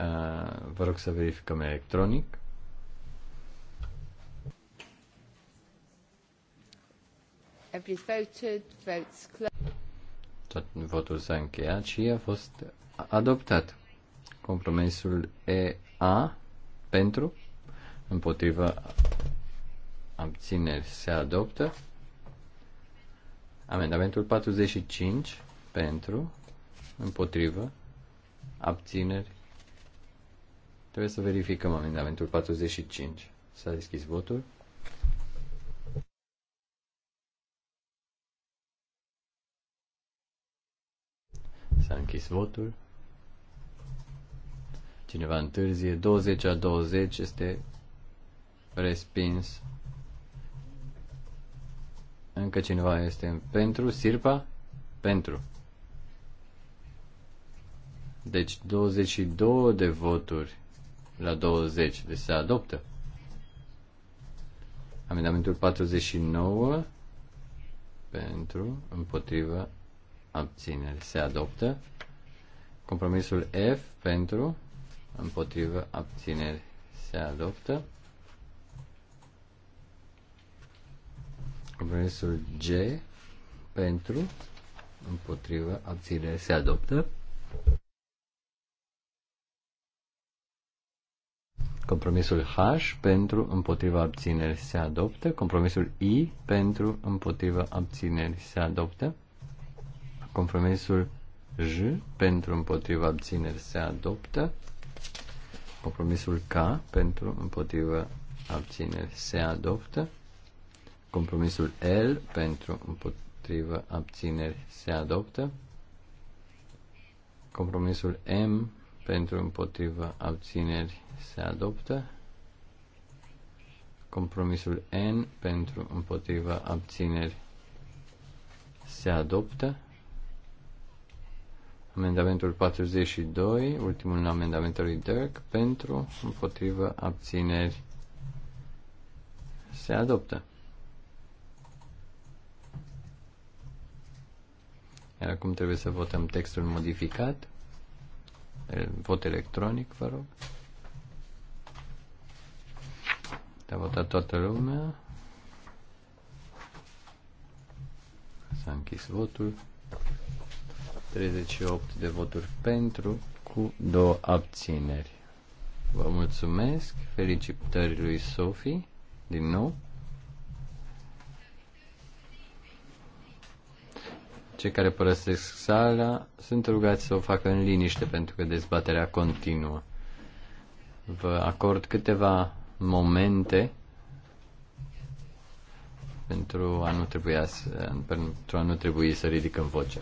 Eh, vă rog să verificăm electronic. Tot votul s-a încheiat și a fost adoptat. Compromisul EA pentru, împotriva abțineri se adoptă. Amendamentul 45 pentru, împotriva abțineri Trebuie să verificăm amendamentul 45. S-a deschis votul. S-a închis votul. Cineva întârzie. 20 a 20 este respins. Încă cineva este pentru. Sirpa? Pentru. Deci 22 de voturi la 20. Deci se adoptă. Amendamentul 49 pentru, împotrivă, abțineri. Se adoptă. Compromisul F pentru, împotrivă, abțineri. Se adoptă. Compromisul G pentru, împotrivă, abțineri. Se adoptă. Compromisul H pentru împotriva abțineri se adoptă. Compromisul I pentru împotriva abțineri se adoptă. Compromisul J pentru împotriva abțineri se adoptă. Compromisul K pentru împotriva abțineri se adoptă. Compromisul L pentru împotriva abțineri se adoptă. Compromisul M pentru împotriva abțineri se adoptă. Compromisul N pentru împotriva abțineri se adoptă. Amendamentul 42, ultimul amendamentul lui Dirk, pentru împotriva abțineri se adoptă. Iar acum trebuie să votăm textul modificat. Vot electronic, vă rog. A votat toată lumea. S-a închis votul. 38 de voturi pentru cu două abțineri. Vă mulțumesc. Felicitări lui Sofi. din nou. Cei care părăsesc sala sunt rugați să o facă în liniște pentru că dezbaterea continuă. Vă acord câteva momente pentru a nu trebui, să, pentru a nu trebui să ridicăm vocea.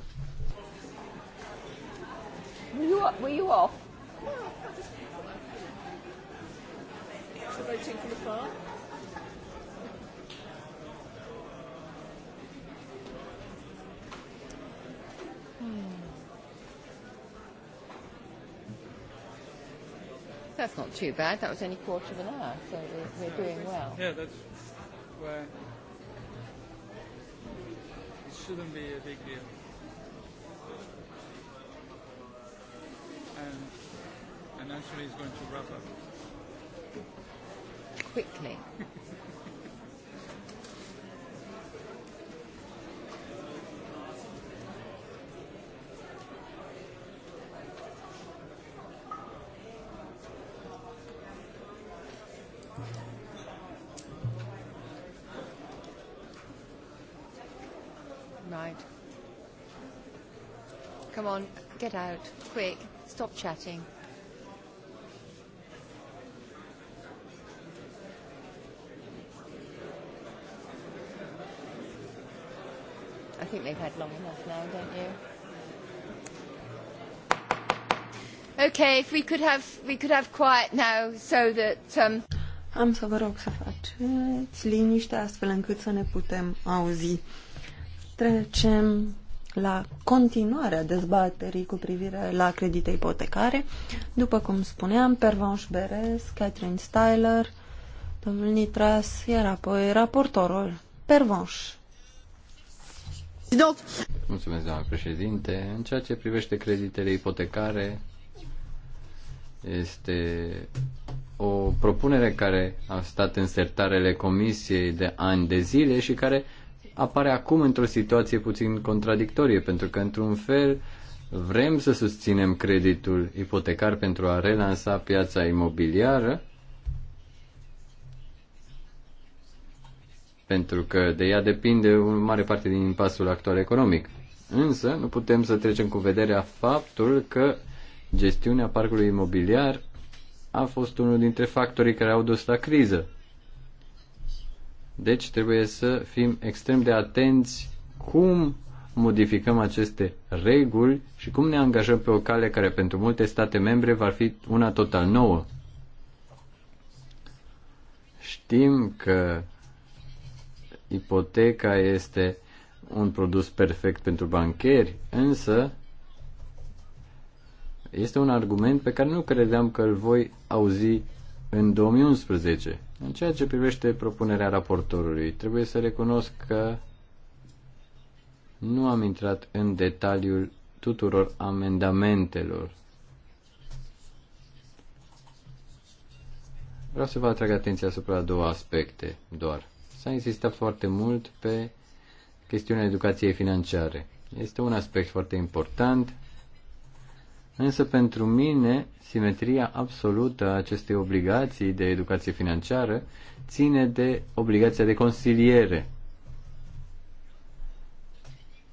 Were you, were you off? Hmm. That's not too bad. That was only quarter of an hour, so we're, we're doing well. Yeah, that's where it shouldn't be a big deal. And, and actually, it's going to wrap up quickly. *laughs* Come on, get out, quick. Stop chatting. I think they've had long enough now, don't you? Okay, if we could have we could have quiet now so that um Am să vă rog să faceți liniște astfel încât să ne putem auzi. Trecem la continuarea dezbaterii cu privire la credite ipotecare. După cum spuneam, Pervan Șberes, Catherine Styler, domnul Nitras, iar apoi raportorul Pervanș. Mulțumesc, doamna președinte. În ceea ce privește creditele ipotecare, este o propunere care a stat în sertarele comisiei de ani de zile și care apare acum într-o situație puțin contradictorie, pentru că, într-un fel, vrem să susținem creditul ipotecar pentru a relansa piața imobiliară, pentru că de ea depinde o mare parte din impasul actual economic. Însă, nu putem să trecem cu vederea faptul că gestiunea parcului imobiliar a fost unul dintre factorii care au dus la criză. Deci trebuie să fim extrem de atenți cum modificăm aceste reguli și cum ne angajăm pe o cale care pentru multe state membre va fi una total nouă. Știm că ipoteca este un produs perfect pentru bancheri, însă este un argument pe care nu credeam că îl voi auzi în 2011. În ceea ce privește propunerea raportorului, trebuie să recunosc că nu am intrat în detaliul tuturor amendamentelor. Vreau să vă atrag atenția asupra două aspecte doar. S-a insistat foarte mult pe chestiunea educației financiare. Este un aspect foarte important Însă pentru mine, simetria absolută a acestei obligații de educație financiară ține de obligația de consiliere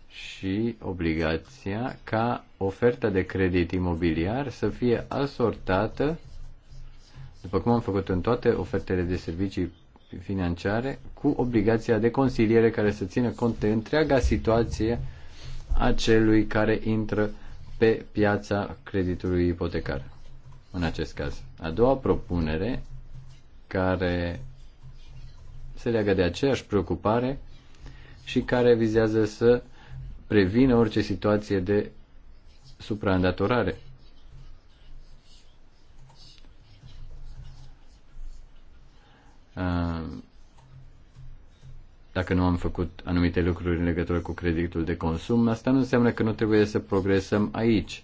și obligația ca oferta de credit imobiliar să fie asortată, după cum am făcut în toate ofertele de servicii financiare, cu obligația de consiliere care să țină cont de întreaga situație a celui care intră pe piața creditului ipotecar, în acest caz. A doua propunere, care se leagă de aceeași preocupare și care vizează să prevină orice situație de supraîndatorare. Uh, dacă nu am făcut anumite lucruri în legătură cu creditul de consum, asta nu înseamnă că nu trebuie să progresăm aici.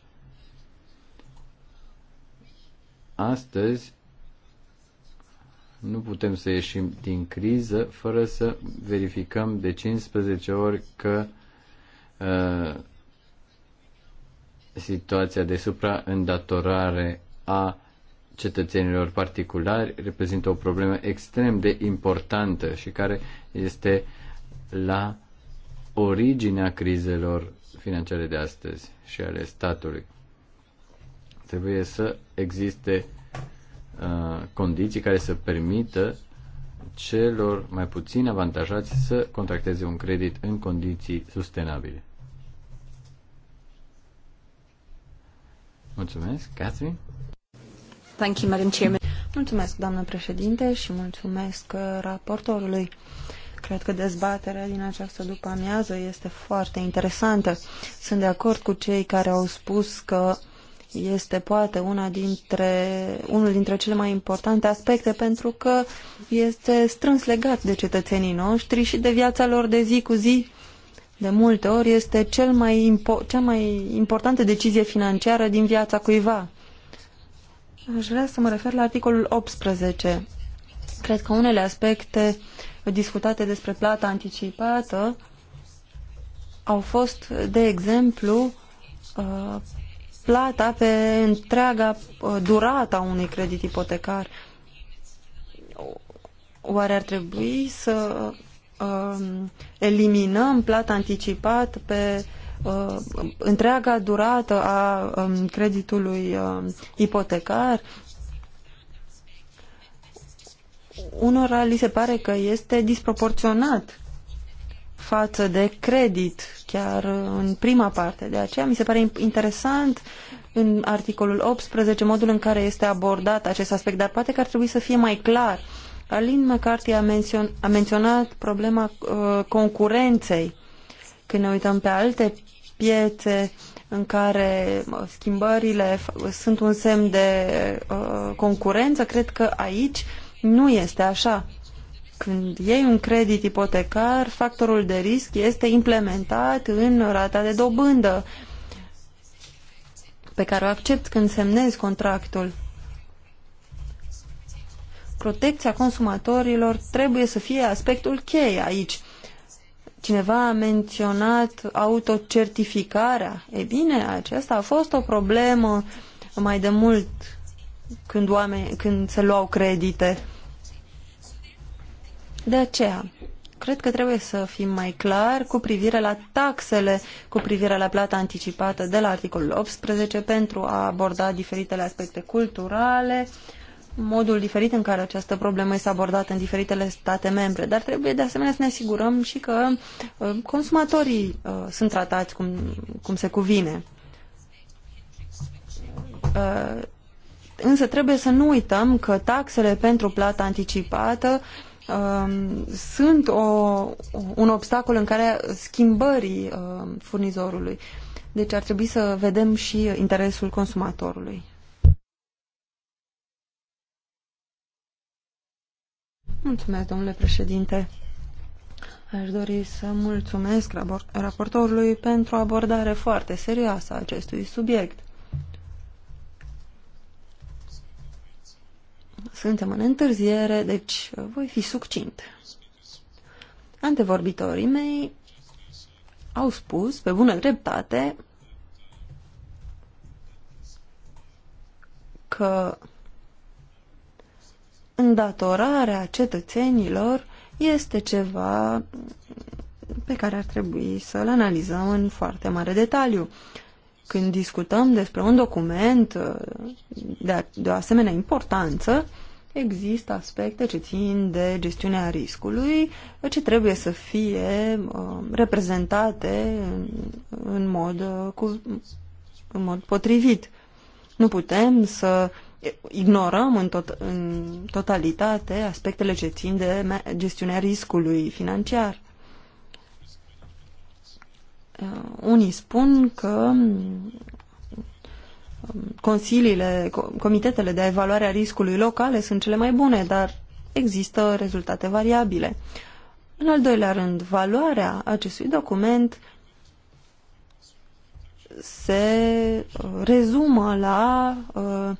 Astăzi nu putem să ieșim din criză fără să verificăm de 15 ori că uh, situația de supraîndatorare a cetățenilor particulari reprezintă o problemă extrem de importantă și care este la originea crizelor financiare de astăzi și ale statului. Trebuie să existe uh, condiții care să permită celor mai puțin avantajați să contracteze un credit în condiții sustenabile. Mulțumesc, Catherine. Thank you, Madam Chairman. Mulțumesc, doamnă președinte, și mulțumesc uh, raportorului. Cred că dezbaterea din această după-amiază este foarte interesantă. Sunt de acord cu cei care au spus că este poate una dintre, unul dintre cele mai importante aspecte pentru că este strâns legat de cetățenii noștri și de viața lor de zi cu zi. De multe ori este cel mai impo- cea mai importantă decizie financiară din viața cuiva. Aș vrea să mă refer la articolul 18. Cred că unele aspecte discutate despre plata anticipată au fost, de exemplu, uh, plata pe întreaga uh, durata unui credit ipotecar. Oare ar trebui să uh, eliminăm plata anticipată pe uh, întreaga durată a um, creditului uh, ipotecar, unora li se pare că este disproporționat față de credit, chiar în prima parte. De aceea mi se pare interesant în articolul 18 modul în care este abordat acest aspect, dar poate că ar trebui să fie mai clar. Alin McCarthy a, a menționat problema uh, concurenței când ne uităm pe alte piețe în care schimbările sunt un semn de uh, concurență, cred că aici nu este așa. Când iei un credit ipotecar, factorul de risc este implementat în rata de dobândă pe care o accept când semnezi contractul. Protecția consumatorilor trebuie să fie aspectul cheie aici Cineva a menționat autocertificarea. E bine, aceasta a fost o problemă mai de mult când, oameni, când se luau credite. De aceea, cred că trebuie să fim mai clari cu privire la taxele, cu privire la plata anticipată de la articolul 18 pentru a aborda diferitele aspecte culturale, uh, modul diferit în care această problemă este abordată în diferitele state membre, dar trebuie de asemenea să ne asigurăm și că uh, consumatorii uh, sunt tratați cum, cum se cuvine. Uh, însă trebuie să nu uităm că taxele pentru plata anticipată um, sunt o, un obstacol în care schimbării furnizorului. Deci ar trebui să vedem și interesul consumatorului. Mulțumesc, domnule președinte. Aș dori să mulțumesc raportorului pentru abordare foarte serioasă a acestui subiect. Suntem în întârziere, deci voi fi succint. Antevorbitorii mei au spus, pe bună dreptate, că îndatorarea cetățenilor este ceva pe care ar trebui să-l analizăm în foarte mare detaliu. Când discutăm despre un document uh, de, de o asemenea importanță, există aspecte ce țin de gestiunea riscului, ce trebuie să fie uh, reprezentate în, în, mod, uh, cu, în mod potrivit. Nu putem să uh, ignorăm în, tot, în totalitate aspectele ce țin de gestiunea riscului financiar. Uh, unii spun că um, consiliile, comitetele de evaluare a riscului locale sunt cele mai bune, dar există rezultate variabile. În al doilea rând, valoarea acestui document se uh, rezumă la uh,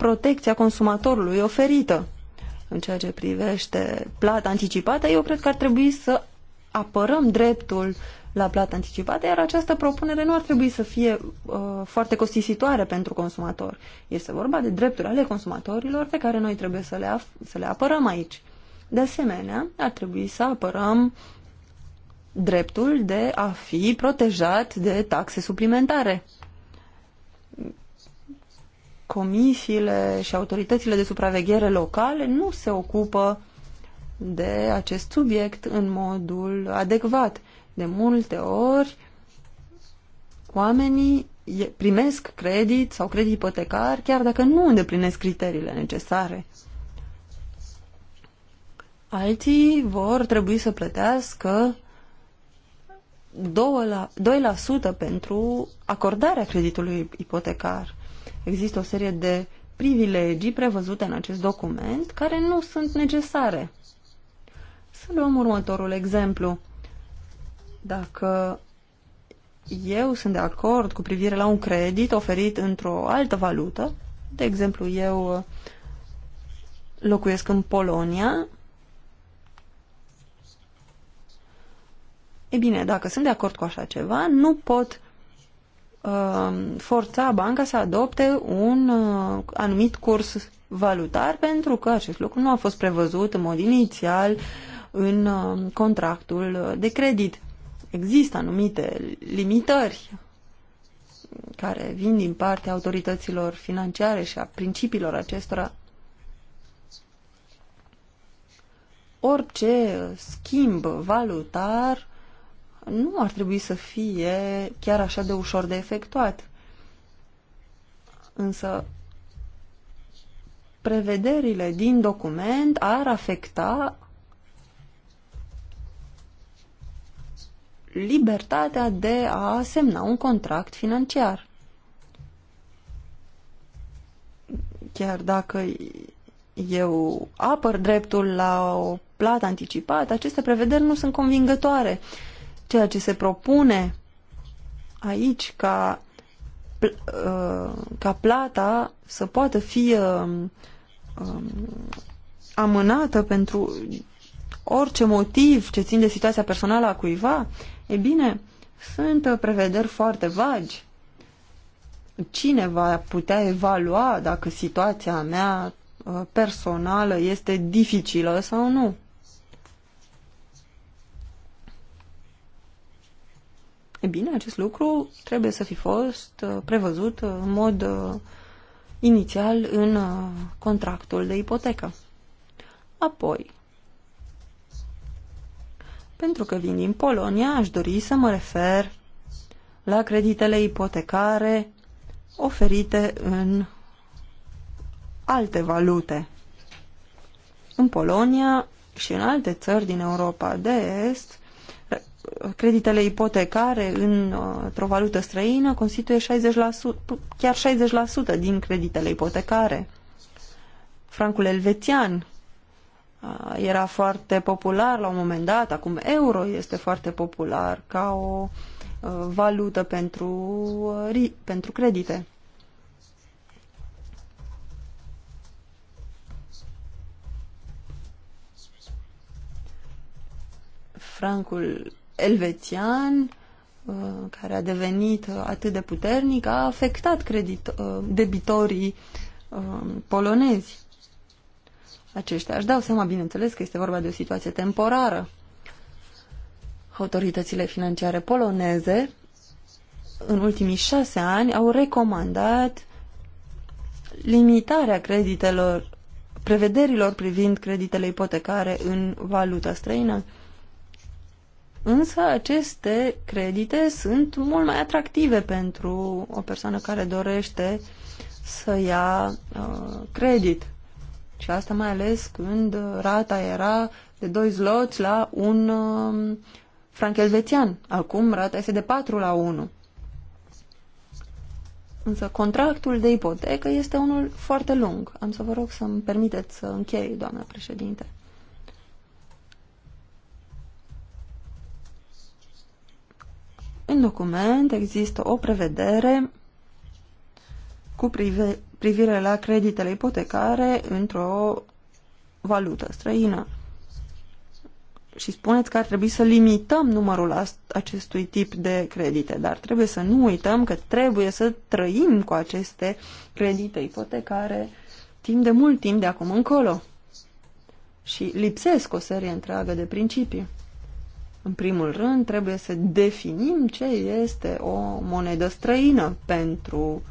protecția consumatorului oferită. În ceea ce privește plata anticipată, eu cred că ar trebui să apărăm dreptul la plată anticipată, iar această propunere nu ar trebui să fie uh, foarte costisitoare pentru consumator. Este vorba de drepturi ale consumatorilor pe care noi trebuie să le, să le apărăm aici. De asemenea, ar trebui să apărăm dreptul de a fi protejat de taxe suplimentare comisiile și autoritățile de supraveghere locale nu se ocupă de acest subiect în modul adecvat. De multe ori, oamenii primesc credit sau credit ipotecar chiar dacă nu îndeplinesc criteriile necesare. Alții vor trebui să plătească 2%, la, pentru acordarea creditului ipotecar. Există o serie de privilegii prevăzute în acest document care nu sunt necesare. Să luăm următorul exemplu. Dacă eu sunt de acord cu privire la un credit oferit într-o altă valută, de exemplu, eu uh, locuiesc în Polonia, e bine, dacă sunt de acord cu așa ceva, nu pot Uh, forța banca să adopte un uh, anumit curs valutar pentru că acest lucru nu a fost prevăzut în mod inițial în uh, contractul de credit. Există anumite limitări care vin din partea autorităților financiare și a principiilor acestora. Orice schimb valutar nu ar trebui să fie chiar așa de ușor de efectuat. Însă prevederile din document ar afecta libertatea de a semna un contract financiar. Chiar dacă eu apăr dreptul la o plată anticipată, aceste prevederi nu sunt convingătoare Ceea ce se propune aici ca, uh, ca plata să poată fi uh, um, amânată pentru orice motiv ce țin de situația personală a cuiva, e bine, sunt prevederi foarte vagi. Cine va putea evalua dacă situația mea uh, personală este dificilă sau nu? E bine, acest lucru trebuie să fi fost uh, prevăzut uh, în mod uh, inițial în contractul de ipotecă. Apoi, pentru că vin din Polonia, aș dori să mă refer la creditele ipotecare oferite în alte valute. În Polonia și în alte țări din Europa de Est, creditele ipotecare într-o valută străină constituie 60%, chiar 60% din creditele ipotecare. Francul elvețian era foarte popular la un moment dat, acum euro este foarte popular ca o valută pentru, pentru credite. Francul elvețian uh, care a devenit uh, atât de puternic a afectat credit, uh, debitorii polonezi. Aceștia își dau seama, bineînțeles, că este vorba de o situație temporară. Autoritățile financiare poloneze în ultimii șase ani au recomandat limitarea creditelor, prevederilor privind creditele ipotecare în valuta străină Însă aceste credite sunt mult mai atractive pentru o persoană care dorește să ia uh, credit. Și asta mai ales când uh, rata era de 2 zloți la un uh, um, franc elvețian. Acum rata este de 4 la 1. Însă contractul de ipotecă este unul foarte lung. Am să vă rog să-mi permiteți să închei, doamna președinte. În document există o prevedere cu privire la creditele ipotecare într-o valută străină. Și spuneți că ar trebui să limităm numărul acestui tip de credite, dar trebuie să nu uităm că trebuie să trăim cu aceste credite ipotecare timp de mult timp de acum încolo. Și lipsesc o serie întreagă de principii. În primul rând, trebuie să definim ce este o monedă străină pentru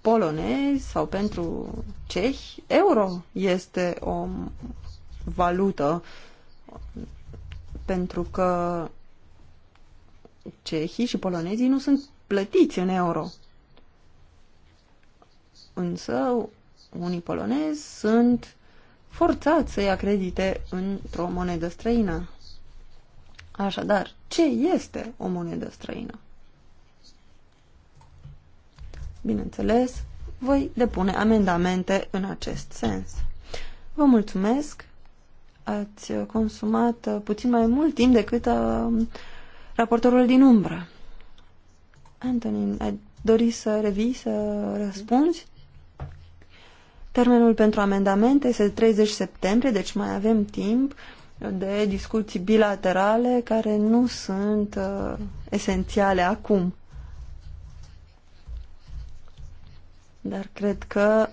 polonezi sau pentru cehi. Euro este o valută pentru că cehii și polonezii nu sunt plătiți în euro. Însă, unii polonezi sunt forțați să-i acredite într-o monedă străină. Așadar, ce este o monedă străină? Bineînțeles, voi depune amendamente în acest sens. Vă mulțumesc! Ați consumat puțin mai mult timp decât uh, raportorul din umbră. Antonin, ai dori să revii, să răspunzi? Termenul pentru amendamente este 30 septembrie, deci mai avem timp de discuții bilaterale care nu sunt uh, esențiale acum. Dar cred că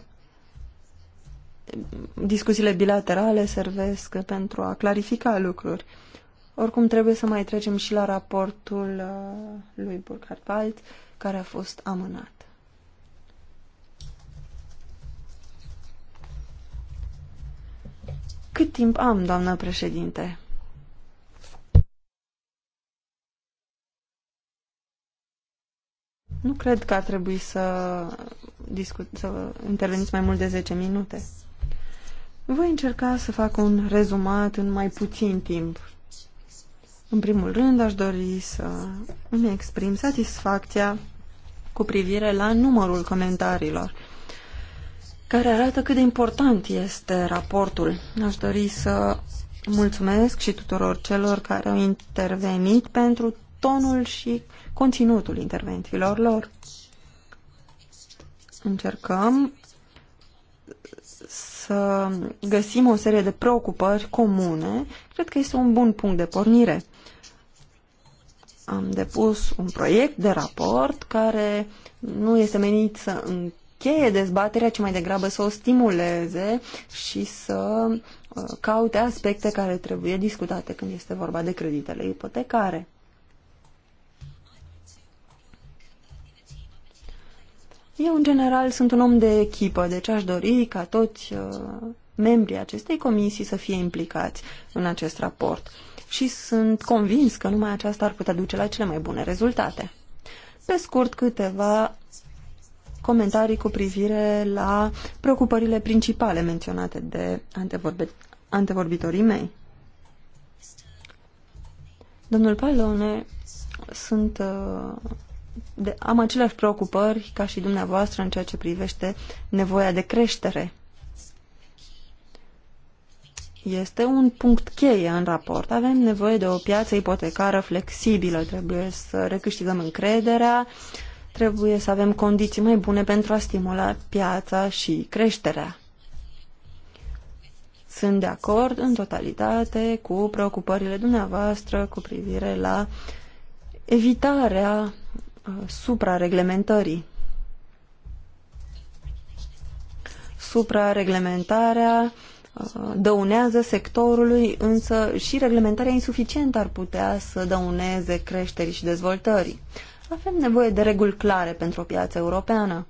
discuțiile bilaterale servesc pentru a clarifica lucruri. Oricum trebuie să mai trecem și la raportul uh, lui Burkhard Walt, care a fost amânat. Cât timp am, doamnă președinte? Nu cred că ar trebui să, discut, să interveniți mai mult de 10 minute. Voi încerca să fac un rezumat în mai puțin timp. În primul rând, aș dori să îmi exprim satisfacția cu privire la numărul comentariilor care arată cât de important este raportul. Aș dori să mulțumesc și tuturor celor care au intervenit pentru tonul și conținutul intervențiilor lor. Încercăm să găsim o serie de preocupări comune. Cred că este un bun punct de pornire. Am depus un proiect de raport care nu este menit să încheie dezbaterea, ci mai degrabă să o stimuleze și să uh, caute aspecte care trebuie discutate când este vorba de creditele ipotecare. Eu, în general, sunt un om de echipă, deci aș dori ca toți uh, membrii acestei comisii să fie implicați în acest raport. Și sunt convins că numai aceasta ar putea duce la cele mai bune rezultate. Pe scurt, câteva comentarii cu privire la preocupările principale menționate de antevorbitorii mei. Domnul Palone, sunt, uh, de, am aceleași preocupări ca și dumneavoastră în ceea ce privește nevoia de creștere. Este un punct cheie în raport. Avem nevoie de o piață ipotecară flexibilă, trebuie să recâștigăm încrederea, uh, Trebuie să avem condiții mai bune pentru a stimula piața și creșterea. Sunt de acord în totalitate cu preocupările dumneavoastră cu privire la evitarea uh, suprareglementării. Suprareglementarea uh, dăunează sectorului, însă și reglementarea insuficientă ar putea să dăuneze creșterii și dezvoltării. Avem nevoie de reguli clare pentru o piață europeană.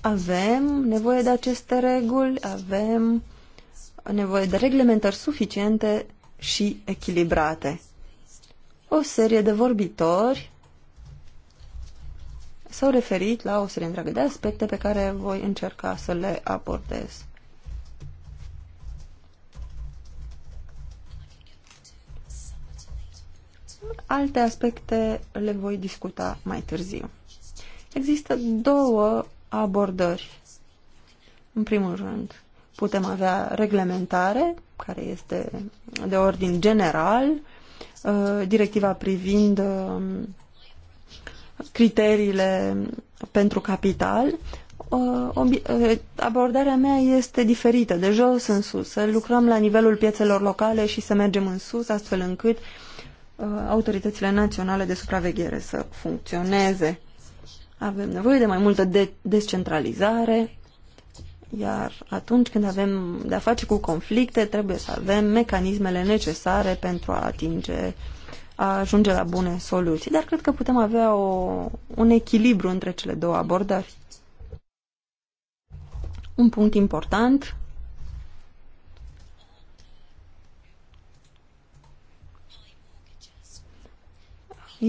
Avem nevoie de aceste reguli, avem nevoie de reglementări suficiente și echilibrate. O serie de vorbitori s-au referit la o serie întreagă de aspecte pe care voi încerca să le abordez. Alte aspecte le voi discuta mai târziu. Există două abordări. În primul rând, putem avea reglementare, care este de ordin general, uh, directiva privind um, criteriile pentru capital. Uh, uh, abordarea mea este diferită, de jos în sus, să lucrăm la nivelul piețelor locale și să mergem în sus, astfel încât uh, Uh, autoritățile naționale de supraveghere să funcționeze. Avem nevoie de mai multă de- descentralizare, iar atunci când avem de-a face cu conflicte, trebuie să avem mecanismele necesare pentru a atinge, a ajunge la bune soluții. Dar cred că putem avea o, un echilibru între cele două abordări. Un punct important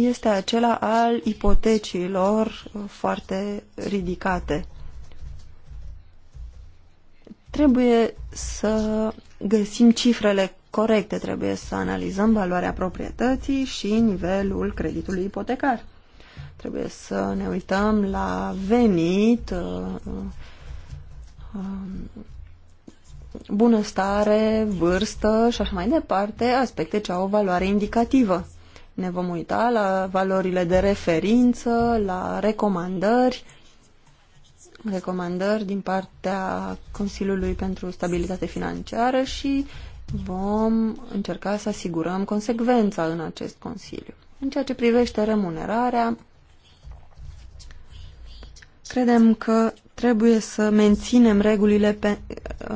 este acela al ipotecilor foarte ridicate. Trebuie să găsim cifrele corecte, trebuie să analizăm valoarea proprietății și nivelul creditului ipotecar. Trebuie să ne uităm la venit, uh, uh, bunăstare, vârstă și așa mai departe, aspecte ce au o valoare indicativă. Ne vom uita la valorile de referință, la recomandări, recomandări din partea Consiliului pentru Stabilitate Financiară și vom încerca să asigurăm consecvența în acest Consiliu. În ceea ce privește remunerarea, credem că trebuie să menținem regulile pe,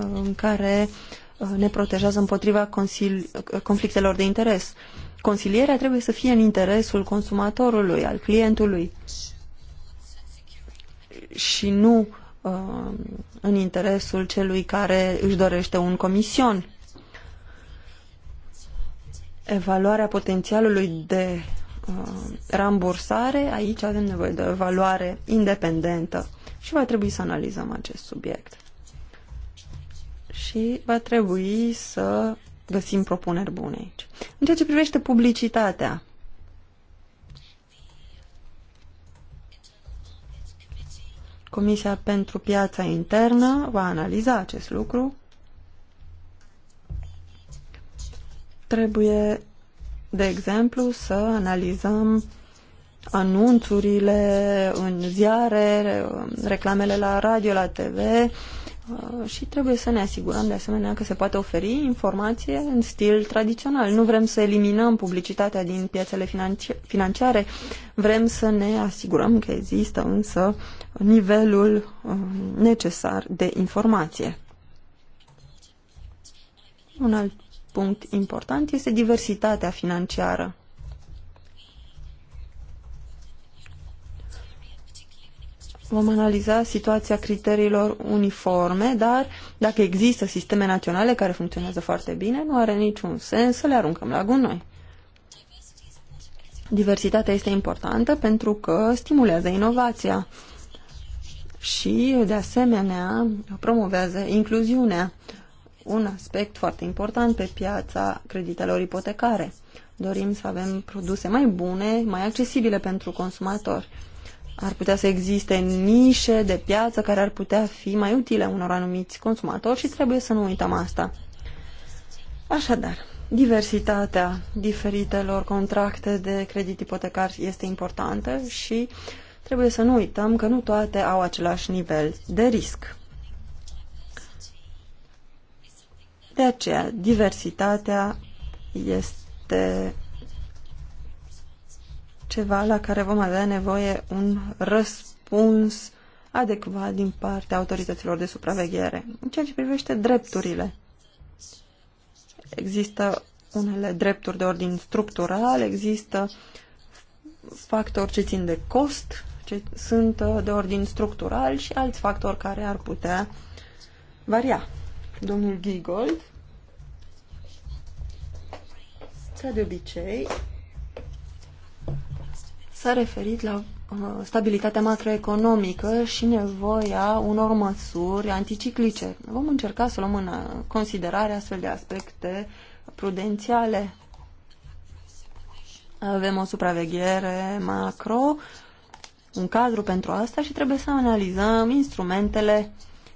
în care uh, ne protejează împotriva uh, conflictelor de interes. Consilierea trebuie să fie în interesul consumatorului, al clientului și nu uh, în interesul celui care își dorește un comision. Evaluarea potențialului de uh, rambursare, aici avem nevoie de o evaluare independentă și va trebui să analizăm acest subiect. Și va trebui să găsim propuneri bune aici. În ceea ce privește publicitatea, Comisia pentru Piața Internă va analiza acest lucru. Trebuie, de exemplu, să analizăm anunțurile în ziare, reclamele la radio, la TV, Uh, și trebuie să ne asigurăm de asemenea că se poate oferi informație în stil tradițional. Nu vrem să eliminăm publicitatea din piețele financi financiare, vrem să ne asigurăm că există însă nivelul uh, necesar de informație. Un alt punct important este diversitatea financiară. vom analiza situația criteriilor uniforme, dar dacă există sisteme naționale care funcționează foarte bine, nu are niciun sens să le aruncăm la gunoi. Diversitatea este importantă pentru că stimulează inovația și, de asemenea, promovează incluziunea, un aspect foarte important pe piața creditelor ipotecare. Dorim să avem produse mai bune, mai accesibile pentru consumatori ar putea să existe nișe de piață care ar putea fi mai utile unor anumiți consumatori și trebuie să nu uităm asta. Așadar, diversitatea diferitelor contracte de credit ipotecar este importantă și trebuie să nu uităm că nu toate au același nivel de risc. De aceea, diversitatea este ceva la care vom avea nevoie un răspuns adecvat din partea autorităților de supraveghere. În ceea ce privește drepturile, există unele drepturi de ordin structural, există factori ce țin de cost, ce sunt uh, de ordin structural și alți factori care ar putea varia. Domnul Gigold, ca de obicei, s-a referit la uh, stabilitatea macroeconomică și nevoia unor măsuri anticiclice. Vom încerca să luăm în considerare astfel de aspecte prudențiale. Avem o supraveghere macro, un cadru pentru asta și trebuie să analizăm instrumentele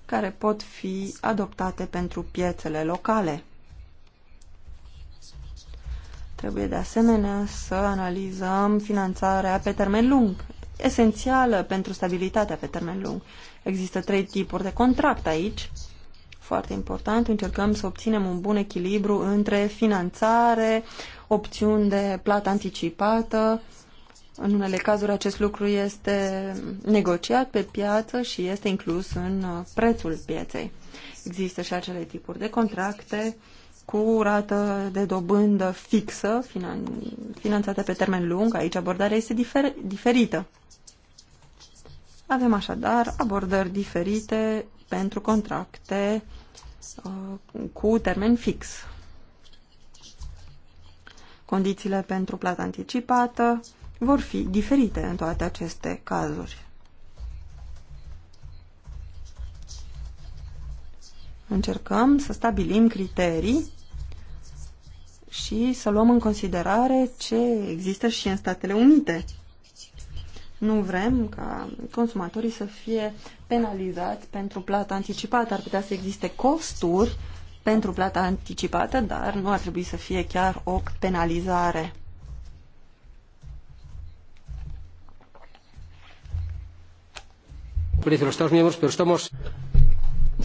care pot fi adoptate pentru piețele locale. Trebuie de asemenea să analizăm finanțarea pe termen lung, esențială pentru stabilitatea pe termen lung. Există trei tipuri de contract aici. Foarte important, încercăm să obținem un bun echilibru între finanțare, opțiuni de plată anticipată. În unele cazuri acest lucru este negociat pe piață și este inclus în uh, prețul pieței. Există și acele tipuri de contracte cu rată de dobândă fixă, finan- finanțată pe termen lung, aici abordarea este difer- diferită. Avem așadar abordări diferite pentru contracte uh, cu termen fix. Condițiile pentru plată anticipată vor fi diferite în toate aceste cazuri. Încercăm să stabilim criterii și să luăm în considerare ce există și în Statele Unite. Nu vrem ca consumatorii să fie penalizați pentru plata anticipată. Ar putea să existe costuri pentru plata anticipată, dar nu ar trebui să fie chiar o penalizare.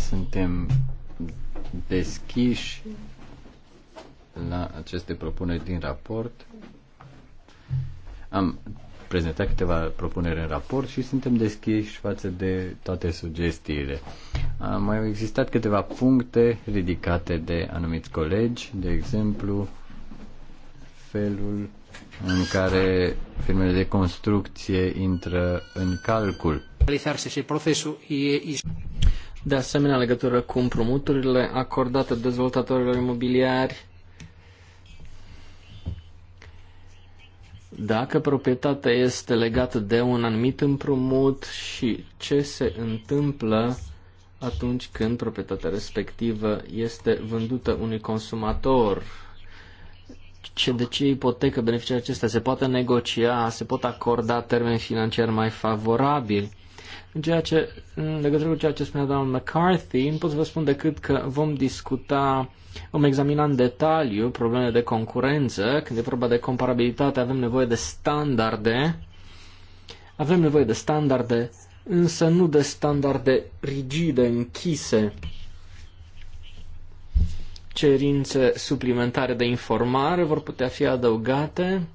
Suntem deschiși la aceste propuneri din raport. Am prezentat câteva propuneri în raport și suntem deschiși față de toate sugestiile. Am mai existat câteva puncte ridicate de anumiți colegi, de exemplu, felul în care firmele de construcție intră în calcul. De asemenea, legătură cu împrumuturile acordate dezvoltatorilor imobiliari, dacă proprietatea este legată de un anumit împrumut și ce se întâmplă atunci când proprietatea respectivă este vândută unui consumator. Ce, de ce ipotecă beneficiar acesta? Se poate negocia, se pot acorda termeni financiari mai favorabili. În, ceea ce, în legătură cu ceea ce spunea domnul McCarthy, nu pot să vă spun decât că vom discuta, vom examina în detaliu problemele de concurență. Când e vorba de comparabilitate, avem nevoie de standarde. Avem nevoie de standarde, însă nu de standarde rigide, închise cerințe suplimentare de informare vor putea fi adăugate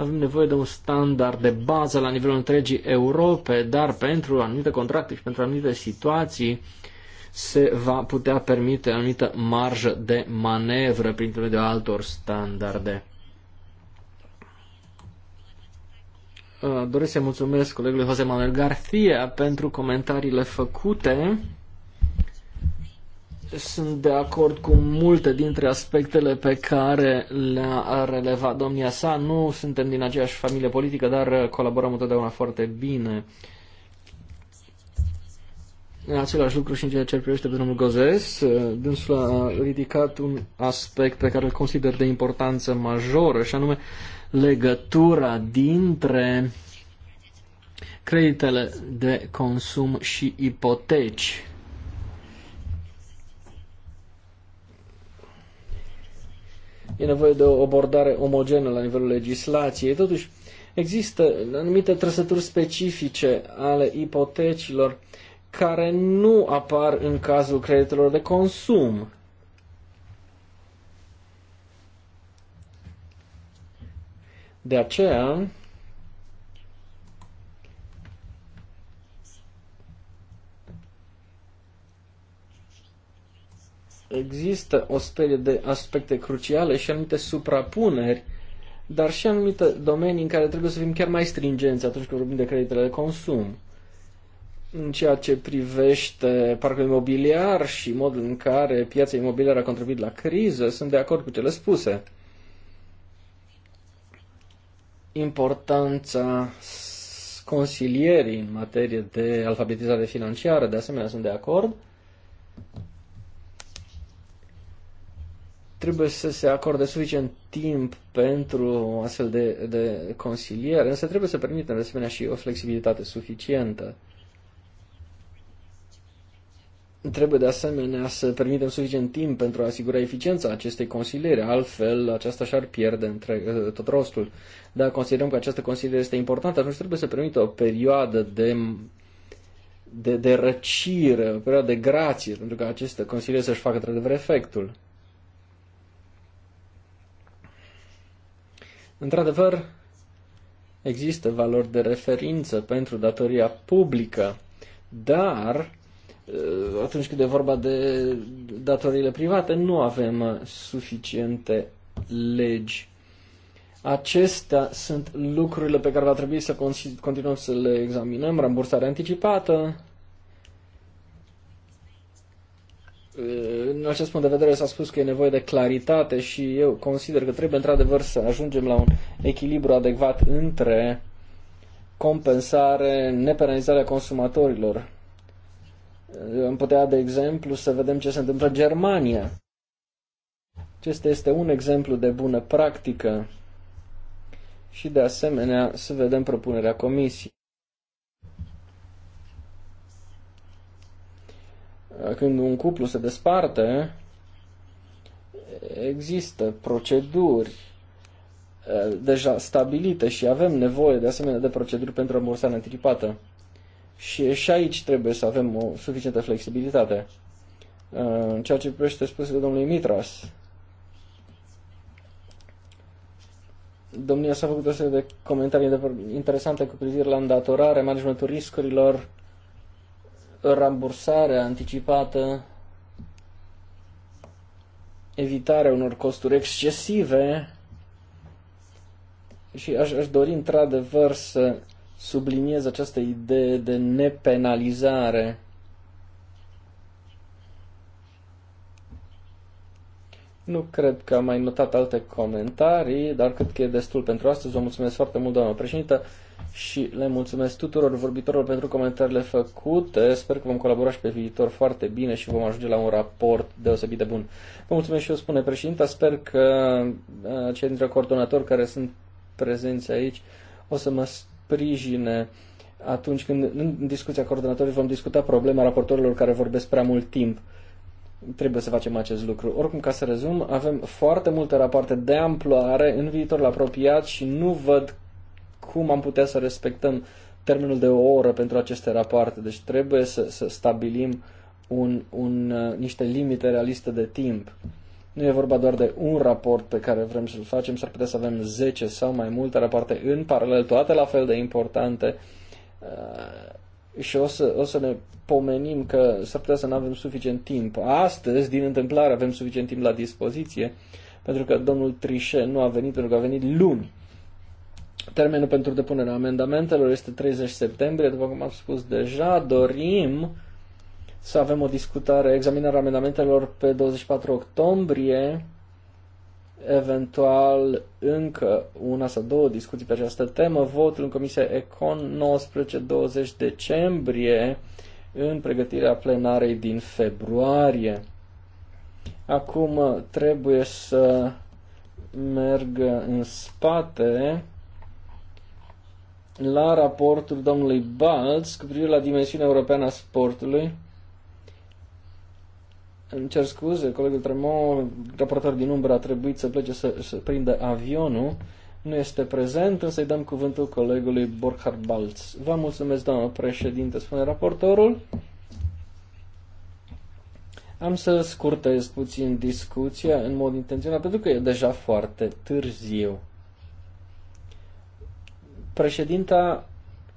avem nevoie de un standard de bază la nivelul întregii Europe, dar pentru anumite contracte și pentru anumite situații se va putea permite anumită marjă de manevră prin intermediul altor standarde. Uh, doresc să mulțumesc colegului Jose Manuel Garcia pentru comentariile făcute. Sunt de acord cu multe dintre aspectele pe care le-a relevat domnia sa. Nu suntem din aceeași familie politică, dar colaborăm întotdeauna foarte bine. Același lucru și în ceea ce privește pe domnul Gozes. Dânsul a ridicat un aspect pe care îl consider de importanță majoră, și anume legătura dintre creditele de consum și ipoteci. e nevoie de o abordare omogenă la nivelul legislației. Totuși, există anumite trăsături specifice ale ipotecilor care nu apar în cazul creditelor de consum. De aceea, există o serie de aspecte cruciale și anumite suprapuneri, dar și anumite domenii în care trebuie să fim chiar mai stringenți atunci când vorbim de creditele de consum. În ceea ce privește parcul imobiliar și modul în care piața imobiliară a contribuit la criză, sunt de acord cu cele spuse. Importanța consilierii în materie de alfabetizare financiară, de asemenea, sunt de acord trebuie să se acorde suficient timp pentru astfel de, de consiliere, însă trebuie să permitem de asemenea și o flexibilitate suficientă. Trebuie de asemenea să permitem suficient timp pentru a asigura eficiența acestei consiliere, altfel aceasta și-ar pierde între, eh, tot rostul. Dacă considerăm că această consiliere este importantă, atunci trebuie să permită o perioadă de, de, de răcire, o perioadă de grație, pentru că această consiliere să-și facă într-adevăr efectul. Într-adevăr, există valori de referință pentru datoria publică, dar uh, atunci când e vorba de datoriile private, nu avem uh, suficiente legi. Acestea sunt lucrurile pe care va trebui să continuăm să le examinăm, rambursarea anticipată, În acest punct de vedere s-a spus că e nevoie de claritate și eu consider că trebuie într-adevăr să ajungem la un echilibru adecvat între compensare, nepenalizarea consumatorilor. Am putea, de exemplu, să vedem ce se întâmplă în Germania. Acesta este un exemplu de bună practică și, de asemenea, să vedem propunerea comisiei. când un cuplu se desparte, există proceduri deja stabilite și avem nevoie de asemenea de proceduri pentru rambursare anticipată. Și, și aici trebuie să avem o suficientă flexibilitate. În ceea ce privește spusele domnului Mitras, domnia s-a făcut o serie de comentarii de, interesante cu privire la îndatorare, managementul riscurilor, rambursarea anticipată, evitarea unor costuri excesive și aș, aș dori într-adevăr să subliniez această idee de nepenalizare. Nu cred că am mai notat alte comentarii, dar cred că e destul pentru astăzi. Vă mulțumesc foarte mult, doamnă președintă și le mulțumesc tuturor vorbitorilor pentru comentariile făcute. Sper că vom colabora și pe viitor foarte bine și vom ajunge la un raport deosebit de bun. Vă mulțumesc și eu, spune președinta. Sper că uh, cei dintre coordonatori care sunt prezenți aici o să mă sprijine atunci când în discuția coordonatorii vom discuta problema raportorilor care vorbesc prea mult timp trebuie să facem acest lucru. Oricum, ca să rezum, avem foarte multe rapoarte de amploare în viitorul apropiat și nu văd cum am putea să respectăm termenul de o oră pentru aceste rapoarte. Deci trebuie să, să stabilim un, un, uh, niște limite realiste de timp. Nu e vorba doar de un raport pe care vrem să-l facem, s-ar putea să avem 10 sau mai multe rapoarte în paralel, toate la fel de importante uh, și o să, o să ne pomenim că s-ar putea să nu avem suficient timp. Astăzi, din întâmplare, avem suficient timp la dispoziție, pentru că domnul Trișe nu a venit, pentru că a venit luni. Termenul pentru depunerea amendamentelor este 30 septembrie, după cum am spus deja, dorim să avem o discutare, examinarea amendamentelor pe 24 octombrie, eventual încă una sau două discuții pe această temă, votul în Comisia Econ 19-20 decembrie, în pregătirea plenarei din februarie. Acum trebuie să merg în spate la raportul domnului Balz cu privire la dimensiunea europeană a sportului. Îmi cer scuze, colegul Tremont, raportor din umbră, a trebuit să plece să, să prindă avionul. Nu este prezent, însă îi dăm cuvântul colegului Borchard Balz. Vă mulțumesc, doamnă președinte, spune raportorul. Am să scurtez puțin discuția în mod intenționat, pentru că e deja foarte târziu. Președinta,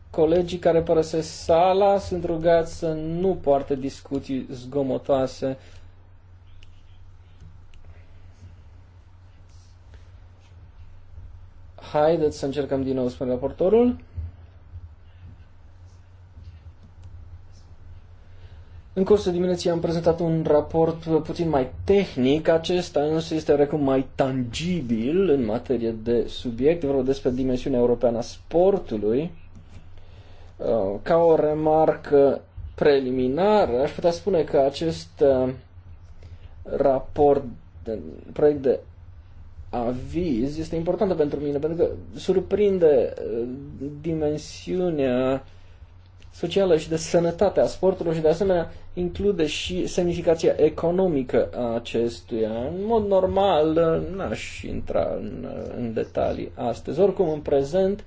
colegii care părăsesc sala sunt rugați să nu poartă discuții zgomotoase. Haideți să încercăm din nou, spune raportorul. În cursul dimineții am prezentat un raport puțin mai tehnic, acesta însă este oarecum mai tangibil în materie de subiect, vorba despre dimensiunea europeană a sportului. Uh, ca o remarcă preliminară, aș putea spune că acest uh, raport, proiect de aviz, este importantă pentru mine, pentru că surprinde uh, dimensiunea socială și de sănătate a sportului și de asemenea include și semnificația economică a acestuia. În mod normal n-aș intra în, în detalii astăzi. Oricum, în prezent,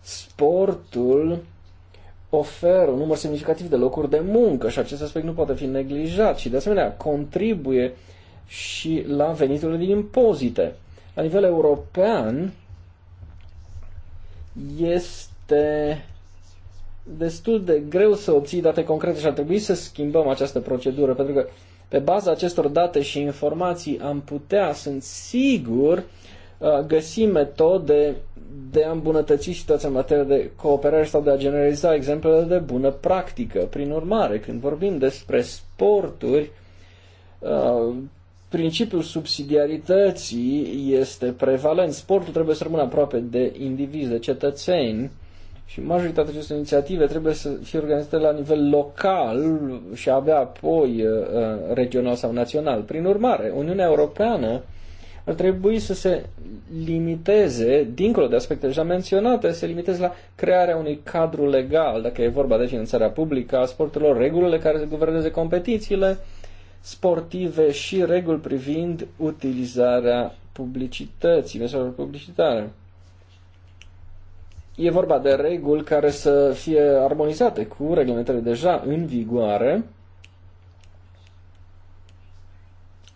sportul oferă un număr semnificativ de locuri de muncă și acest aspect nu poate fi neglijat și de asemenea contribuie și la veniturile din impozite. La nivel european este destul de greu să obții date concrete și ar trebui să schimbăm această procedură, pentru că pe baza acestor date și informații am putea, sunt sigur, uh, găsi metode de a îmbunătăți situația în materie de cooperare sau de a generaliza exemplele de bună practică. Prin urmare, când vorbim despre sporturi, uh, principiul subsidiarității este prevalent. Sportul trebuie să rămână aproape de indivizi, de cetățeni, și majoritatea acestor inițiative trebuie să fie organizate la nivel local și abia apoi uh, uh, regional sau național. Prin urmare, Uniunea Europeană ar trebui să se limiteze, dincolo de aspecte deja menționate, să se limiteze la crearea unui cadru legal, dacă e vorba de finanțarea publică a sporturilor, regulile care se guverneze competițiile sportive și reguli privind utilizarea publicității, mesajelor publicitare. E vorba de reguli care să fie armonizate cu reglementările deja în vigoare.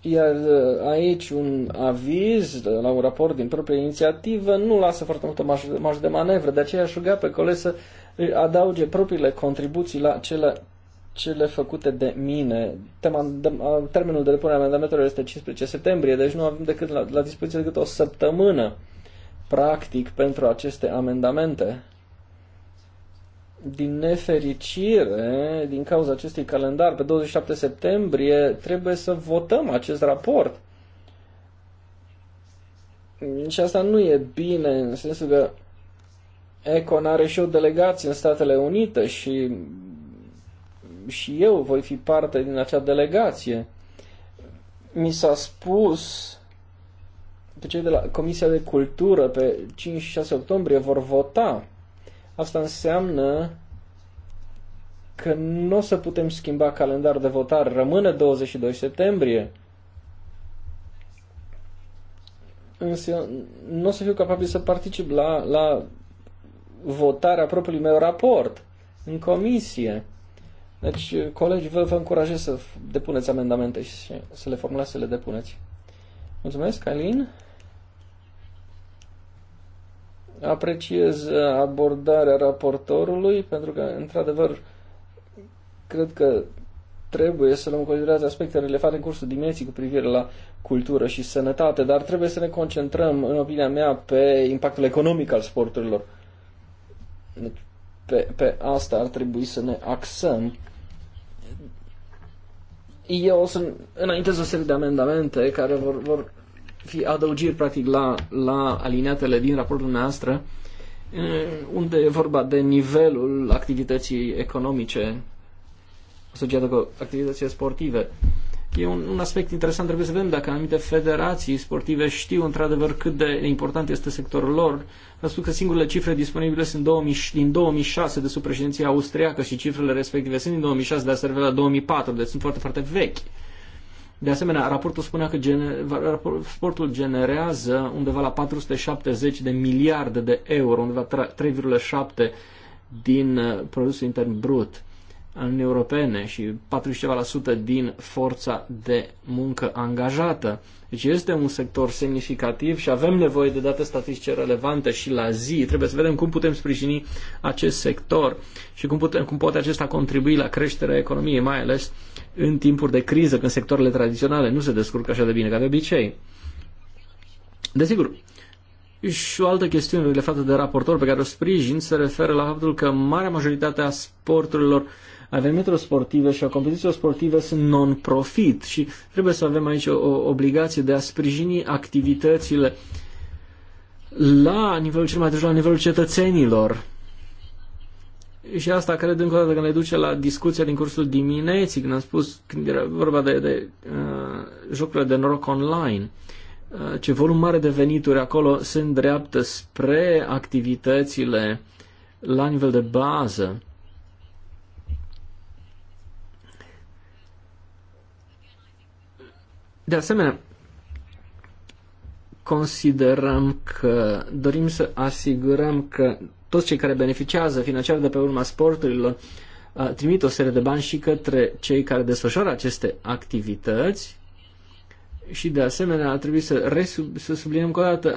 Iar uh, aici un aviz la un raport din proprie inițiativă nu lasă foarte multă marjă de manevră, de aceea aș ruga pe colegi să adauge propriile contribuții la cele, cele făcute de mine. Tema, de, termenul de depunere a amendamentelor este 15 septembrie, deci nu avem decât la, la dispoziție decât o săptămână practic pentru aceste amendamente. Din nefericire, din cauza acestui calendar, pe 27 septembrie trebuie să votăm acest raport. Și asta nu e bine, în sensul că Econ are și o delegație în Statele Unite și, și eu voi fi parte din acea delegație. Mi s-a spus pe cei de la Comisia de Cultură pe 5 și 6 octombrie vor vota. Asta înseamnă că nu o să putem schimba calendarul de votare. Rămâne 22 septembrie. Însă nu o să fiu capabil să particip la, la votarea propriului meu raport în comisie. Deci, colegi, vă, vă încurajez să depuneți amendamente și să le formulați, să le depuneți. Mulțumesc, Alin apreciez uh, abordarea raportorului, pentru că, într-adevăr, cred că trebuie să luăm în considerare aspectele relevante în cursul dimineții cu privire la cultură și sănătate, dar trebuie să ne concentrăm, în opinia mea, pe impactul economic al sporturilor. Deci, pe, pe asta ar trebui să ne axăm. Eu o să înaintez o serie de amendamente care vor, vor fi adăugiri, practic, la, la alineatele din raportul noastră, eh, unde e vorba de nivelul activității economice asociată cu activitățile sportive. E un, un aspect interesant, trebuie să vedem dacă anumite federații sportive știu într-adevăr cât de important este sectorul lor. Vă spun că singurele cifre disponibile sunt 2000, din 2006 de sub președinția austriacă și cifrele respective sunt din 2006, dar se la 2004, deci sunt foarte, foarte vechi. De asemenea, raportul spunea că gener... sportul generează undeva la 470 de miliarde de euro, undeva 3,7 din uh, produsul intern brut al Uniunii Europene și 40% din forța de muncă angajată. Deci este un sector semnificativ și avem nevoie de date statistice relevante și la zi. Trebuie să vedem cum putem sprijini acest sector și cum, putem, cum poate acesta contribui la creșterea economiei, mai ales în timpuri de criză, când sectoarele tradiționale nu se descurcă așa de bine ca de obicei. Desigur, și o altă chestiune legată de raportor pe care o sprijin se referă la faptul că marea majoritate a sporturilor a evenimentelor sportive și a competițiilor sportive sunt non-profit și trebuie să avem aici o obligație de a sprijini activitățile la nivelul cel mai târziu, la nivelul cetățenilor. Și asta cred încă o dată că ne duce la discuția din cursul dimineții, când am spus, când era vorba de, de uh, jocurile de noroc online, uh, ce volum mare de venituri acolo se îndreaptă spre activitățile la nivel de bază. De asemenea, considerăm că dorim să asigurăm că toți cei care beneficiază financiar de pe urma sporturilor trimit o serie de bani și către cei care desfășoară aceste activități și de asemenea ar trebui să, resub, să subliniem încă o dată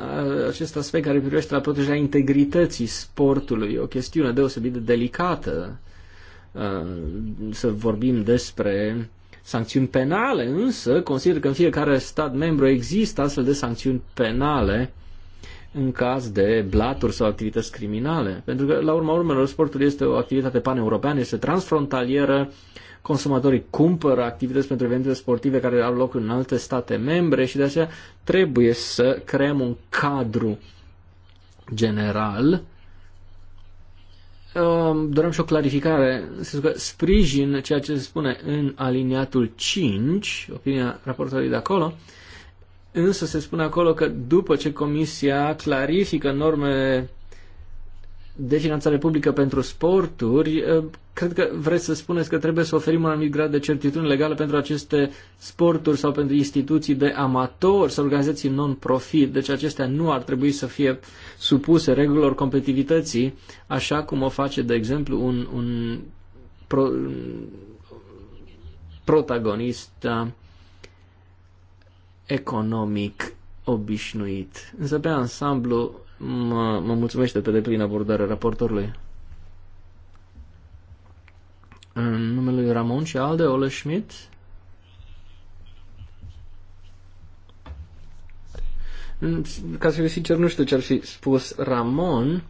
acest aspect care privește la protejarea integrității sportului, o chestiune deosebit de delicată să vorbim despre sancțiuni penale, însă consider că în fiecare stat membru există astfel de sancțiuni penale în caz de blaturi sau activități criminale. Pentru că, la urma urmelor, sportul este o activitate paneuropeană, este transfrontalieră, consumatorii cumpără activități pentru evenimente sportive care au loc în alte state membre și de aceea trebuie să creăm un cadru general Um, doream și o clarificare, să că sprijin ceea ce se spune în aliniatul 5, opinia raportorului de acolo, însă se spune acolo că după ce Comisia clarifică norme de finanțare publică pentru sporturi, cred că vreți să spuneți că trebuie să oferim un anumit grad de certitudine legală pentru aceste sporturi sau pentru instituții de amatori sau organizații non-profit. Deci acestea nu ar trebui să fie supuse regulilor competitivității, așa cum o face, de exemplu, un, un, pro, un protagonist uh, economic obișnuit. Însă, pe ansamblu, mă, mă mulțumește pe deplin abordarea raportorului. În numele lui Ramon și Alde, Ole Schmidt. Ca să fiu sincer, nu știu ce ar fi spus Ramon,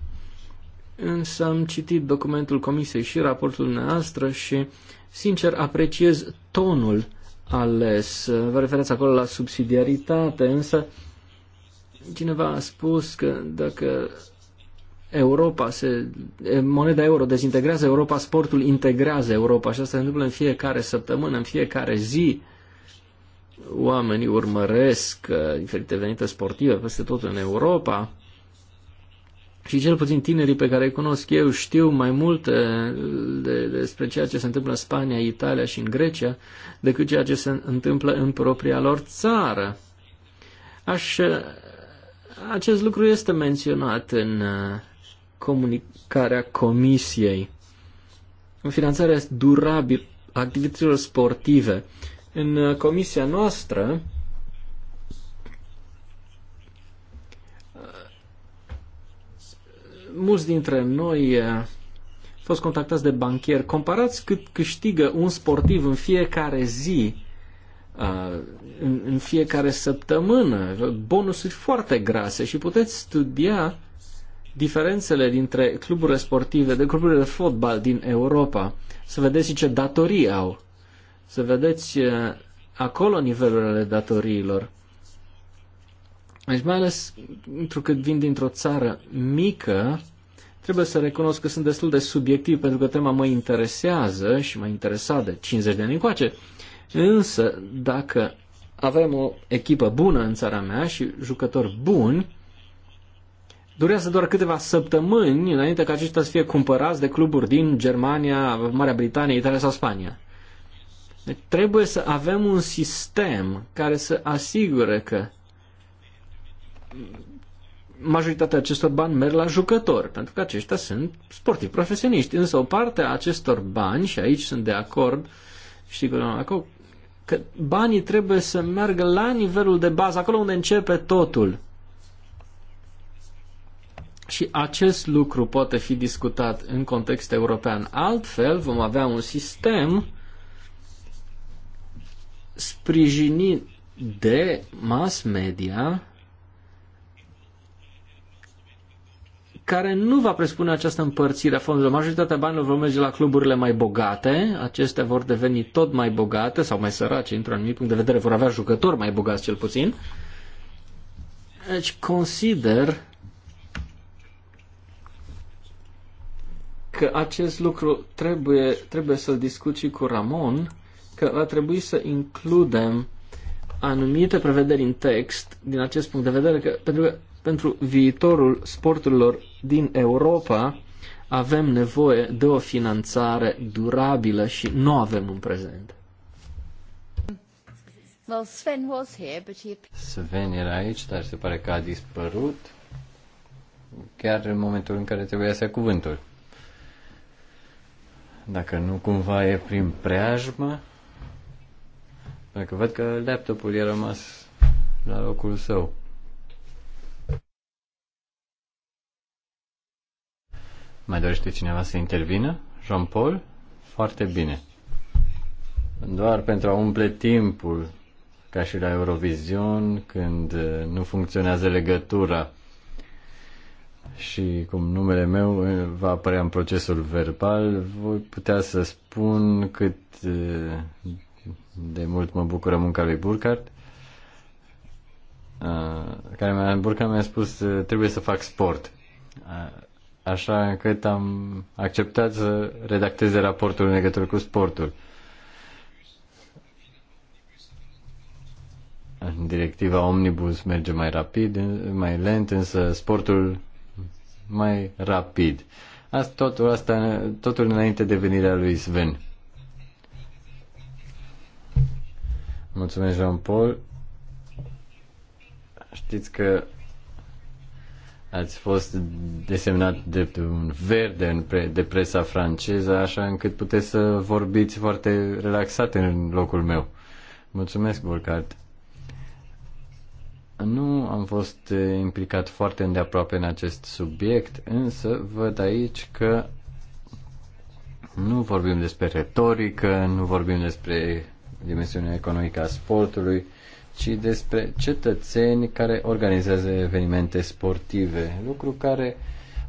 însă am citit documentul comisiei și raportul dumneavoastră și, sincer, apreciez tonul ales. Vă referați acolo la subsidiaritate, însă Cineva a spus că dacă Europa se, moneda euro dezintegrează Europa, sportul integrează Europa și asta se întâmplă în fiecare săptămână, în fiecare zi. Oamenii urmăresc uh, diferite venite sportive peste tot în Europa și cel puțin tinerii pe care îi cunosc eu știu mai multe uh, de, despre ceea ce se întâmplă în Spania, Italia și în Grecia decât ceea ce se întâmplă în propria lor țară. Aș uh, acest lucru este menționat în uh, comunicarea comisiei. În finanțarea durabilă activităților sportive. În uh, comisia noastră uh, mulți dintre noi fost contactați de banchieri. Comparați cât câștigă un sportiv în fiecare zi Uh, în fiecare săptămână, bonusuri foarte grase și puteți studia diferențele dintre cluburile sportive, de cluburile de fotbal din Europa, să vedeți ce datorii au, să vedeți uh, acolo nivelurile datoriilor. Deci mai ales pentru că vin dintr-o țară mică, trebuie să recunosc că sunt destul de subiectiv pentru că tema mă interesează și mă interesa de 50 de ani încoace. Însă, dacă avem o echipă bună în țara mea și jucători buni, durează doar câteva săptămâni înainte ca aceștia să fie cumpărați de cluburi din Germania, Marea Britanie, Italia sau Spania. Deci trebuie să avem un sistem care să asigure că majoritatea acestor bani merg la jucători, pentru că aceștia sunt sportivi profesioniști. Însă o parte a acestor bani, și aici sunt de acord, știi că acolo că banii trebuie să meargă la nivelul de bază, acolo unde începe totul. Și acest lucru poate fi discutat în context european. Altfel, vom avea un sistem sprijinit de mass media care nu va presupune această împărțire a fondurilor. Majoritatea banilor vor merge la cluburile mai bogate, acestea vor deveni tot mai bogate sau mai sărace, într-un anumit punct de vedere, vor avea jucători mai bogați cel puțin. Deci consider că acest lucru trebuie, trebuie să-l discut și cu Ramon, că va trebui să includem anumite prevederi în text din acest punct de vedere, că, pentru că pentru viitorul sporturilor din Europa avem nevoie de o finanțare durabilă și nu avem în prezent. Well, Sven was here, but he... Sven era aici, dar se pare că a dispărut chiar în momentul în care trebuia să ia cuvântul. Dacă nu cumva e prin preajmă, pentru că văd că laptopul i-a rămas la locul său. Mai dorește cineva să intervină? Jean-Paul? Foarte bine. Doar pentru a umple timpul, ca și la Eurovision, când uh, nu funcționează legătura și cum numele meu uh, va apărea în procesul verbal, voi putea să spun cât uh, de mult mă bucură munca lui Burkhardt, care mi-a, Burkhardt mi-a spus trebuie să fac sport așa încât am acceptat să redacteze raportul în legătură cu sportul. Directiva Omnibus merge mai rapid, mai lent, însă sportul mai rapid. Asta, totul, asta, totul înainte de venirea lui Sven. Mulțumesc, Jean-Paul. Știți că ați fost desemnat de un verde în pre, de presa franceză, așa încât puteți să vorbiți foarte relaxat în locul meu. Mulțumesc, Burkhardt. Nu am fost eh, implicat foarte îndeaproape în acest subiect, însă văd aici că nu vorbim despre retorică, nu vorbim despre dimensiunea economică a sportului, ci despre cetățeni care organizează evenimente sportive, lucru care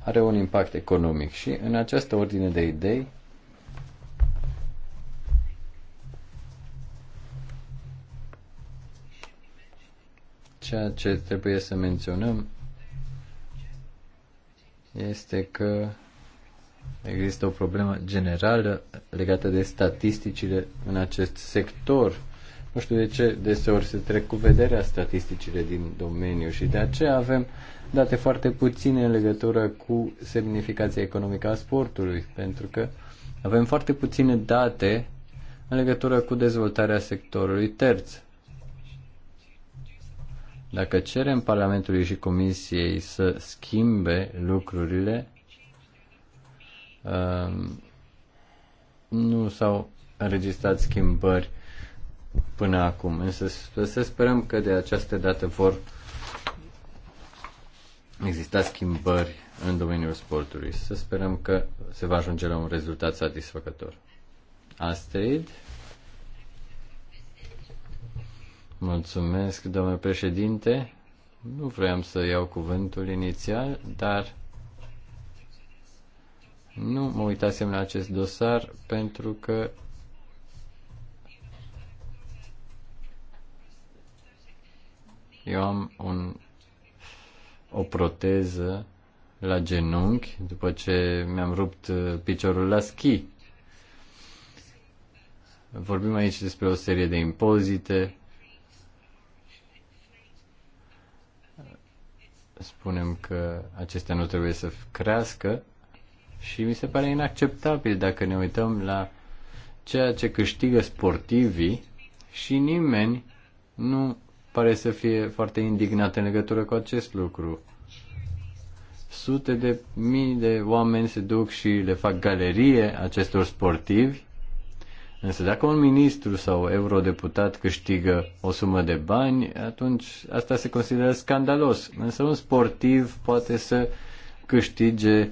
are un impact economic. Și în această ordine de idei, ceea ce trebuie să menționăm este că există o problemă generală legată de statisticile în acest sector nu știu de ce deseori se trec cu vederea statisticile din domeniu și de aceea avem date foarte puține în legătură cu semnificația economică a sportului, pentru că avem foarte puține date în legătură cu dezvoltarea sectorului terț. Dacă cerem Parlamentului și Comisiei să schimbe lucrurile, um, nu s-au înregistrat schimbări până acum. Însă să sperăm că de această dată vor exista schimbări în domeniul sportului. Să sperăm că se va ajunge la un rezultat satisfăcător. Astrid? Mulțumesc, domnule președinte. Nu vreau să iau cuvântul inițial, dar nu mă uitasem la acest dosar pentru că Eu am un, o proteză la genunchi după ce mi-am rupt uh, piciorul la schi. Vorbim aici despre o serie de impozite. Spunem că acestea nu trebuie să crească și mi se pare inacceptabil dacă ne uităm la ceea ce câștigă sportivii și nimeni nu pare să fie foarte indignat în legătură cu acest lucru. Sute de mii de oameni se duc și le fac galerie acestor sportivi, însă dacă un ministru sau eurodeputat câștigă o sumă de bani, atunci asta se consideră scandalos. Însă un sportiv poate să câștige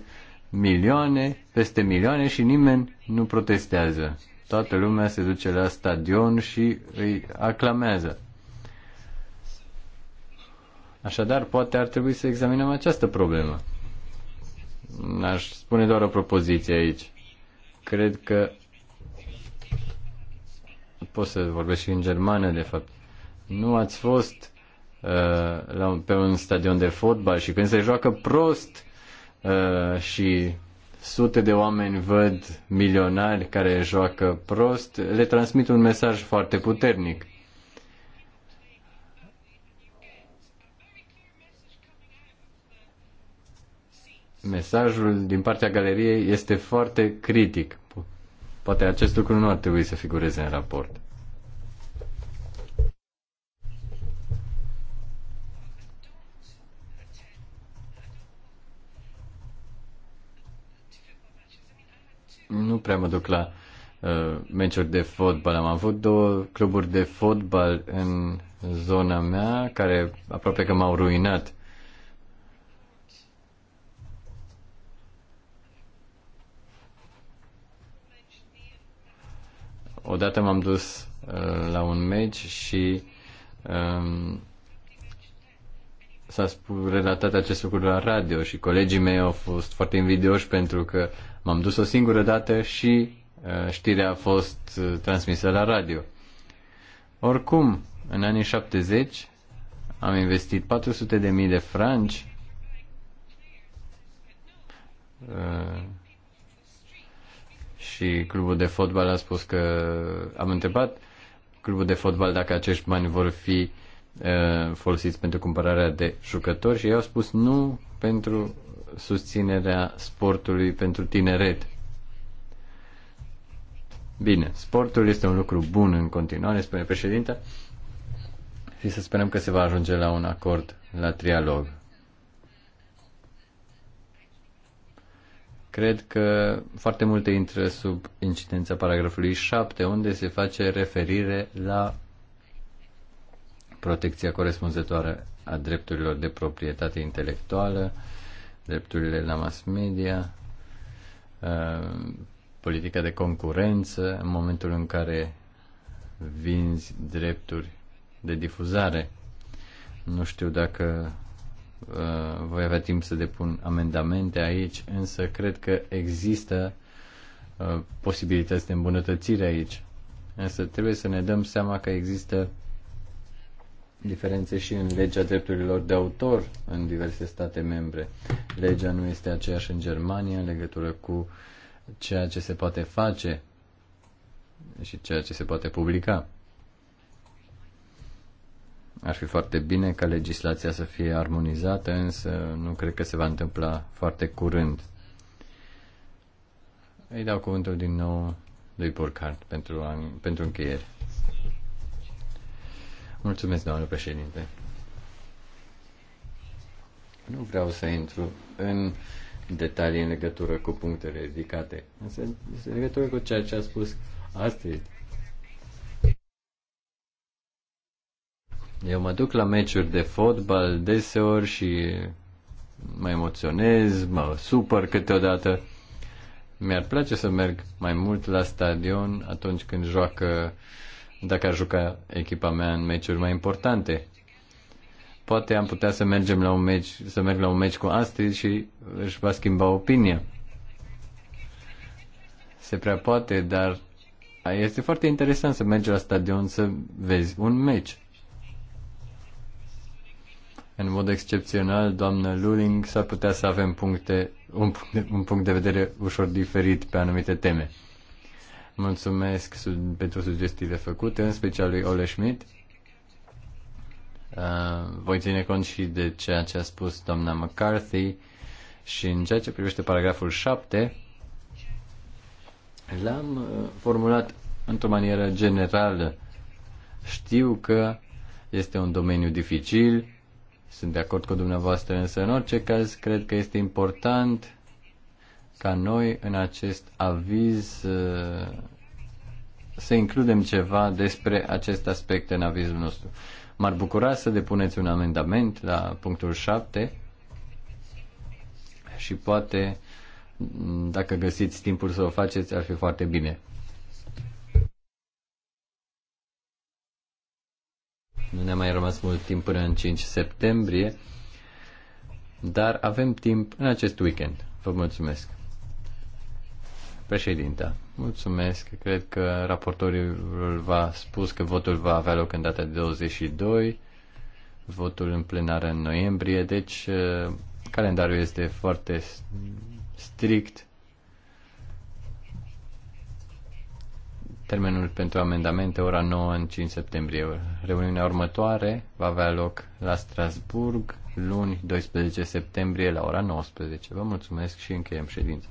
milioane, peste milioane și nimeni nu protestează. Toată lumea se duce la stadion și îi aclamează. Așadar, poate ar trebui să examinăm această problemă. Aș spune doar o propoziție aici. Cred că pot să vorbesc și în germană, de fapt. Nu ați fost uh, la, pe un stadion de fotbal și când se joacă prost uh, și sute de oameni văd milionari care joacă prost, le transmit un mesaj foarte puternic. mesajul din partea galeriei este foarte critic. Poate acest lucru nu ar trebui să figureze în raport. Nu prea mă duc la uh, meciuri de fotbal. Am avut două cluburi de fotbal în zona mea care aproape că m-au ruinat odată m-am dus uh, la un meci și um, s-a relatat acest lucru la radio și colegii mei au fost foarte invidioși pentru că m-am dus o singură dată și uh, știrea a fost uh, transmisă la radio. Oricum, în anii 70 am investit 400.000 de franci uh, și clubul de fotbal a spus că am întrebat clubul de fotbal dacă acești bani vor fi uh, folosiți pentru cumpărarea de jucători și ei au spus nu pentru susținerea sportului pentru tineret. Bine, sportul este un lucru bun în continuare, spune președinte, și să sperăm că se va ajunge la un acord la trialog. Cred că foarte multe intră sub incidența paragrafului 7, unde se face referire la protecția corespunzătoare a drepturilor de proprietate intelectuală, drepturile la mass media, uh, politica de concurență, în momentul în care vinzi drepturi de difuzare. Nu știu dacă Uh, voi avea timp să depun amendamente aici, însă cred că există uh, posibilități de îmbunătățire aici. Însă trebuie să ne dăm seama că există diferențe și în legea drepturilor de autor în diverse state membre. Legea nu este aceeași în Germania în legătură cu ceea ce se poate face și ceea ce se poate publica. Ar fi foarte bine ca legislația să fie armonizată, însă nu cred că se va întâmpla foarte curând. Îi dau cuvântul din nou lui Burkhardt pentru, pentru încheiere. Mulțumesc, doamnă președinte. Nu vreau să intru în detalii în legătură cu punctele ridicate, însă în legătură cu ceea ce a spus astăzi. Eu mă duc la meciuri de fotbal deseori și mă emoționez, mă supăr câteodată. Mi-ar place să merg mai mult la stadion atunci când joacă, dacă ar juca echipa mea în meciuri mai importante. Poate am putea să mergem la un meci, să merg la un meci cu Astrid și își va schimba opinia. Se prea poate, dar este foarte interesant să mergi la stadion să vezi un meci. În mod excepțional, doamnă Luling, s-ar putea să avem puncte, un, un punct de vedere ușor diferit pe anumite teme. Mulțumesc pentru sugestiile făcute, în special lui Ole Schmidt. Uh, voi ține cont și de ceea ce a spus doamna McCarthy și în ceea ce privește paragraful 7, l-am uh, formulat într-o manieră generală. Știu că este un domeniu dificil, sunt de acord cu dumneavoastră, însă în orice caz cred că este important ca noi în acest aviz să includem ceva despre acest aspect în avizul nostru. M-ar bucura să depuneți un amendament la punctul 7 și poate, dacă găsiți timpul să o faceți, ar fi foarte bine. Nu ne-a mai rămas mult timp până în 5 septembrie, dar avem timp în acest weekend. Vă mulțumesc. Președinta, mulțumesc. Cred că raportorul v-a spus că votul va avea loc în data de 22, votul în plenară în noiembrie, deci eh, calendarul este foarte strict Termenul pentru amendamente, ora 9 în 5 septembrie. Reuniunea următoare va avea loc la Strasburg, luni 12 septembrie la ora 19. Vă mulțumesc și încheiem ședința.